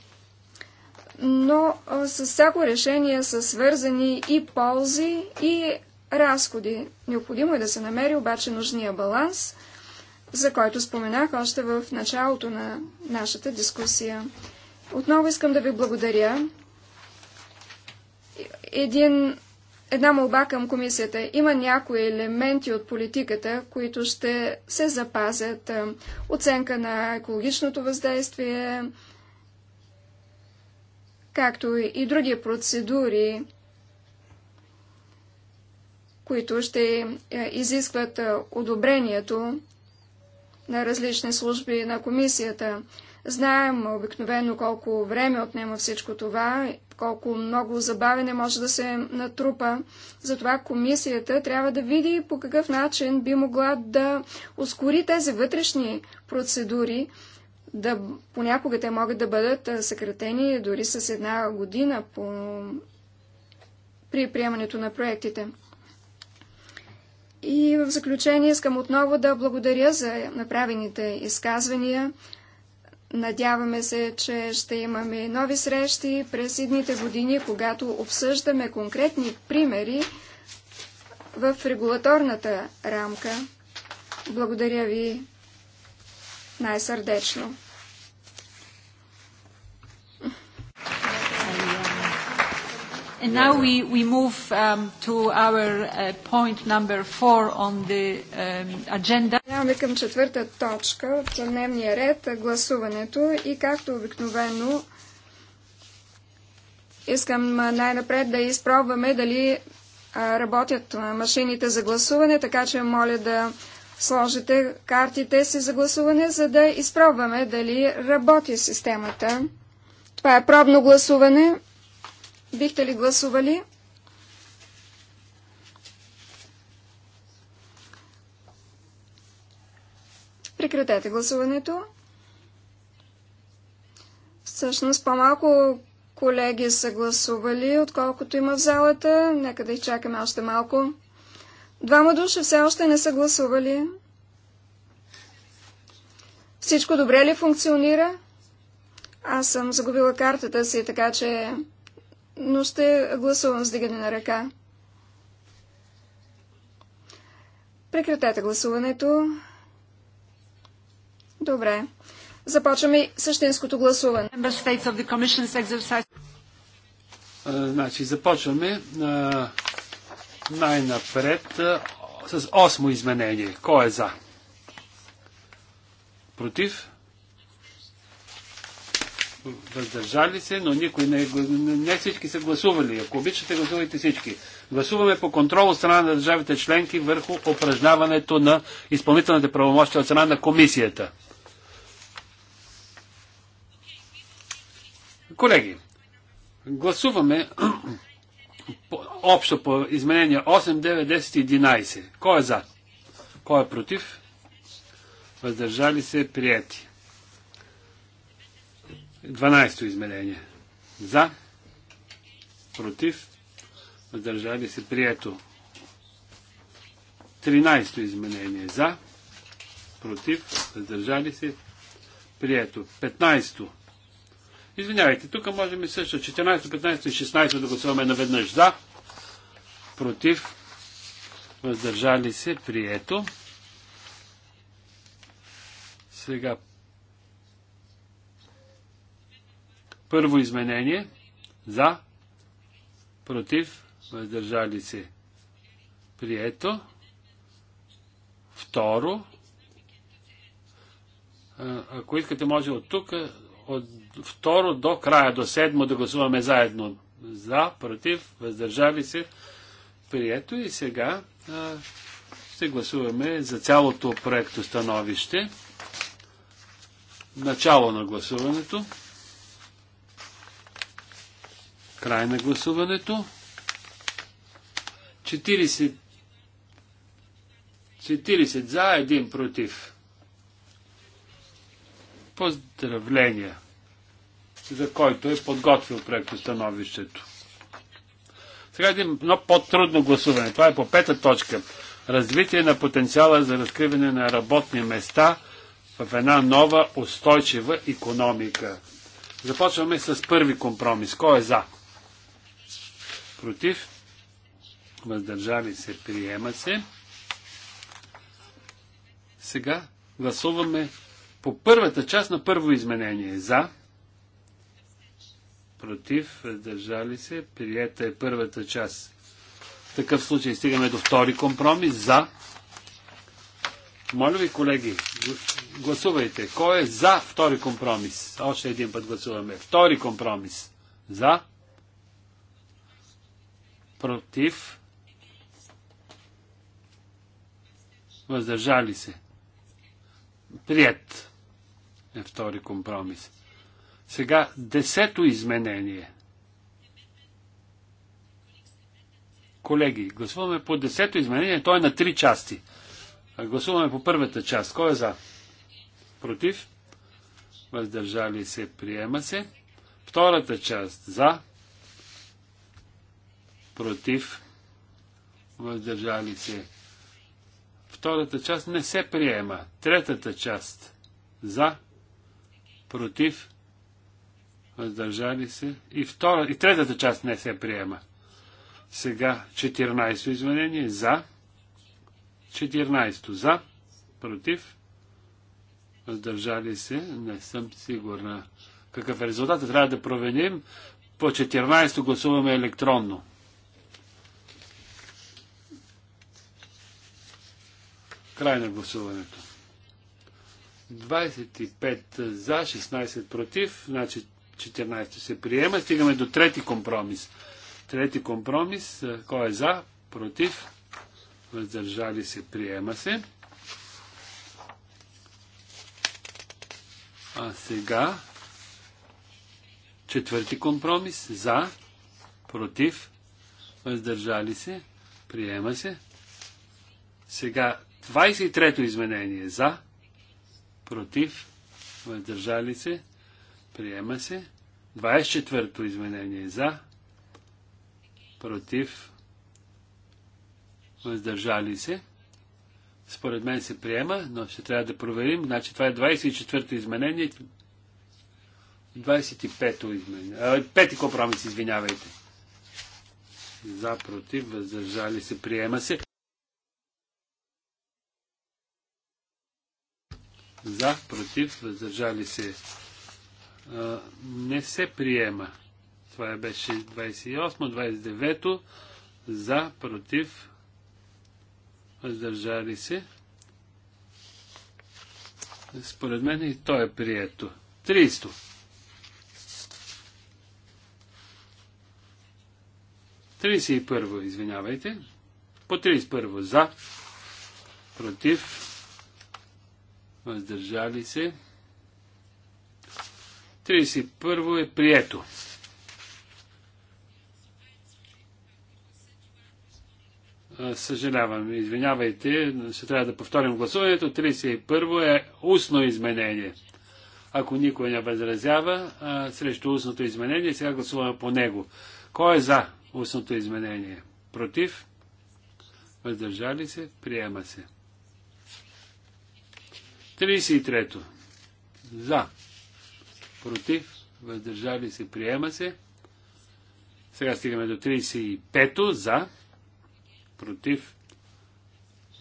Но а, с всяко решение са свързани и ползи, и разходи. Необходимо е да се намери обаче нужния баланс за който споменах още в началото на нашата дискусия. Отново искам да ви благодаря. Един, една молба към комисията. Има някои елементи от политиката, които ще се запазят. Е, оценка на екологичното въздействие, както и други процедури, които ще е, изискват е, одобрението на различни служби на комисията. Знаем обикновено колко време отнема всичко това, колко много забавене може да се натрупа. Затова комисията трябва да види по какъв начин би могла да ускори тези вътрешни процедури, да понякога те могат да бъдат съкратени дори с една година по... при приемането на проектите. И в заключение искам отново да благодаря за направените изказвания. Надяваме се, че ще имаме нови срещи през идните години, когато обсъждаме конкретни примери в регулаторната рамка. Благодаря ви най-сърдечно. and now we, we move um, to our uh, point number four on the um, agenda. Минаваме към четвърта точка от дневния ред, гласуването и както обикновено искам най-напред да изпробваме дали работят машините за гласуване, така че моля да сложите картите си за гласуване, за да изпробваме дали работи системата. Това е пробно гласуване. Бихте ли гласували? Прекратете гласуването. Всъщност по-малко колеги са гласували, отколкото има в залата. Нека да изчакаме още малко. Двама души все още не са гласували. Всичко добре ли функционира? Аз съм загубила картата си, така че но ще гласувам с дигане на ръка. Прекратете гласуването. Добре. Започваме същинското гласуване. Значи, започваме най-напред с осмо изменение. Кой е за? Против? въздържали се, но никой е не, не всички са гласували. Ако обичате, гласувайте всички. Гласуваме по контрол от страна на държавите членки върху упражняването на изпълнителните правомощия от страна на комисията. Колеги, гласуваме общо по изменения 8, 9, 10, 11. Кой е за? Кой е против? Въздържали се, прияти. 12-то изменение. За, против, въздържали се, прието. 13-то изменение. За, против, въздържали се, прието. 15-то. Извинявайте, тук можем и също 14, 15 и 16 да гласуваме наведнъж за, против, въздържали се, прието. Сега Първо изменение. За. Против. Въздържали се. Прието. Второ. Ако искате, може от тук, от второ до края, до седмо да гласуваме заедно. За, против, въздържали се. Прието и сега а, ще гласуваме за цялото проекто становище. Начало на гласуването. Край на гласуването. 40, 40 за, 1 против. Поздравления, за който е подготвил проектостановището. Сега един много по-трудно гласуване. Това е по пета точка. Развитие на потенциала за разкриване на работни места в една нова устойчива економика. Започваме с първи компромис. Кой е за? против, въздържали се, приема се. Сега гласуваме по първата част на първо изменение. За, против, въздържали се, приета е първата част. В такъв случай стигаме до втори компромис. За. Моля ви, колеги, гласувайте. Кой е за втори компромис? Още един път гласуваме. Втори компромис. За против, въздържали се. Прият е втори компромис. Сега десето изменение. Колеги, гласуваме по десето изменение, то е на три части. Гласуваме по първата част. Кой е за? Против? Въздържали се, приема се. Втората част за, против, въздържали се. Втората част не се приема. Третата част за, против, въздържали се. И, втора, и третата част не се приема. Сега 14 извинение за, 14 за, против, въздържали се. Не съм сигурна какъв е резултатът. Трябва да променим. По 14 гласуваме електронно. Край на гласуването. 25 за, 16 против, значи 14 се приема. Стигаме до трети компромис. Трети компромис, кой е за, против, въздържали се, приема се. А сега четвърти компромис, за, против, въздържали се, приема се. Сега 23-то изменение за, против, въздържали се, приема се. 24-то изменение за, против, въздържали се. Според мен се приема, но ще трябва да проверим. Значи това е 24-то изменение. 25-то изменение. Пети компромис, извинявайте. За, против, въздържали се, приема се. за, против, въздържали се. не се приема. Това беше 28-29 за, против, въздържали се. Според мен и то е прието. 30. Тридесет и първо, извинявайте. По 31 за, против, въздържали се. 31 е прието. Съжалявам, извинявайте, ще трябва да повторим гласуването. 31 е устно изменение. Ако никой не възразява а, срещу устното изменение, сега гласуваме по него. Кой е за устното изменение? Против? Въздържали се? Приема се. 33-то. За. Против. Въздържали се. Приема се. Сега стигаме до 35-то. За. Против.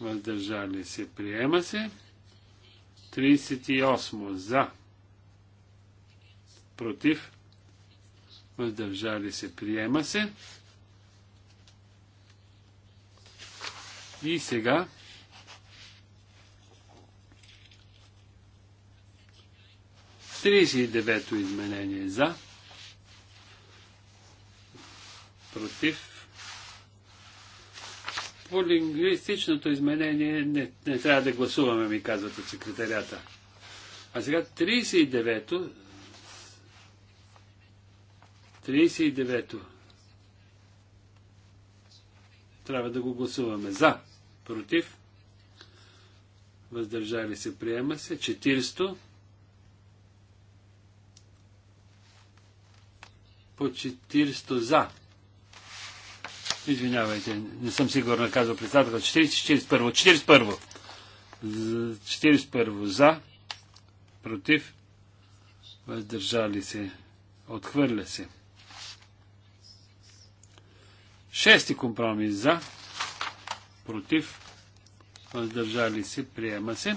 Въздържали се. Приема се. 38 за. Против. Въздържали се. Приема се. И сега 39-то изменение за, против. По лингвистичното изменение не, не трябва да гласуваме, ми казват от секретарята. А сега 39-то. 39-то. Трябва да го гласуваме за, против. Въздържали се, приема се. 40-то. по 400 за. Извинявайте, не съм сигурна, казал председател. 40, 41. 41. 41 за. Против. Въздържали се. Отхвърля се. Шести компромис за. Против. Въздържали се. Приема се.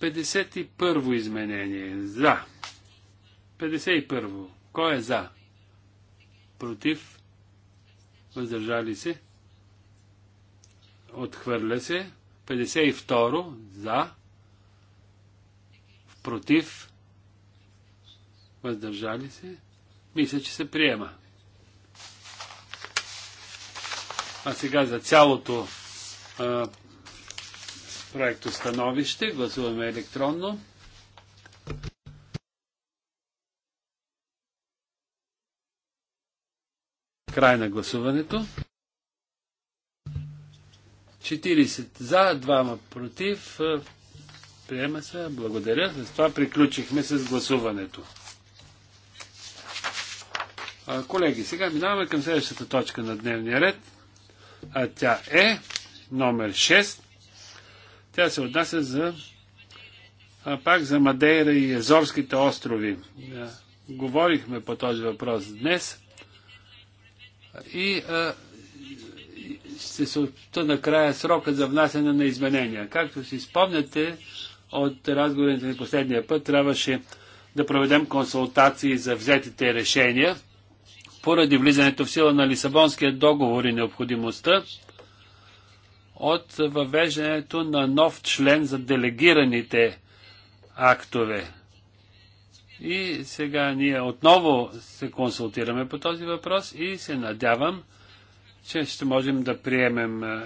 51-во изменение. За. 51-во. Кой е за? Против? Въздържали се? Отхвърля се. 52-ро. За. Против? Въздържали се? Мисля, че се приема. А сега за цялото проекто становище. Гласуваме електронно. Край на гласуването. 40 за, 2 против. Приема се. Благодаря. С това приключихме с гласуването. Колеги, сега минаваме към следващата точка на дневния ред. А тя е номер 6. Тя се отнася за а, пак за Мадейра и езорските острови. А, говорихме по този въпрос днес и а, ще се отчита накрая срока за внасяне на изменения. Както си спомняте от разговорите на последния път, трябваше да проведем консултации за взетите решения поради влизането в сила на Лисабонския договор и необходимостта от въвеждането на нов член за делегираните актове. И сега ние отново се консултираме по този въпрос и се надявам, че ще можем да приемем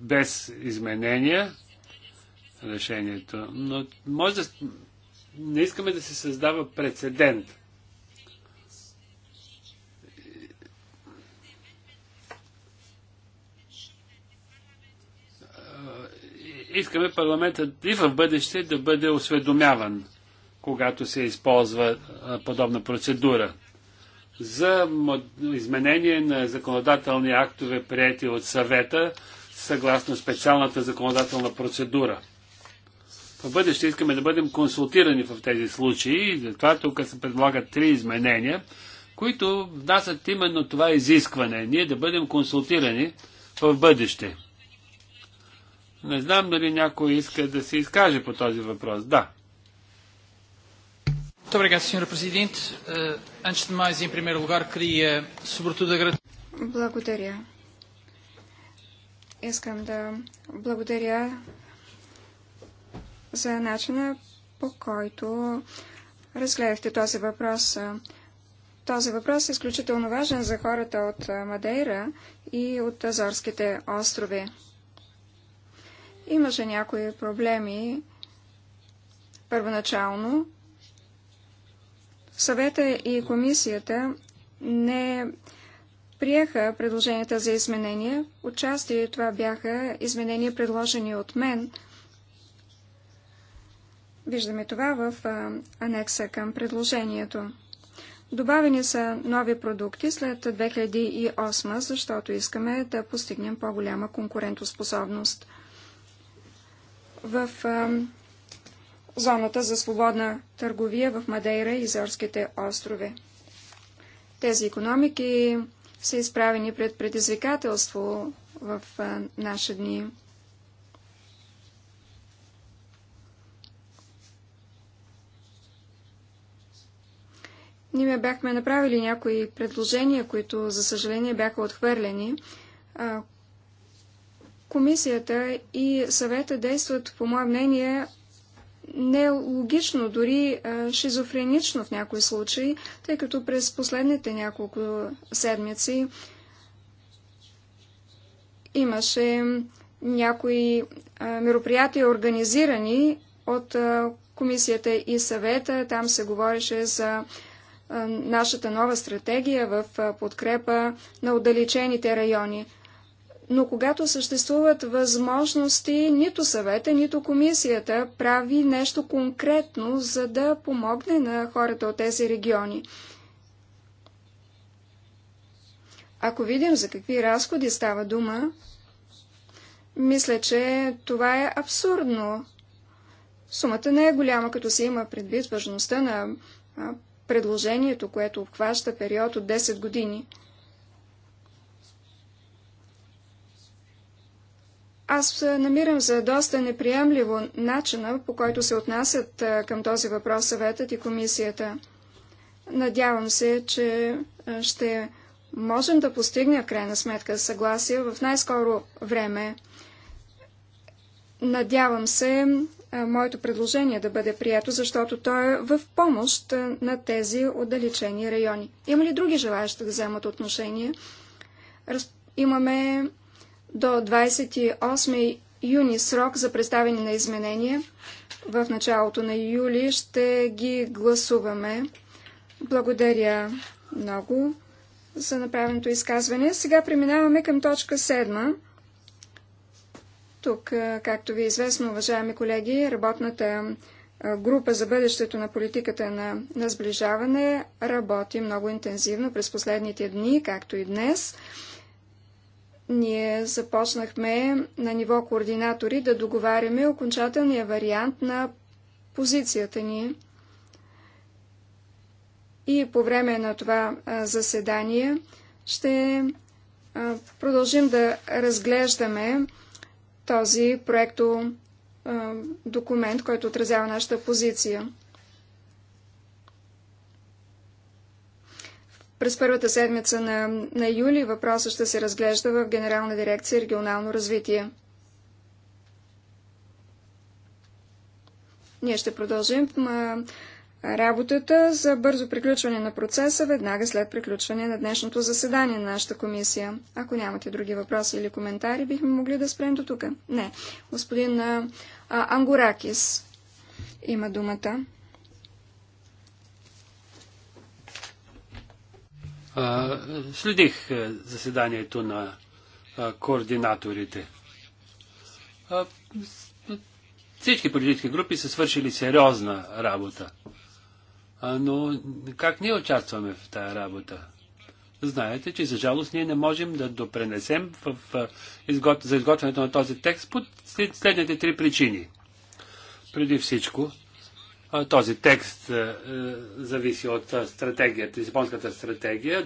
без изменения решението. Но може да... Не искаме да се създава прецедент. искаме парламентът и в бъдеще да бъде осведомяван, когато се използва подобна процедура за изменение на законодателни актове, прияти от съвета, съгласно специалната законодателна процедура. В бъдеще искаме да бъдем консултирани в тези случаи и затова тук се предлагат три изменения, които внасят именно това изискване, ние да бъдем консултирани в бъдеще. Не знам дали някой иска да се изкаже по този въпрос. Да. Muito obrigado, Sr. Presidente. Uh, antes de mais, em primeiro lugar, queria sobretudo agradecer. Благодаря. Искам да благодаря за начина по който разгледахте този въпрос. Този въпрос е изключително важен за хората от Мадейра и от Азорските острови. Имаше някои проблеми първоначално. Съвета и комисията не приеха предложенията за изменения. Отчасти това бяха изменения, предложени от мен. Виждаме това в анекса към предложението. Добавени са нови продукти след 2008, защото искаме да постигнем по-голяма конкурентоспособност в зоната за свободна търговия в Мадейра и Зорските острови. Тези економики са изправени пред предизвикателство в наши дни. Ние бяхме направили някои предложения, които, за съжаление, бяха отхвърлени. Комисията и съвета действат, по мое мнение, нелогично, дори шизофренично в някои случаи, тъй като през последните няколко седмици имаше някои мероприятия, организирани от комисията и съвета. Там се говореше за нашата нова стратегия в подкрепа на отдалечените райони но когато съществуват възможности, нито съвета, нито комисията прави нещо конкретно, за да помогне на хората от тези региони. Ако видим за какви разходи става дума, мисля, че това е абсурдно. Сумата не е голяма, като се има предвид важността на предложението, което обхваща период от 10 години – Аз намирам за доста неприемливо начина, по който се отнасят към този въпрос съветът и комисията. Надявам се, че ще можем да постигнем в крайна сметка съгласие в най-скоро време. Надявам се моето предложение да бъде прието, защото то е в помощ на тези отдалечени райони. Има ли други желаящи да вземат отношение? Имаме до 28 юни срок за представяне на изменения. В началото на юли ще ги гласуваме. Благодаря много за направеното изказване. Сега преминаваме към точка 7. Тук, както ви е известно, уважаеми колеги, работната група за бъдещето на политиката на, на сближаване работи много интензивно през последните дни, както и днес ние започнахме на ниво координатори да договаряме окончателния вариант на позицията ни. И по време на това заседание ще продължим да разглеждаме този проекто документ, който отразява нашата позиция. През първата седмица на, на юли въпросът ще се разглежда в Генерална дирекция регионално развитие. Ние ще продължим работата за бързо приключване на процеса веднага след приключване на днешното заседание на нашата комисия. Ако нямате други въпроси или коментари, бихме могли да спрем до тук. Не. Господин а, Ангуракис има думата. следих е, заседанието на координаторите. всички политически групи са свършили сериозна работа. но как ние участваме в тази работа? Знаете, че за жалост ние не можем да допренесем в, в, изгот... за изготвянето на този текст по следните три причини. Преди всичко, този текст е, е зависи от стратегията, японската стратегия.